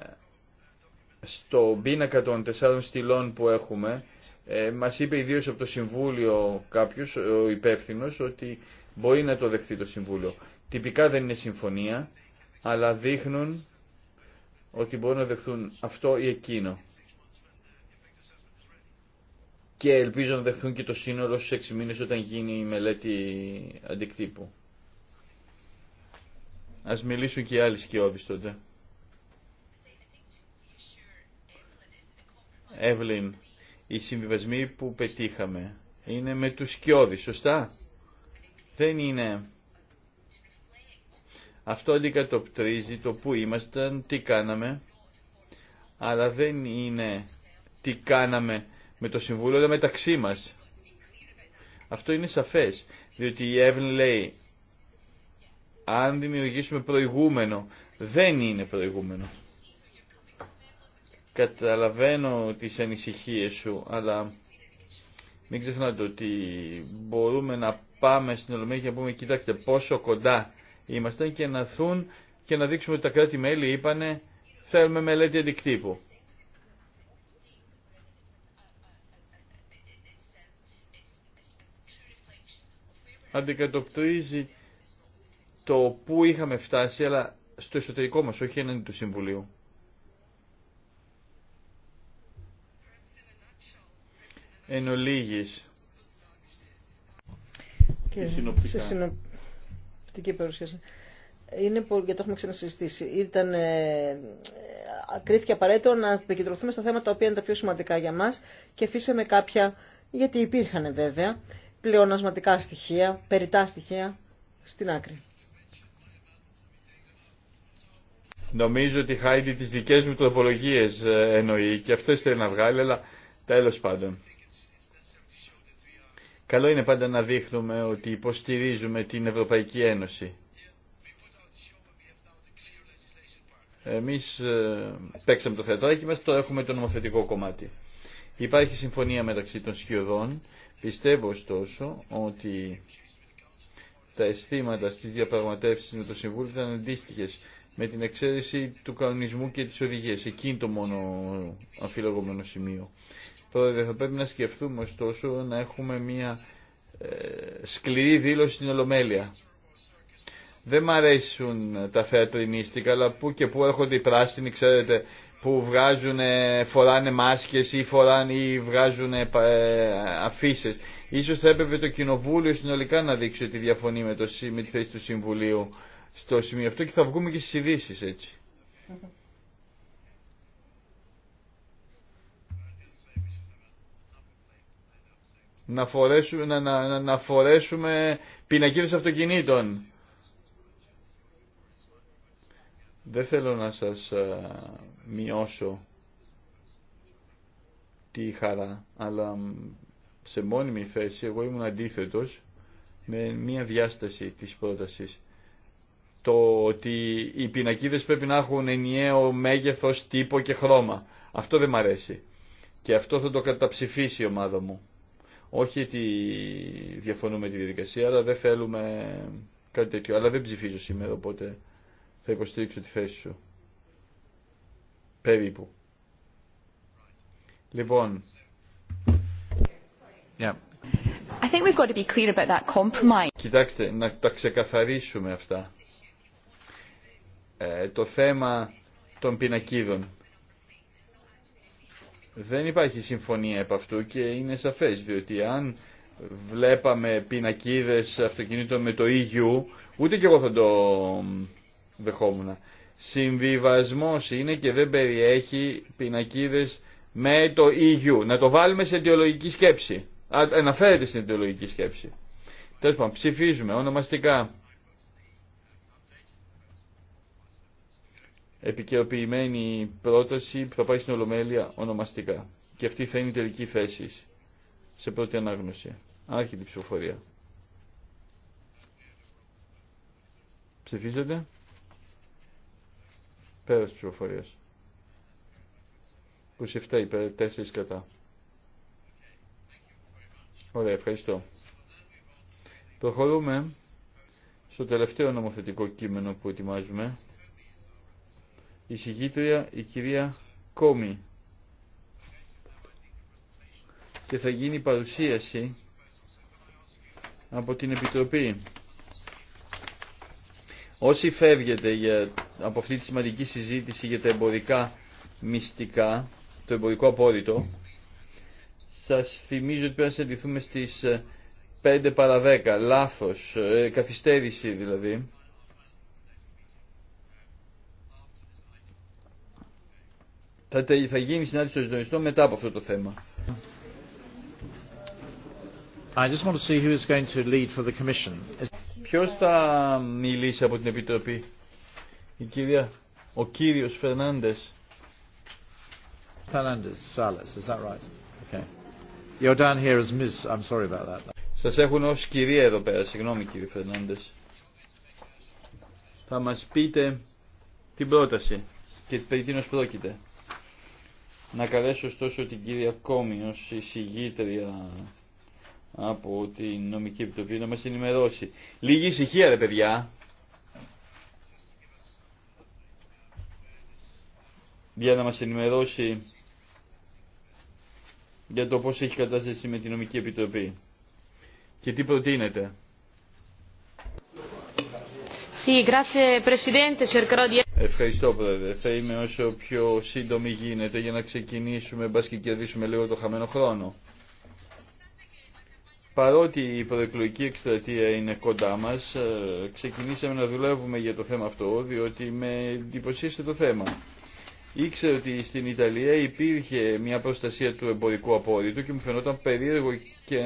στο πίνακα των τεσσάρων στυλών που έχουμε ε, μας είπε ιδίω από το Συμβούλιο κάποιο, ο υπεύθυνο, ότι μπορεί να το δεχθεί το Συμβούλιο. Τυπικά δεν είναι συμφωνία, αλλά δείχνουν ότι μπορούν να δεχθούν αυτό ή εκείνο. Και ελπίζω να δεχθούν και το σύνολο στους 6 μήνες όταν γίνει η μελέτη αντικτύπου. Ας μιλήσουν και οι άλλοι σκιώδεις τότε. Εύλην, οι συμβιβασμοί που πετύχαμε είναι με τους σκιώδεις, σωστά. Δεν είναι... Αυτό αντικατοπτρίζει το που ήμασταν, τι κάναμε, αλλά δεν είναι τι κάναμε με το Συμβούλιο, αλλά μεταξύ μας. Αυτό είναι σαφές, διότι η Εύνη λέει, αν δημιουργήσουμε προηγούμενο, δεν είναι προηγούμενο. Καταλαβαίνω τις ανησυχίες σου, αλλά μην ξεχνάτε ότι μπορούμε να πάμε στην Ολομέλεια και να πούμε κοιτάξτε πόσο κοντά είμαστε και να θούν και να δείξουμε ότι τα κράτη-μέλη είπανε θέλουμε μελέτη αντικτύπου. Αντικατοπτρίζει το που είχαμε φτάσει αλλά στο εσωτερικό μας, όχι έναντι του Συμβουλίου. εν ολίγης. Και συνοπτικά. Σε συνοπτική παρουσίαση. Είναι που, γιατί το έχουμε ξανασυζητήσει. Ήταν, ε, κρίθηκε απαραίτητο να επικεντρωθούμε στα θέματα τα οποία είναι τα πιο σημαντικά για μας και αφήσαμε κάποια, γιατί υπήρχαν βέβαια, πλεονασματικά στοιχεία, περιτά στοιχεία, στην άκρη. Νομίζω ότι χάει τι τις δικές μου τροπολογίες ε, εννοεί και αυτές θέλει να βγάλει, αλλά τέλος πάντων. Καλό είναι πάντα να δείχνουμε ότι υποστηρίζουμε την Ευρωπαϊκή Ένωση. Εμείς ε, παίξαμε το θεατράκι μας, τώρα έχουμε το νομοθετικό κομμάτι. Υπάρχει συμφωνία μεταξύ των σκιωδών. Πιστεύω ωστόσο ότι τα αισθήματα στις διαπραγματεύσεις με το Συμβούλιο ήταν αντίστοιχε με την εξαίρεση του κανονισμού και της οδηγίας. Εκεί είναι το μόνο αμφιλεγόμενο σημείο δεν θα πρέπει να σκεφτούμε ωστόσο να έχουμε μια ε, σκληρή δήλωση στην Ολομέλεια. Δεν μ' αρέσουν τα θεατρινίστικα, αλλά που και που έρχονται οι πράσινοι, ξέρετε, που βγάζουν, ε, φοράνε μάσκες ή, φοράνε, ή βγάζουν ε, αφήσει. Ίσως θα έπρεπε το Κοινοβούλιο συνολικά να δείξει τη διαφωνεί με, το, με τη θέση του Συμβουλίου στο σημείο αυτό και θα βγούμε και στις ειδήσει έτσι. να φορέσουμε, να, φορέσουμε πινακίδες αυτοκινήτων. Δεν θέλω να σας ε, μειώσω τη χαρά, αλλά σε μόνιμη θέση εγώ ήμουν αντίθετος με μία διάσταση της πρότασης. Το ότι οι πινακίδες πρέπει να έχουν ενιαίο μέγεθος, τύπο και χρώμα. Αυτό δεν μ' αρέσει. Και αυτό θα το καταψηφίσει η ομάδα μου. Όχι ότι διαφωνούμε τη διαδικασία, αλλά δεν θέλουμε κάτι τέτοιο. Αλλά δεν ψηφίζω σήμερα, οπότε θα υποστήριξω τη θέση σου. Περίπου. Λοιπόν. Yeah. I think we've got to be clear about that compromise. Κοιτάξτε, να τα ξεκαθαρίσουμε αυτά. Ε, το θέμα των πινακίδων δεν υπάρχει συμφωνία επ' αυτού και είναι σαφές, διότι αν βλέπαμε πινακίδες αυτοκινήτων με το EU, ούτε κι εγώ θα το δεχόμουν. Συμβιβασμός είναι και δεν περιέχει πινακίδες με το EU. Να το βάλουμε σε αιτιολογική σκέψη. αναφέρεται στην αιτιολογική σκέψη. Τέλος πάντων, ψηφίζουμε ονομαστικά. επικαιροποιημένη πρόταση που θα πάει στην Ολομέλεια ονομαστικά. Και αυτή θα είναι η τελική θέση σε πρώτη ανάγνωση. Άρχιτη ψηφοφορία. Ψηφίζεται. Πέρας ψηφοφορία. 27 υπέρ, 4 κατά. Ωραία, ευχαριστώ. Προχωρούμε στο τελευταίο νομοθετικό κείμενο που ετοιμάζουμε. Η συγγήτρια, η κυρία Κόμη. Και θα γίνει παρουσίαση από την Επιτροπή. Όσοι φεύγετε για, από αυτή τη σημαντική συζήτηση για τα εμπορικά μυστικά, το εμπορικό απόρριτο, σας θυμίζω ότι πρέπει να συναντηθούμε στις 5 ε, παρα 10, λάθος, ε, καθυστέρηση δηλαδή. θα, θα γίνει συνάντηση των συντονιστών μετά από αυτό το θέμα. I just want to see who is going to lead for the commission. Ποιος θα μιλήσει από την Επιτροπή. Η κυρία, ο κύριος Φερνάντες. Fernandez, Salas, is that right? Okay. You're down here as Ms. I'm sorry about that. Σας έχουν ως κυρία εδώ πέρα, συγγνώμη κύριε Φερνάντες. Θα μας πείτε την πρόταση και περί τίνος πρόκειται. Να καλέσω ωστόσο την κυρία Κόμη ω εισηγήτρια από την νομική επιτροπή να μα ενημερώσει. Λίγη ησυχία ρε παιδιά. Για να μας ενημερώσει για το πώς έχει κατάσταση με την νομική επιτροπή. Και τι προτείνεται. Ευχαριστώ πρόεδρε. Θα είμαι όσο πιο σύντομη γίνεται για να ξεκινήσουμε μπας και κερδίσουμε λίγο το χαμένο χρόνο. Παρότι η προεκλογική εκστρατεία είναι κοντά μας, ε, ξεκινήσαμε να δουλεύουμε για το θέμα αυτό, διότι με εντυπωσίασε το θέμα. Ήξερα ότι στην Ιταλία υπήρχε μια προστασία του εμπορικού απόρριτου και μου φαινόταν περίεργο και,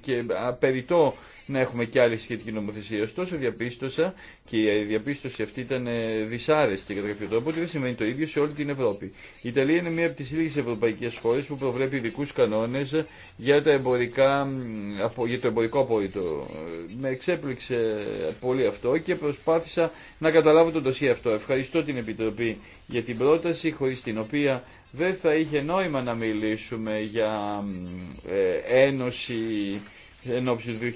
και απεριτώ να έχουμε και άλλη σχετική νομοθεσία. Ωστόσο διαπίστωσα και η διαπίστωση αυτή ήταν ε, δυσάρεστη κατά κάποιο τρόπο ότι δεν σημαίνει το ίδιο σε όλη την Ευρώπη. Η Ιταλία είναι μία από τις λίγες ευρωπαϊκές χώρες που προβλέπει ειδικού κανόνες για, για το εμπορικό απόρριτο. Με εξέπληξε πολύ αυτό και προσπάθησα να καταλάβω το δοσί αυτό. Ευχαριστώ την Επιτροπή για την πρόταση χωρίς την οποία δεν θα είχε νόημα να μιλήσουμε για ε, ένωση ένοψη του 2020.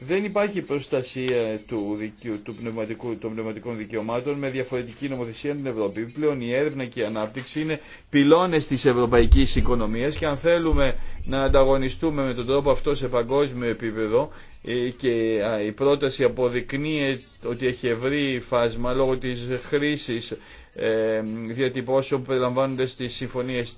Δεν υπάρχει προστασία του, του πνευματικού, των πνευματικών δικαιωμάτων με διαφορετική νομοθεσία στην Ευρώπη. Πλέον η έρευνα και η ανάπτυξη είναι πυλώνες της ευρωπαϊκής οικονομίας και αν θέλουμε να ανταγωνιστούμε με τον τρόπο αυτό σε παγκόσμιο επίπεδο ε, και η πρόταση αποδεικνύει ότι έχει ευρύ φάσμα λόγω της χρήσης διατυπώσεων που περιλαμβάνονται στις συμφωνίες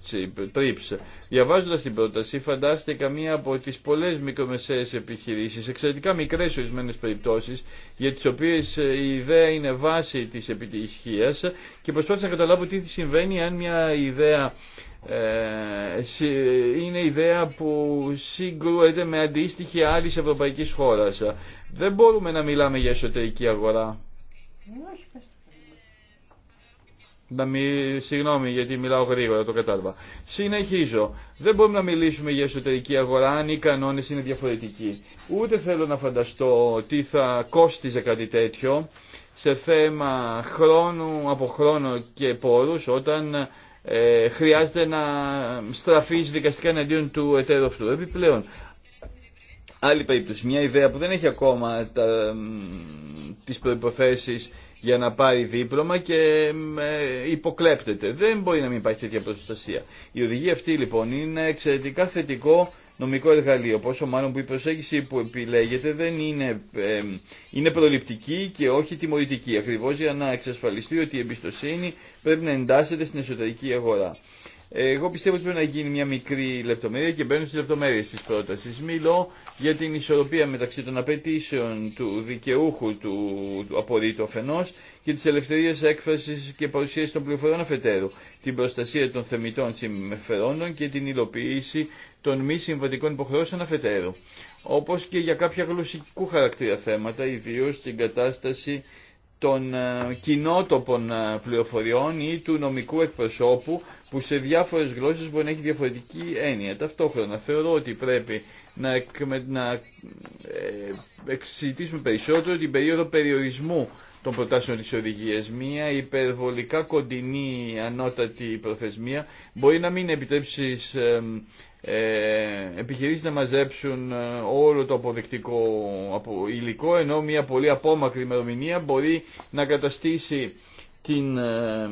TRIPS. διαβάζοντα την πρόταση φαντάστε καμία από τι πολλέ μικρομεσαίες επιχειρήσει, εξαιρετικά μικρέ ορισμένε περιπτώσει, για τι οποίε ε, η ιδέα είναι βάση τη επιτυχία και προσπάθησα να καταλάβω τι συμβαίνει αν μια ιδέα ε, είναι ιδέα που συγκρούεται με αντίστοιχη άλλη Ευρωπαϊκή χώρα. Δεν μπορούμε να μιλάμε για εσωτερική αγορά. Ε, να μη... Συγγνώμη γιατί μιλάω γρήγορα, το κατάλαβα. Συνεχίζω. Δεν μπορούμε να μιλήσουμε για εσωτερική αγορά αν οι κανόνες είναι διαφορετικοί. Ούτε θέλω να φανταστώ τι θα κόστιζε κάτι τέτοιο σε θέμα χρόνου από χρόνο και πόρους όταν ε, χρειάζεται να στραφεί δικαστικά εναντίον του εταίρου αυτού. Επιπλέον, άλλη περίπτωση, μια ιδέα που δεν έχει ακόμα τι τις για να πάρει δίπλωμα και ε, υποκλέπτεται. Δεν μπορεί να μην υπάρχει τέτοια προστασία. Η οδηγία αυτή λοιπόν είναι εξαιρετικά θετικό νομικό εργαλείο, πόσο μάλλον που η προσέγγιση που επιλέγεται δεν είναι, είναι προληπτική και όχι τιμωρητική, ακριβώς για να εξασφαλιστεί ότι η εμπιστοσύνη πρέπει να εντάσσεται στην εσωτερική αγορά. Εγώ πιστεύω ότι πρέπει να γίνει μια μικρή λεπτομέρεια και μπαίνω στι λεπτομέρειε τη πρόταση. Μιλώ για την ισορροπία μεταξύ των απαιτήσεων του δικαιούχου του απορρίτου αφενό και τη ελευθερία έκφραση και παρουσίαση των πληροφοριών αφετέρου, την προστασία των θεμητών συμφερόντων και την υλοποίηση των μη συμβατικών υποχρεώσεων αφετέρου. Όπω και για κάποια γλωσσικού χαρακτήρα θέματα, ιδίω στην κατάσταση των ε, κοινότοπων ε, πληροφοριών ή του νομικού εκπροσώπου που σε διάφορες γλώσσες μπορεί να έχει διαφορετική έννοια. Ταυτόχρονα θεωρώ ότι πρέπει να, να ε, περισσότερο την περίοδο περιορισμού των προτάσεων της οδηγίας. Μία υπερβολικά κοντινή ανώτατη προθεσμία μπορεί να μην επιτρέψει ε, επιχειρήσει να μαζέψουν ε, όλο το αποδεκτικό υλικό ενώ μια πολύ απόμακρη ημερομηνία μπορεί να καταστήσει την ε,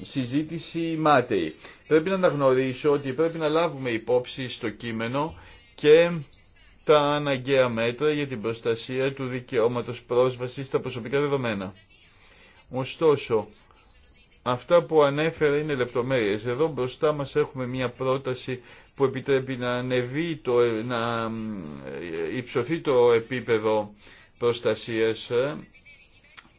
συζήτηση μάταιη. Πρέπει να αναγνωρίσω ότι πρέπει να λάβουμε υπόψη στο κείμενο και τα αναγκαία μέτρα για την προστασία του δικαιώματος πρόσβασης στα προσωπικά δεδομένα. Ωστόσο, Αυτά που ανέφερα είναι λεπτομέρειες. Εδώ μπροστά μας έχουμε μια πρόταση που επιτρέπει να ανεβεί το, να υψωθεί το επίπεδο προστασίας ε,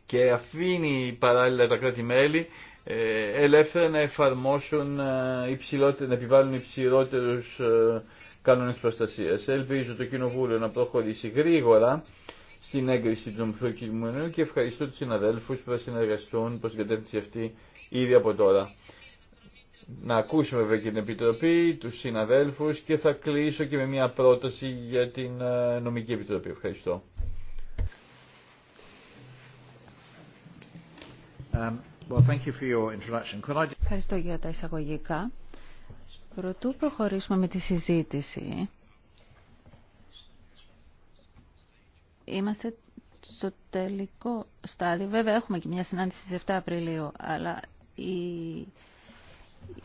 και αφήνει παράλληλα τα κράτη-μέλη ε, ελεύθερα να εφαρμόσουν ε, να επιβάλλουν υψηλότερους κανόνες προστασίας. Ελπίζω το Κοινοβούλιο να προχωρήσει γρήγορα στην έγκριση του νομιθού και ευχαριστώ τους συναδέλφους που θα συνεργαστούν προς την κατεύθυνση αυτή ήδη από τώρα. Να ακούσουμε βέβαια και την Επιτροπή, τους συναδέλφους και θα κλείσω και με μια πρόταση για την ε, Νομική Επιτροπή. Ευχαριστώ. Ευχαριστώ για τα εισαγωγικά. Πρωτού προχωρήσουμε με τη συζήτηση. Είμαστε στο τελικό στάδιο. Βέβαια έχουμε και μια συνάντηση στις 7 Απριλίου, αλλά η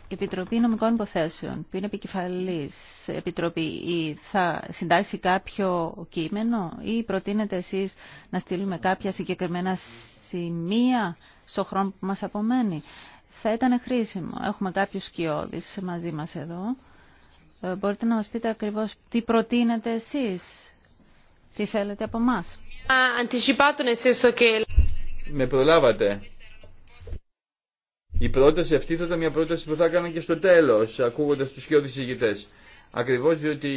Επιτροπή Νομικών Υποθέσεων, που είναι επικεφαλής επιτροπή, θα συντάξει κάποιο κείμενο ή προτείνετε εσείς να στείλουμε κάποια συγκεκριμένα σημεία στο χρόνο που μας απομένει. Θα ήταν χρήσιμο. Έχουμε κάποιους σκιώδεις μαζί μας εδώ. Ε, μπορείτε να μας πείτε ακριβώς τι προτείνετε εσείς, τι θέλετε από εμάς. Με προλάβατε. Η πρόταση αυτή θα ήταν μια πρόταση που θα έκανα και στο τέλος, ακούγοντα του και ηγητές. Ακριβώς διότι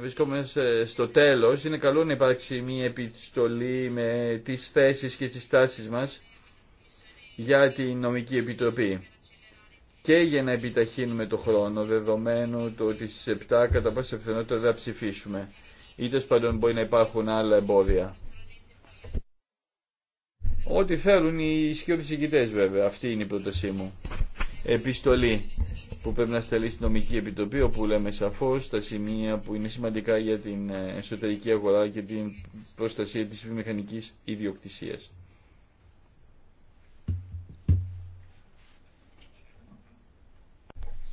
βρισκόμαστε στο τέλος, είναι καλό να υπάρξει μια επιστολή με τις θέσει και τις τάσει μας για την νομική επιτροπή. Και για να επιταχύνουμε το χρόνο, δεδομένου το ότι στι 7 κατά πάσα πιθανότητα θα ψηφίσουμε. Είτε σπάντων μπορεί να υπάρχουν άλλα εμπόδια. Ό,τι θέλουν οι ισχυροί βέβαια. Αυτή είναι η πρότασή μου. Επιστολή που πρέπει να στελεί στην νομική επιτροπή όπου λέμε σαφώς τα σημεία που είναι σημαντικά για την ε, εσωτερική αγορά και την προστασία της βιομηχανικής ιδιοκτησίας.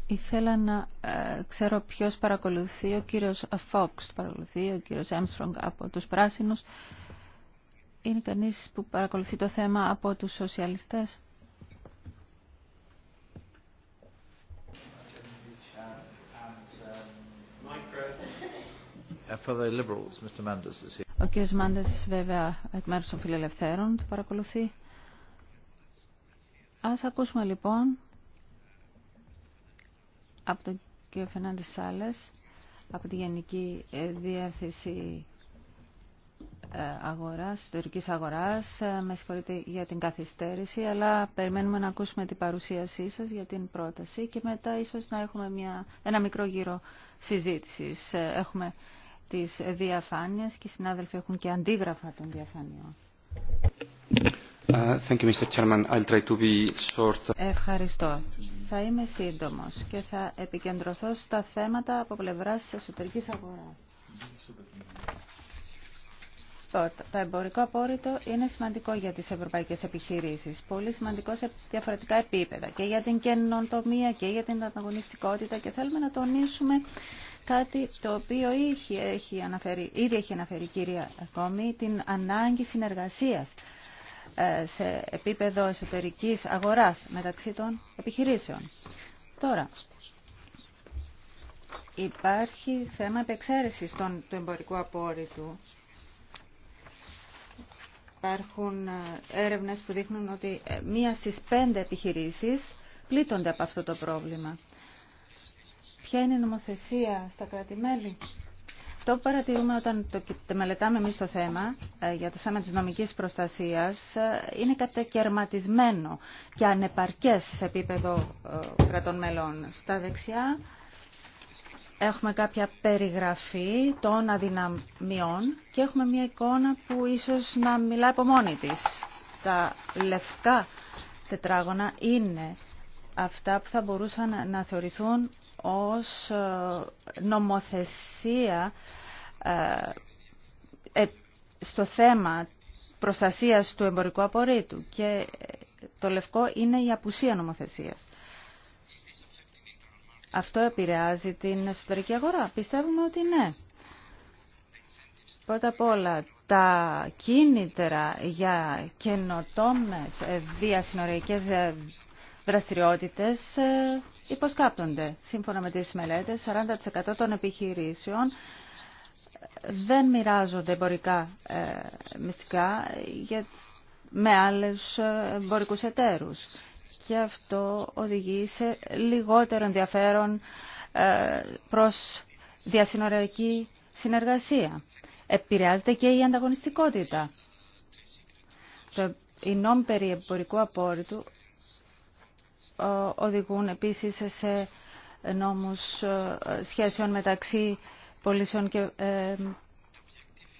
Ήθελα να ε, ξέρω ποιος παρακολουθεί, ο κύριος Φόξ παρακολουθεί, ο κύριος Armstrong από τους Πράσινους είναι κανείς που παρακολουθεί το θέμα από τους σοσιαλιστές. Uh, Ο κ. Μάντες βέβαια εκ μέρους των φιλελευθέρων το παρακολουθεί. Ας ακούσουμε λοιπόν από τον κ. Φενάντη Σάλλες από τη Γενική Διεύθυνση ε, αγοράς, τουρκικής αγοράς. Ε, με συγχωρείτε για την καθυστέρηση, αλλά περιμένουμε να ακούσουμε την παρουσίασή σας για την πρόταση και μετά ίσως να έχουμε μια, ένα μικρό γύρο συζήτησης. Ε, έχουμε τις διαφάνειες και οι συνάδελφοι έχουν και αντίγραφα των διαφάνειών. Thank you, Mr. Chairman. I'll try to be short. Ευχαριστώ. Θα είμαι σύντομος και θα επικεντρωθώ στα θέματα από πλευράς εσωτερικής αγοράς. Το, εμπορικό απόρριτο είναι σημαντικό για τις ευρωπαϊκές επιχειρήσεις, πολύ σημαντικό σε διαφορετικά επίπεδα και για την καινοτομία και για την ανταγωνιστικότητα και θέλουμε να τονίσουμε κάτι το οποίο είχε, έχει αναφέρει, ήδη έχει αναφέρει η κυρία Κόμη. την ανάγκη συνεργασίας ε, σε επίπεδο εσωτερικής αγοράς μεταξύ των επιχειρήσεων. Τώρα, υπάρχει θέμα επεξαίρεσης του εμπορικού απόρριτου υπάρχουν ε, έρευνες που δείχνουν ότι ε, μία στις πέντε επιχειρήσεις πλήττονται από αυτό το πρόβλημα. Ποια είναι η νομοθεσία στα κράτη-μέλη. Αυτό που παρατηρούμε όταν το μελετάμε εμείς το θέμα ε, για το θέμα της νομικής προστασίας είναι κατακαιρματισμένο και ανεπαρκές σε επίπεδο κρατών μελών. Στα δεξιά έχουμε κάποια περιγραφή των αδυναμιών και έχουμε μια εικόνα που ίσως να μιλάει από μόνη της. Τα λευκά τετράγωνα είναι αυτά που θα μπορούσαν να θεωρηθούν ως ε, νομοθεσία ε, ε, στο θέμα προστασίας του εμπορικού απορρίτου και το λευκό είναι η απουσία νομοθεσίας. Αυτό επηρεάζει την εσωτερική αγορά. Πιστεύουμε ότι ναι. Πρώτα απ' όλα, τα κίνητρα για καινοτόμες ε, διασυνοριακές ε, δραστηριότητες ε, υποσκάπτονται. Σύμφωνα με τις μελέτες, 40% των επιχειρήσεων δεν μοιράζονται εμπορικά μυστικά για, με άλλους εμπορικούς εταίρους και αυτό οδηγεί σε λιγότερο ενδιαφέρον ε, προς διασυνοριακή συνεργασία. Επηρεάζεται και η ανταγωνιστικότητα. Το, οι νόμοι περί εμπορικού απόρριτου οδηγούν επίσης σε νόμους ε, σχέσεων μεταξύ πολίσεων και ε,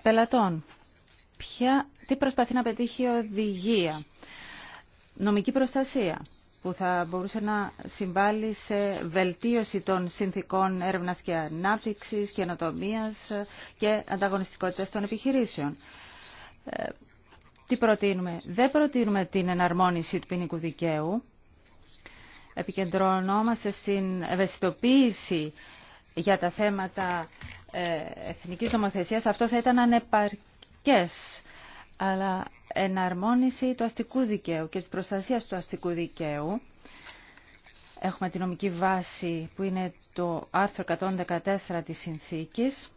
πελατών. Ποια, τι προσπαθεί να πετύχει η οδηγία νομική προστασία που θα μπορούσε να συμβάλλει σε βελτίωση των συνθήκων έρευνας και ανάπτυξης, καινοτομίας και ανταγωνιστικότητας των επιχειρήσεων. Ε, τι προτείνουμε. Δεν προτείνουμε την εναρμόνιση του ποινικού δικαίου. Επικεντρωνόμαστε στην ευαισθητοποίηση για τα θέματα ε, εθνικής νομοθεσίας. Αυτό θα ήταν ανεπαρκές αλλά εναρμόνιση του αστικού δικαίου και της προστασίας του αστικού δικαίου. Έχουμε τη νομική βάση που είναι το άρθρο 114 της Συνθήκης.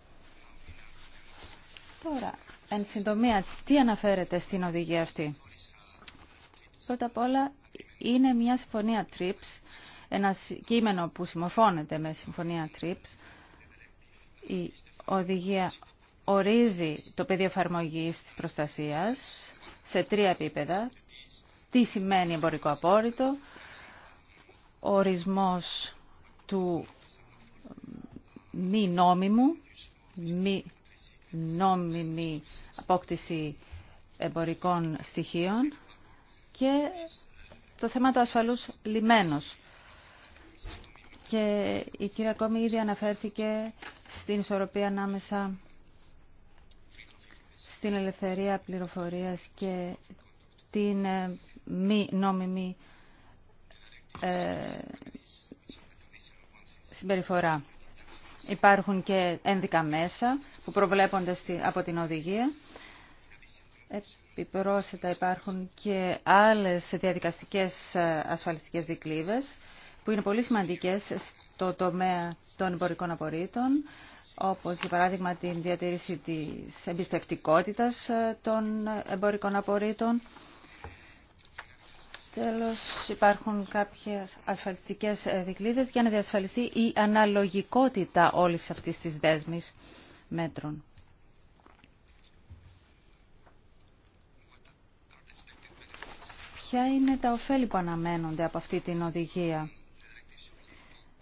Τώρα, εν συντομία, τι αναφέρεται στην οδηγία αυτή. Πρώτα απ' όλα, είναι μια συμφωνία TRIPS, ένα κείμενο που συμμορφώνεται με συμφωνία TRIPS, η οδηγία ορίζει το πεδίο εφαρμογή της προστασίας σε τρία επίπεδα. Τι σημαίνει εμπορικό απόρριτο, ορισμός του μη νόμιμου, μη νόμιμη απόκτηση εμπορικών στοιχείων και το θέμα του ασφαλούς λιμένος. Και η κυρία Κόμη ήδη αναφέρθηκε στην ισορροπία ανάμεσα στην ελευθερία πληροφορίας και την ε, μη νόμιμη ε, συμπεριφορά. Υπάρχουν και ένδικα μέσα που προβλέπονται από την οδηγία. Επιπρόσθετα υπάρχουν και άλλες διαδικαστικές ε, ασφαλιστικές δικλείδες που είναι πολύ σημαντικές το τομέα των εμπορικών απορρίτων, όπως για παράδειγμα την διατήρηση της εμπιστευτικότητας ε, των εμπορικών απορρίτων. Τέλος, υπάρχουν κάποιες ασφαλιστικές ε, δικλείδες για να διασφαλιστεί η αναλογικότητα όλης αυτής της δέσμης μέτρων. Ποια είναι τα ωφέλη που αναμένονται από αυτή την οδηγία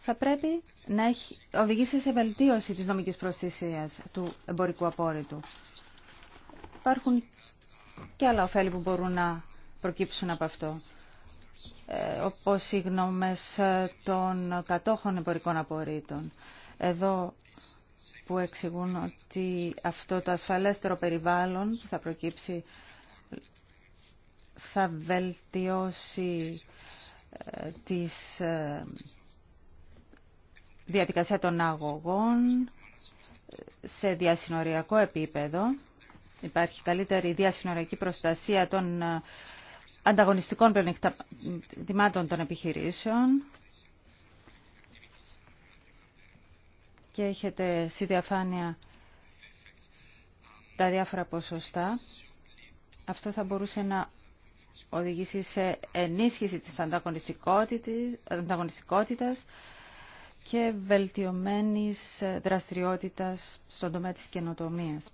θα πρέπει να έχει, οδηγήσει σε βελτίωση της νομικής προστασίας του εμπορικού απόρριτου. Υπάρχουν και άλλα ωφέλη που μπορούν να προκύψουν από αυτό, ε, όπως οι γνώμες ε, των κατόχων εμπορικών απορρίτων. Εδώ που εξηγούν ότι αυτό το ασφαλέστερο περιβάλλον θα προκύψει θα βελτιώσει ε, τις ε, διαδικασία των αγωγών σε διασυνοριακό επίπεδο. Υπάρχει καλύτερη διασυνοριακή προστασία των ε, ανταγωνιστικών πλεονεκτημάτων των επιχειρήσεων. Και έχετε στη διαφάνεια τα διάφορα ποσοστά. Αυτό θα μπορούσε να οδηγήσει σε ενίσχυση της ανταγωνιστικότητας και βελτιωμένης δραστηριότητας στον τομέα της καινοτομίας.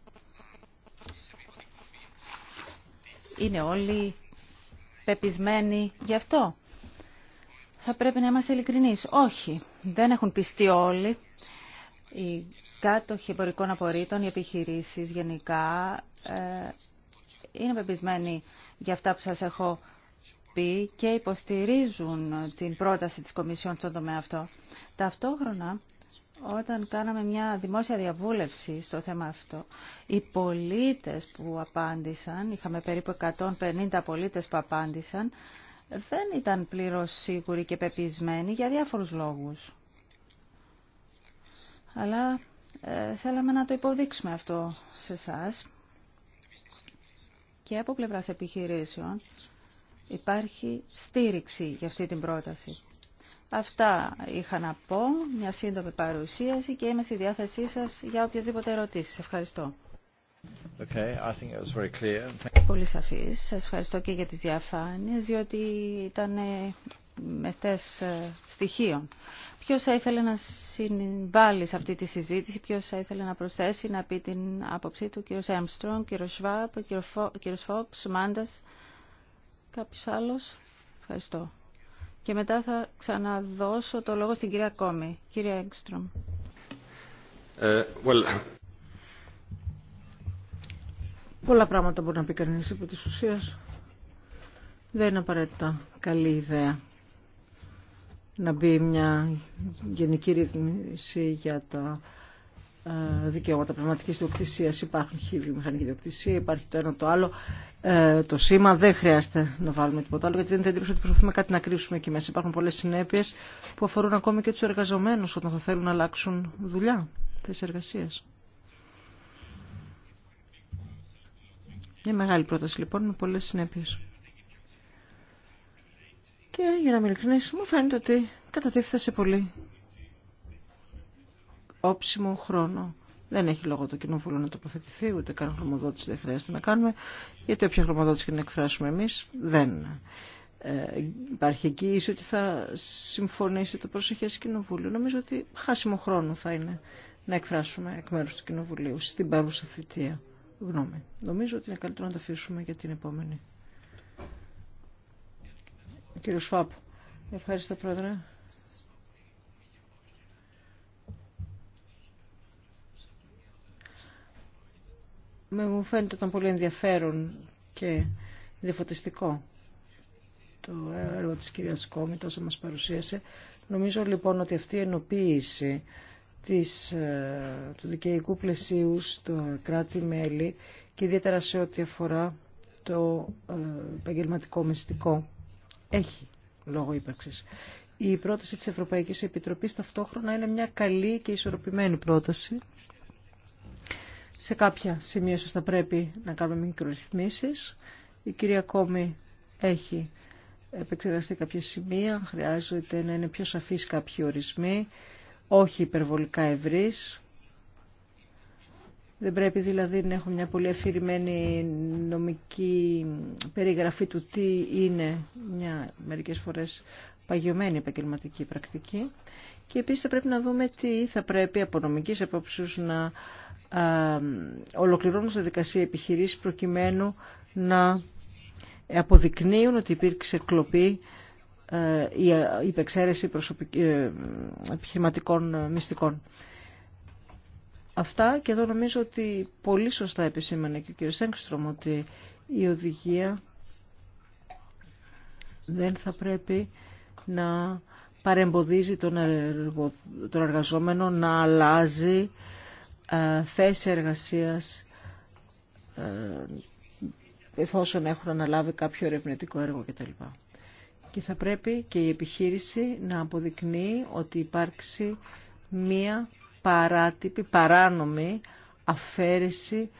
Είναι όλοι πεπισμένοι γι' αυτό. Θα πρέπει να είμαστε ειλικρινεί. Όχι, δεν έχουν πιστεί όλοι. Οι κάτοχοι εμπορικών απορρίτων, οι επιχειρήσεις γενικά, ε, είναι πεπισμένοι για αυτά που σας έχω και υποστηρίζουν την πρόταση της Κομισιόν στον τομέα αυτό. Ταυτόχρονα, όταν κάναμε μια δημόσια διαβούλευση στο θέμα αυτό, οι πολίτες που απάντησαν, είχαμε περίπου 150 πολίτες που απάντησαν, δεν ήταν πλήρως σίγουροι και πεπισμένοι για διάφορους λόγους. Αλλά ε, θέλαμε να το υποδείξουμε αυτό σε εσά και από πλευράς επιχειρήσεων υπάρχει στήριξη για αυτή την πρόταση. Αυτά είχα να πω, μια σύντομη παρουσίαση και είμαι στη διάθεσή σας για οποιασδήποτε ερωτήσεις. Ευχαριστώ. Okay, I think was very clear. Πολύ σαφής. Σας ευχαριστώ και για τις διαφάνειες, διότι ήταν ε, μεστές ε, στοιχείων. Ποιος θα ήθελε να συμβάλλει σε αυτή τη συζήτηση, ποιος θα ήθελε να προσθέσει, να πει την άποψή του, κύριος Έμστρον, κύριος Σβάπ, κύριος Φόξ, Μάντας. Κάποιος άλλος. Ευχαριστώ. Και μετά θα ξαναδώσω το λόγο στην κυρία Κόμη. Κυρία Έγκστρομ. Ε, Πολλά πράγματα μπορεί να πει κανείς επί της ουσίας. Δεν είναι απαραίτητα καλή ιδέα να μπει μια γενική ρύθμιση για τα ε, δικαιώματα πνευματικής διοκτησίας. υπάρχουν η βιομηχανική διοκτησία, υπάρχει το ένα το άλλο. Ε, το σήμα δεν χρειάζεται να βάλουμε τίποτα άλλο, γιατί δεν είναι ότι προσπαθούμε κάτι να κρύψουμε εκεί μέσα. Υπάρχουν πολλές συνέπειες που αφορούν ακόμη και τους εργαζομένους όταν θα θέλουν να αλλάξουν δουλειά, θέσεις εργασία. Μια μεγάλη πρόταση λοιπόν με πολλές συνέπειες. Και για να μην ειλικρινής, μου φαίνεται ότι κατατίθεται σε πολύ όψιμο χρόνο. Δεν έχει λόγο το κοινοβούλιο να τοποθετηθεί, ούτε καν χρωμοδότηση δεν χρειάζεται να κάνουμε, γιατί όποια χρωμοδότηση και να εκφράσουμε εμεί. δεν ε, υπάρχει εγγύηση ότι θα συμφωνήσει το προσεχέ κοινοβούλιο. Νομίζω ότι χάσιμο χρόνο θα είναι να εκφράσουμε εκ μέρου του κοινοβουλίου στην παρούσα θητεία γνώμη. Νομίζω ότι είναι καλύτερο να τα αφήσουμε για την επόμενη. Κύριο Σφάπ, ευχαριστώ πρόεδρε. με μου φαίνεται ήταν πολύ ενδιαφέρον και διαφωτιστικό το έργο της κυρίας Κόμη τόσο μας παρουσίασε. Νομίζω λοιπόν ότι αυτή η ενοποίηση της, ε, του δικαιικού πλαισίου στο κράτη-μέλη και ιδιαίτερα σε ό,τι αφορά το ε, επαγγελματικό μυστικό έχει λόγο ύπαρξης. Η πρόταση της Ευρωπαϊκής Επιτροπής ταυτόχρονα είναι μια καλή και ισορροπημένη πρόταση σε κάποια σημεία ίσως θα πρέπει να κάνουμε μικρορυθμίσεις. Η κυρία Κόμη έχει επεξεργαστεί κάποια σημεία, χρειάζεται να είναι πιο σαφείς κάποιοι ορισμοί, όχι υπερβολικά ευρύς. Δεν πρέπει δηλαδή να έχουμε μια πολύ αφηρημένη νομική περιγραφή του τι είναι μια μερικές φορές παγιωμένη επαγγελματική πρακτική. Και επίσης θα πρέπει να δούμε τι θα πρέπει από νομικής να ολοκληρώνουν στη δικασία επιχειρήσει προκειμένου να αποδεικνύουν ότι υπήρξε κλοπή ε, ε, η υπεξαίρεση ε, επιχειρηματικών μυστικών. Αυτά και εδώ νομίζω ότι πολύ σωστά επισήμανε και ο κ. Σέγκστρομ ότι η οδηγία δεν θα πρέπει να παρεμποδίζει τον, εργαζόμενο να αλλάζει ε, θέση εργασίας ε, εφόσον έχουν αναλάβει κάποιο ερευνητικό έργο κτλ. Και θα πρέπει και η επιχείρηση να αποδεικνύει ότι υπάρξει μία παράτυπη, παράνομη αφαίρεση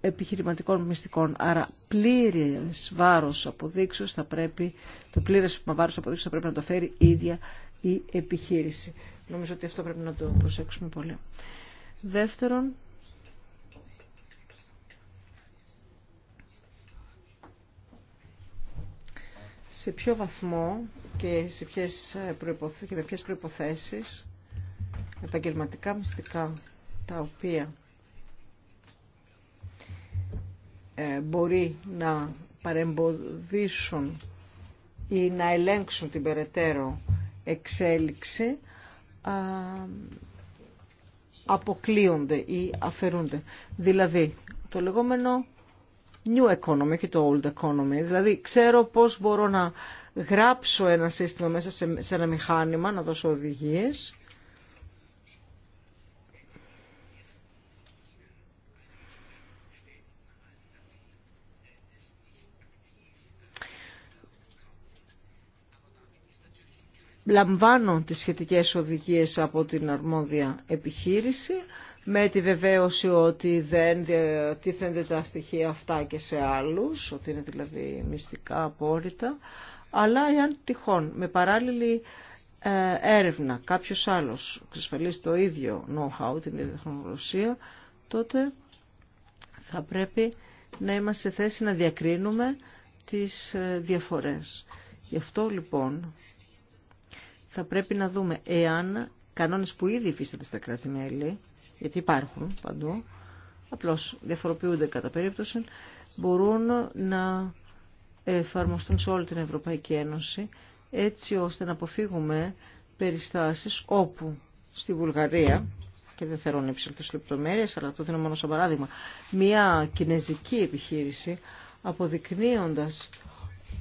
επιχειρηματικών μυστικών. Άρα πλήρες βάρος αποδείξεως θα πρέπει, το πλήρες βάρος αποδείξεως θα πρέπει να το φέρει η ίδια η επιχείρηση. Νομίζω ότι αυτό πρέπει να το προσέξουμε πολύ. Δεύτερον, σε ποιο βαθμό και, σε ποιες προϋποθέσεις, και με ποιες προϋποθέσεις επαγγελματικά μυστικά τα οποία ε, μπορεί να παρεμποδίσουν ή να ελέγξουν την περαιτέρω εξέλιξη αποκλείονται ή αφαιρούνται. Δηλαδή, το λεγόμενο new economy και το old economy. Δηλαδή, ξέρω πώς μπορώ να γράψω ένα σύστημα μέσα σε, ένα μηχάνημα, να δώσω οδηγίες λαμβάνω τις σχετικές οδηγίες από την αρμόδια επιχείρηση με τη βεβαίωση ότι δεν τίθενται τα στοιχεία αυτά και σε άλλους, ότι είναι δηλαδή μυστικά απόρριτα, αλλά εάν τυχόν με παράλληλη ε, έρευνα κάποιος άλλος εξασφαλίσει το ίδιο know-how, την ίδια τεχνογνωσία, τότε θα πρέπει να είμαστε σε θέση να διακρίνουμε τις ε, διαφορές. Γι' αυτό λοιπόν θα πρέπει να δούμε εάν κανόνες που ήδη υφίστανται στα κράτη-μέλη, γιατί υπάρχουν παντού, απλώς διαφοροποιούνται κατά περίπτωση, μπορούν να εφαρμοστούν σε όλη την Ευρωπαϊκή Ένωση, έτσι ώστε να αποφύγουμε περιστάσεις όπου στη Βουλγαρία, και δεν θέλω να υψηλθώ λεπτομέρειες, αλλά το δίνω μόνο σαν παράδειγμα, μια κινέζικη επιχείρηση αποδεικνύοντας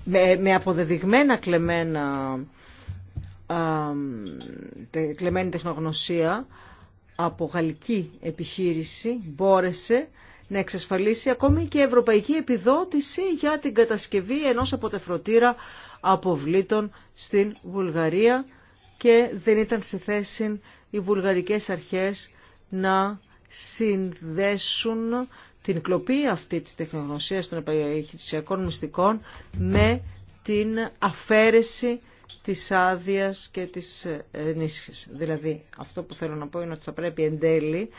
με, με αποδεδειγμένα κλεμμένα κλεμμένη τεχνογνωσία από γαλλική επιχείρηση μπόρεσε να εξασφαλίσει ακόμη και ευρωπαϊκή επιδότηση για την κατασκευή ενός αποτεφρωτήρα αποβλήτων στην Βουλγαρία και δεν ήταν σε θέση οι βουλγαρικές αρχές να συνδέσουν την κλοπή αυτή της τεχνογνωσίας των επαγγελματικών μυστικών με την αφαίρεση της άδεια και της ενίσχυσης. Δηλαδή, αυτό που θέλω να πω είναι ότι θα πρέπει εν τέλει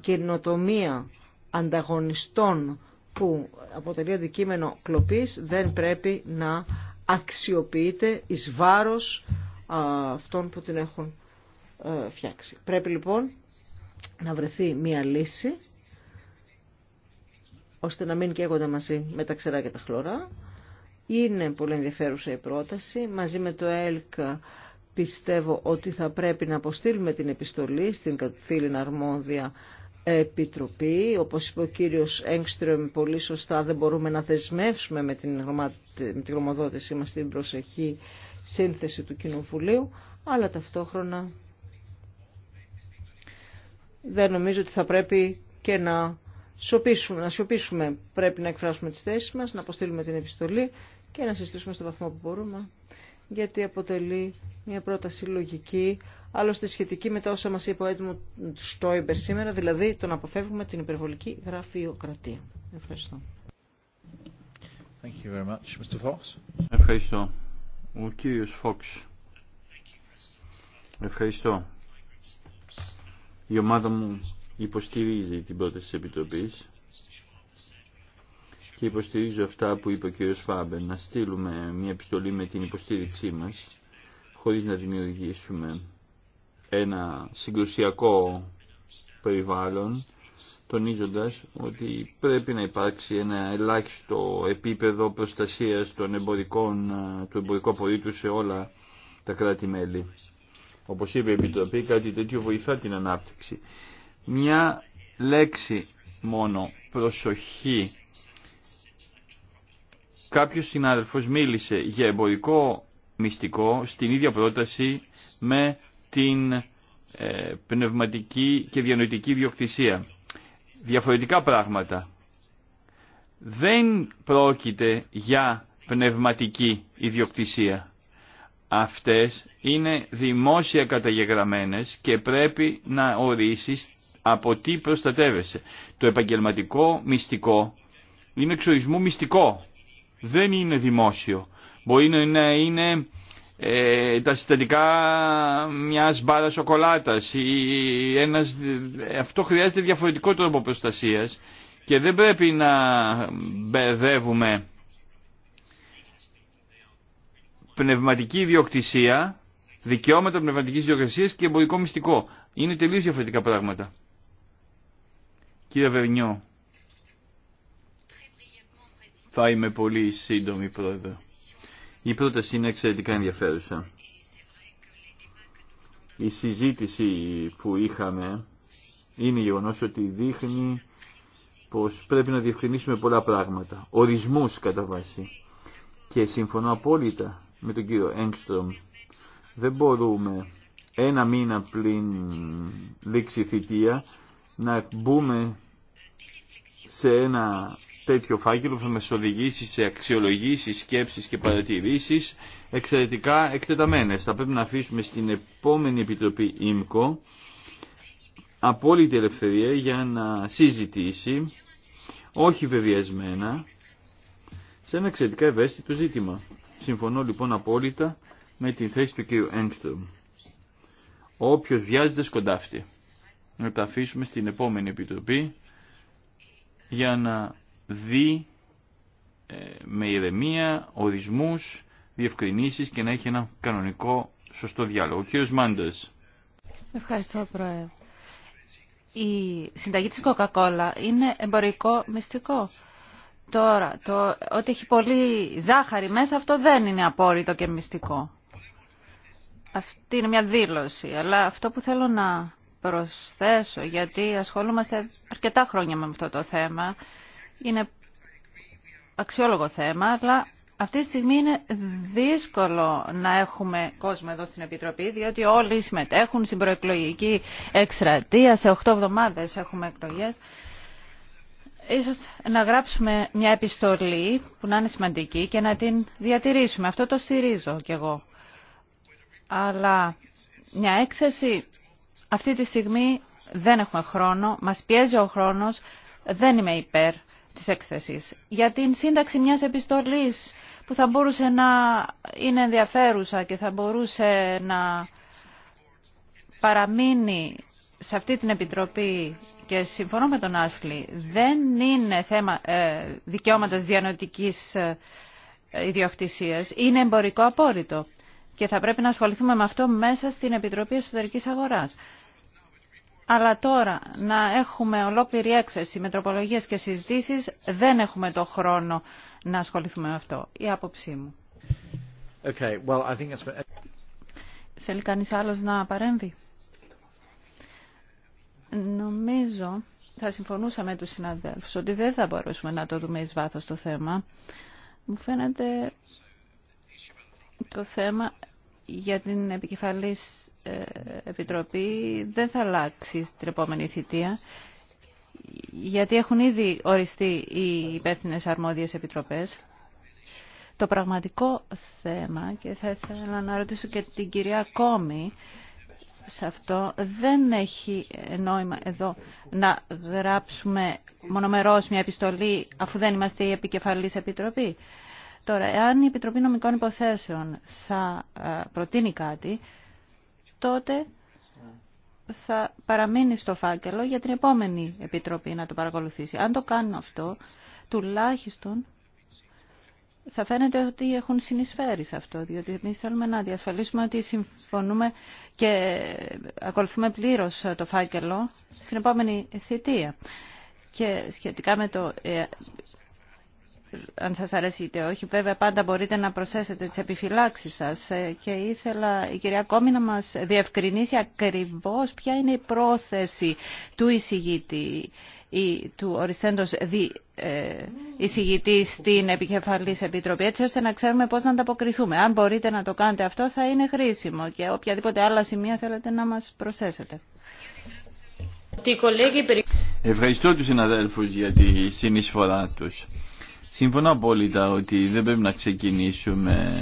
καινοτομία ανταγωνιστών που αποτελεί αντικείμενο κλοπής δεν πρέπει να αξιοποιείται εις βάρος αυτών που την έχουν φτιάξει. Πρέπει λοιπόν να βρεθεί μία λύση ώστε να μην καίγονται μαζί με τα ξερά και τα χλωρά είναι πολύ ενδιαφέρουσα η πρόταση. Μαζί με το ΕΛΚ πιστεύω ότι θα πρέπει να αποστείλουμε την επιστολή στην καθήλυνα αρμόδια Επιτροπή. Όπως είπε ο κύριος Έγκστρεμ πολύ σωστά δεν μπορούμε να δεσμεύσουμε με την γνωμοδότησή μας την προσεχή σύνθεση του Κοινοβουλίου, αλλά ταυτόχρονα δεν νομίζω ότι θα πρέπει και να σιωπήσουμε. Να σιωπήσουμε. Πρέπει να εκφράσουμε τις θέσεις μας, να αποστείλουμε την επιστολή και να συστήσουμε στο βαθμό που μπορούμε, γιατί αποτελεί μια πρόταση λογική, άλλωστε σχετική με τα όσα μας είπε ο Έντμου Στόιμπερ σήμερα, δηλαδή το να αποφεύγουμε την υπερβολική γραφειοκρατία. Ευχαριστώ. Thank you very much. Mr. Fox. Ευχαριστώ. Ο κύριος Φόξ. Ευχαριστώ. Η ομάδα μου υποστηρίζει την πρόταση της Επιτροπής και υποστηρίζω αυτά που είπε ο κ. Φάμπερ, να στείλουμε μια επιστολή με την υποστήριξή μας, χωρίς να δημιουργήσουμε ένα συγκρουσιακό περιβάλλον, τονίζοντας ότι πρέπει να υπάρξει ένα ελάχιστο επίπεδο προστασίας των εμπορικών, του εμπορικού απορρίτου σε όλα τα κράτη-μέλη. Όπως είπε η Επιτροπή, κάτι τέτοιο βοηθά την ανάπτυξη. Μια λέξη μόνο, προσοχή κάποιος συνάδελφος μίλησε για εμπορικό μυστικό στην ίδια πρόταση με την ε, πνευματική και διανοητική διοκτησία. Διαφορετικά πράγματα. Δεν πρόκειται για πνευματική ιδιοκτησία. Αυτές είναι δημόσια καταγεγραμμένες και πρέπει να ορίσεις από τι προστατεύεσαι. Το επαγγελματικό μυστικό είναι εξορισμού μυστικό δεν είναι δημόσιο. Μπορεί να είναι ε, τα συστατικά μιας μπάρα σοκολάτας ή ένας, αυτό χρειάζεται διαφορετικό τρόπο προστασίας και δεν πρέπει να μπερδεύουμε πνευματική ιδιοκτησία, δικαιώματα πνευματικής ιδιοκτησίας και εμπορικό μυστικό. Είναι τελείως διαφορετικά πράγματα. Κύριε Βερνιό. Θα είμαι πολύ σύντομη, Πρόεδρε. Η πρόταση είναι εξαιρετικά ενδιαφέρουσα. Η συζήτηση που είχαμε είναι γεγονό ότι δείχνει πως πρέπει να διευκρινίσουμε πολλά πράγματα. Ορισμούς κατά βάση. Και συμφωνώ απόλυτα με τον κύριο Έγκστρομ. Δεν μπορούμε ένα μήνα πλην λήξη θητεία να μπούμε σε ένα τέτοιο φάκελο που θα μας οδηγήσει σε αξιολογήσεις, σκέψεις και παρατηρήσεις εξαιρετικά εκτεταμένες. Θα πρέπει να αφήσουμε στην επόμενη Επιτροπή ΙΜΚΟ απόλυτη ελευθερία για να συζητήσει, όχι βεβαιασμένα, σε ένα εξαιρετικά ευαίσθητο ζήτημα. Συμφωνώ λοιπόν απόλυτα με την θέση του κ. Έγκστρομ. Όποιος βιάζεται σκοντάφτει. Να τα αφήσουμε στην επόμενη επιτροπή για να δει ε, με ηρεμία ορισμούς, διευκρινήσεις και να έχει ένα κανονικό σωστό διάλογο. Ο κύριος Μάντες. Ευχαριστώ, Πρόεδρε. Η συνταγή της coca είναι εμπορικό μυστικό. Τώρα, το ότι έχει πολύ ζάχαρη μέσα, αυτό δεν είναι απόρριτο και μυστικό. Αυτή είναι μια δήλωση, αλλά αυτό που θέλω να προσθέσω, γιατί ασχολούμαστε αρκετά χρόνια με αυτό το θέμα, είναι αξιόλογο θέμα, αλλά αυτή τη στιγμή είναι δύσκολο να έχουμε κόσμο εδώ στην Επιτροπή, διότι όλοι συμμετέχουν στην προεκλογική εκστρατεία. Σε 8 εβδομάδες έχουμε εκλογές. Ίσως να γράψουμε μια επιστολή που να είναι σημαντική και να την διατηρήσουμε. Αυτό το στηρίζω κι εγώ. Αλλά μια έκθεση αυτή τη στιγμή δεν έχουμε χρόνο, μας πιέζει ο χρόνος, δεν είμαι υπέρ της για την σύνταξη μιας επιστολής που θα μπορούσε να είναι ενδιαφέρουσα και θα μπορούσε να παραμείνει σε αυτή την Επιτροπή και συμφωνώ με τον Άσχλη, δεν είναι θέμα ε, δικαιώματος διανοητικής ε, ιδιοκτησίας, είναι εμπορικό απόρριτο και θα πρέπει να ασχοληθούμε με αυτό μέσα στην Επιτροπή Εσωτερικής Αγοράς. Αλλά τώρα να έχουμε ολόκληρη έκθεση με και συζητήσεις, δεν έχουμε το χρόνο να ασχοληθούμε με αυτό. Η άποψή μου. Okay, well, I think Θέλει κανείς άλλος να παρέμβει. Νομίζω θα συμφωνούσαμε με τους συναδέλφους ότι δεν θα μπορούσαμε να το δούμε εις βάθος το θέμα. Μου φαίνεται το θέμα για την επικεφαλής ε, επιτροπή δεν θα αλλάξει στην επόμενη θητεία, γιατί έχουν ήδη οριστεί οι υπεύθυνε αρμόδιες επιτροπές. Το πραγματικό θέμα, και θα ήθελα να ρωτήσω και την κυρία Κόμη, σε αυτό δεν έχει νόημα εδώ να γράψουμε μονομερώς μια επιστολή αφού δεν είμαστε η επικεφαλής επιτροπή. Τώρα, εάν η Επιτροπή Νομικών Υποθέσεων θα ε, προτείνει κάτι, τότε θα παραμείνει στο φάκελο για την επόμενη επιτροπή να το παρακολουθήσει. Αν το κάνουν αυτό, τουλάχιστον θα φαίνεται ότι έχουν συνεισφέρει σε αυτό, διότι εμεί θέλουμε να διασφαλίσουμε ότι συμφωνούμε και ακολουθούμε πλήρως το φάκελο στην επόμενη θητεία. Και σχετικά με το ε, αν σας αρέσει είτε όχι. Βέβαια πάντα μπορείτε να προσθέσετε τις επιφυλάξεις σας ε, και ήθελα η κυρία Κόμη να μας διευκρινίσει ακριβώς ποια είναι η πρόθεση του εισηγήτη ή του οριστέντος δι, ε, εισηγητή στην Επικεφαλής Επιτροπή, έτσι ώστε να ξέρουμε πώς να ανταποκριθούμε. Αν μπορείτε να το κάνετε αυτό θα είναι χρήσιμο και οποιαδήποτε άλλα σημεία θέλετε να μας προσθέσετε. Ευχαριστώ τους συναδέλφους για τη συνεισφορά τους. Σύμφωνα απόλυτα ότι δεν πρέπει να ξεκινήσουμε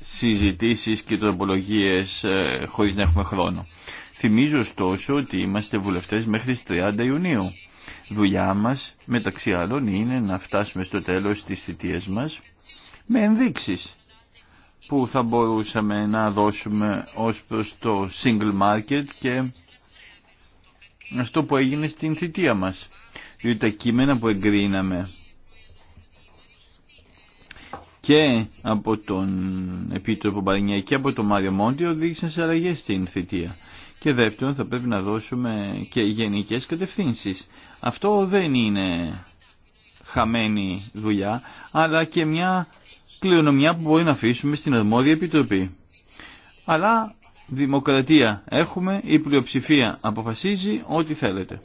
συζητήσεις και τροπολογίες ε, χωρίς να έχουμε χρόνο. Θυμίζω ωστόσο ότι είμαστε βουλευτές μέχρι τις 30 Ιουνίου. Δουλειά μας μεταξύ άλλων είναι να φτάσουμε στο τέλος της θητείας μας με ενδείξεις που θα μπορούσαμε να δώσουμε ως προς το single market και αυτό που έγινε στην θητεία μας. Διότι τα κείμενα που εγκρίναμε και από τον Επίτροπο Μπαρνιά και από τον Μάριο Μόντι οδήγησαν σε αλλαγέ στην θητεία. Και δεύτερον θα πρέπει να δώσουμε και γενικές κατευθύνσεις. Αυτό δεν είναι χαμένη δουλειά, αλλά και μια κληρονομιά που μπορεί να αφήσουμε στην αρμόδια επιτροπή. Αλλά δημοκρατία έχουμε, η πλειοψηφία αποφασίζει ό,τι θέλετε.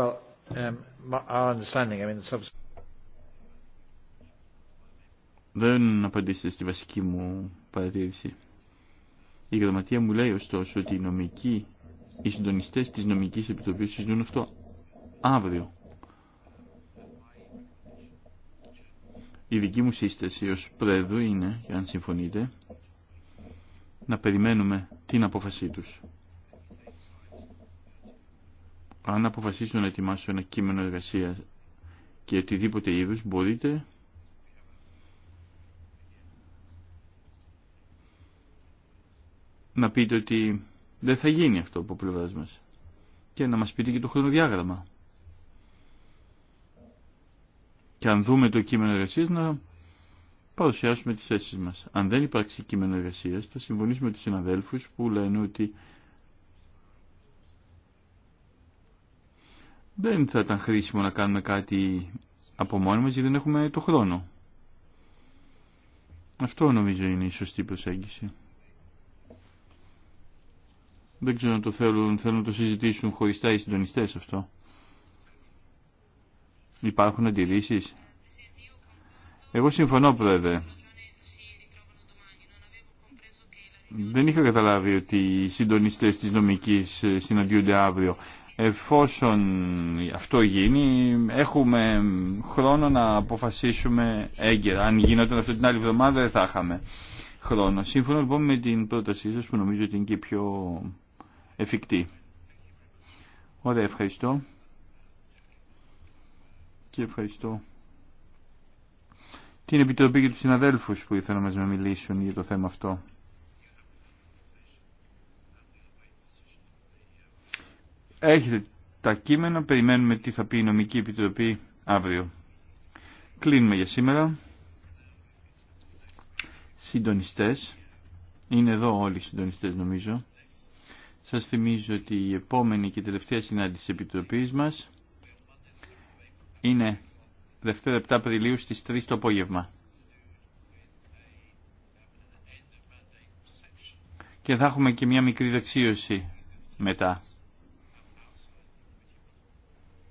Um, δεν απαντήσετε στη βασική μου παρατήρηση. Η γραμματεία μου λέει ωστόσο ότι οι νομικοί, οι συντονιστέ τη νομική επιτροπή συζητούν αυτό αύριο. Η δική μου σύσταση ως πρόεδρο είναι, αν συμφωνείτε, να περιμένουμε την απόφασή τους αν αποφασίσω να ετοιμάσω ένα κείμενο εργασία και οτιδήποτε είδους μπορείτε να πείτε ότι δεν θα γίνει αυτό από πλευρά μας και να μας πείτε και το χρονοδιάγραμμα. Και αν δούμε το κείμενο εργασία να παρουσιάσουμε τις θέσεις μας. Αν δεν υπάρξει κείμενο εργασία θα συμφωνήσουμε με τους συναδέλφους που λένε ότι δεν θα ήταν χρήσιμο να κάνουμε κάτι από μόνοι μας γιατί δεν έχουμε το χρόνο. Αυτό νομίζω είναι η σωστή προσέγγιση. Δεν ξέρω αν το θέλουν, θέλουν να το συζητήσουν χωριστά οι συντονιστές αυτό. Υπάρχουν αντιρρήσεις. Εγώ συμφωνώ πρόεδρε. Δεν είχα καταλάβει ότι οι συντονιστές της νομικής συναντιούνται αύριο εφόσον αυτό γίνει έχουμε χρόνο να αποφασίσουμε έγκαιρα. Αν γινόταν αυτό την άλλη εβδομάδα δεν θα είχαμε χρόνο. Σύμφωνα λοιπόν με την πρότασή σας που νομίζω ότι είναι και πιο εφικτή. Ωραία, ευχαριστώ. Και ευχαριστώ την Επιτροπή και του συναδέλφους που ήθελαν να μα μιλήσουν για το θέμα αυτό. Έχετε τα κείμενα, περιμένουμε τι θα πει η νομική επιτροπή αύριο. Κλείνουμε για σήμερα. Συντονιστές. Είναι εδώ όλοι οι συντονιστές νομίζω. Σας θυμίζω ότι η επόμενη και τελευταία συνάντηση της Επιτροπής μας είναι Δευτέρα 7 Απριλίου στις 3 το απόγευμα. Και θα έχουμε και μια μικρή δεξίωση μετά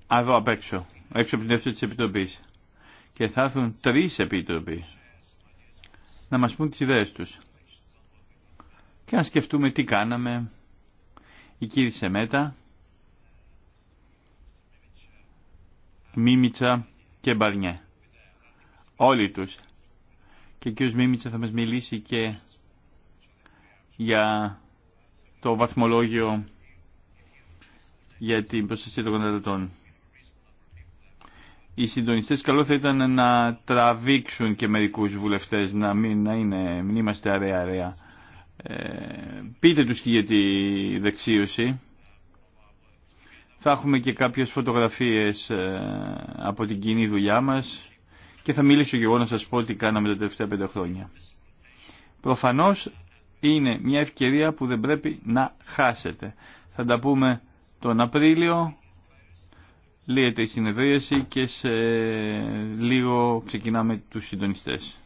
εδώ απ' έξω, έξω από την αίθουσα της Επιτροπής. Και θα έρθουν τρεις Επίτροποι να μας πούν τις ιδέες τους. Και να σκεφτούμε τι κάναμε. Η μέτα, Σεμέτα, Μίμητσα και Μπαρνιέ. Όλοι τους. Και ο κύριος Μίμητσα θα μας μιλήσει και για το βαθμολόγιο για την προστασία των καταναλωτών οι συντονιστές καλό θα ήταν να τραβήξουν και μερικούς βουλευτές να μην, να είναι, μην είμαστε αρέα αρέα. Ε, πείτε τους και για τη δεξίωση. Θα έχουμε και κάποιες φωτογραφίες ε, από την κοινή δουλειά μας και θα μιλήσω και εγώ να σας πω τι κάναμε τα τελευταία πέντε χρόνια. Προφανώς είναι μια ευκαιρία που δεν πρέπει να χάσετε. Θα τα πούμε τον Απρίλιο Λύεται η συνεδρίαση και σε λίγο ξεκινάμε τους συντονιστές.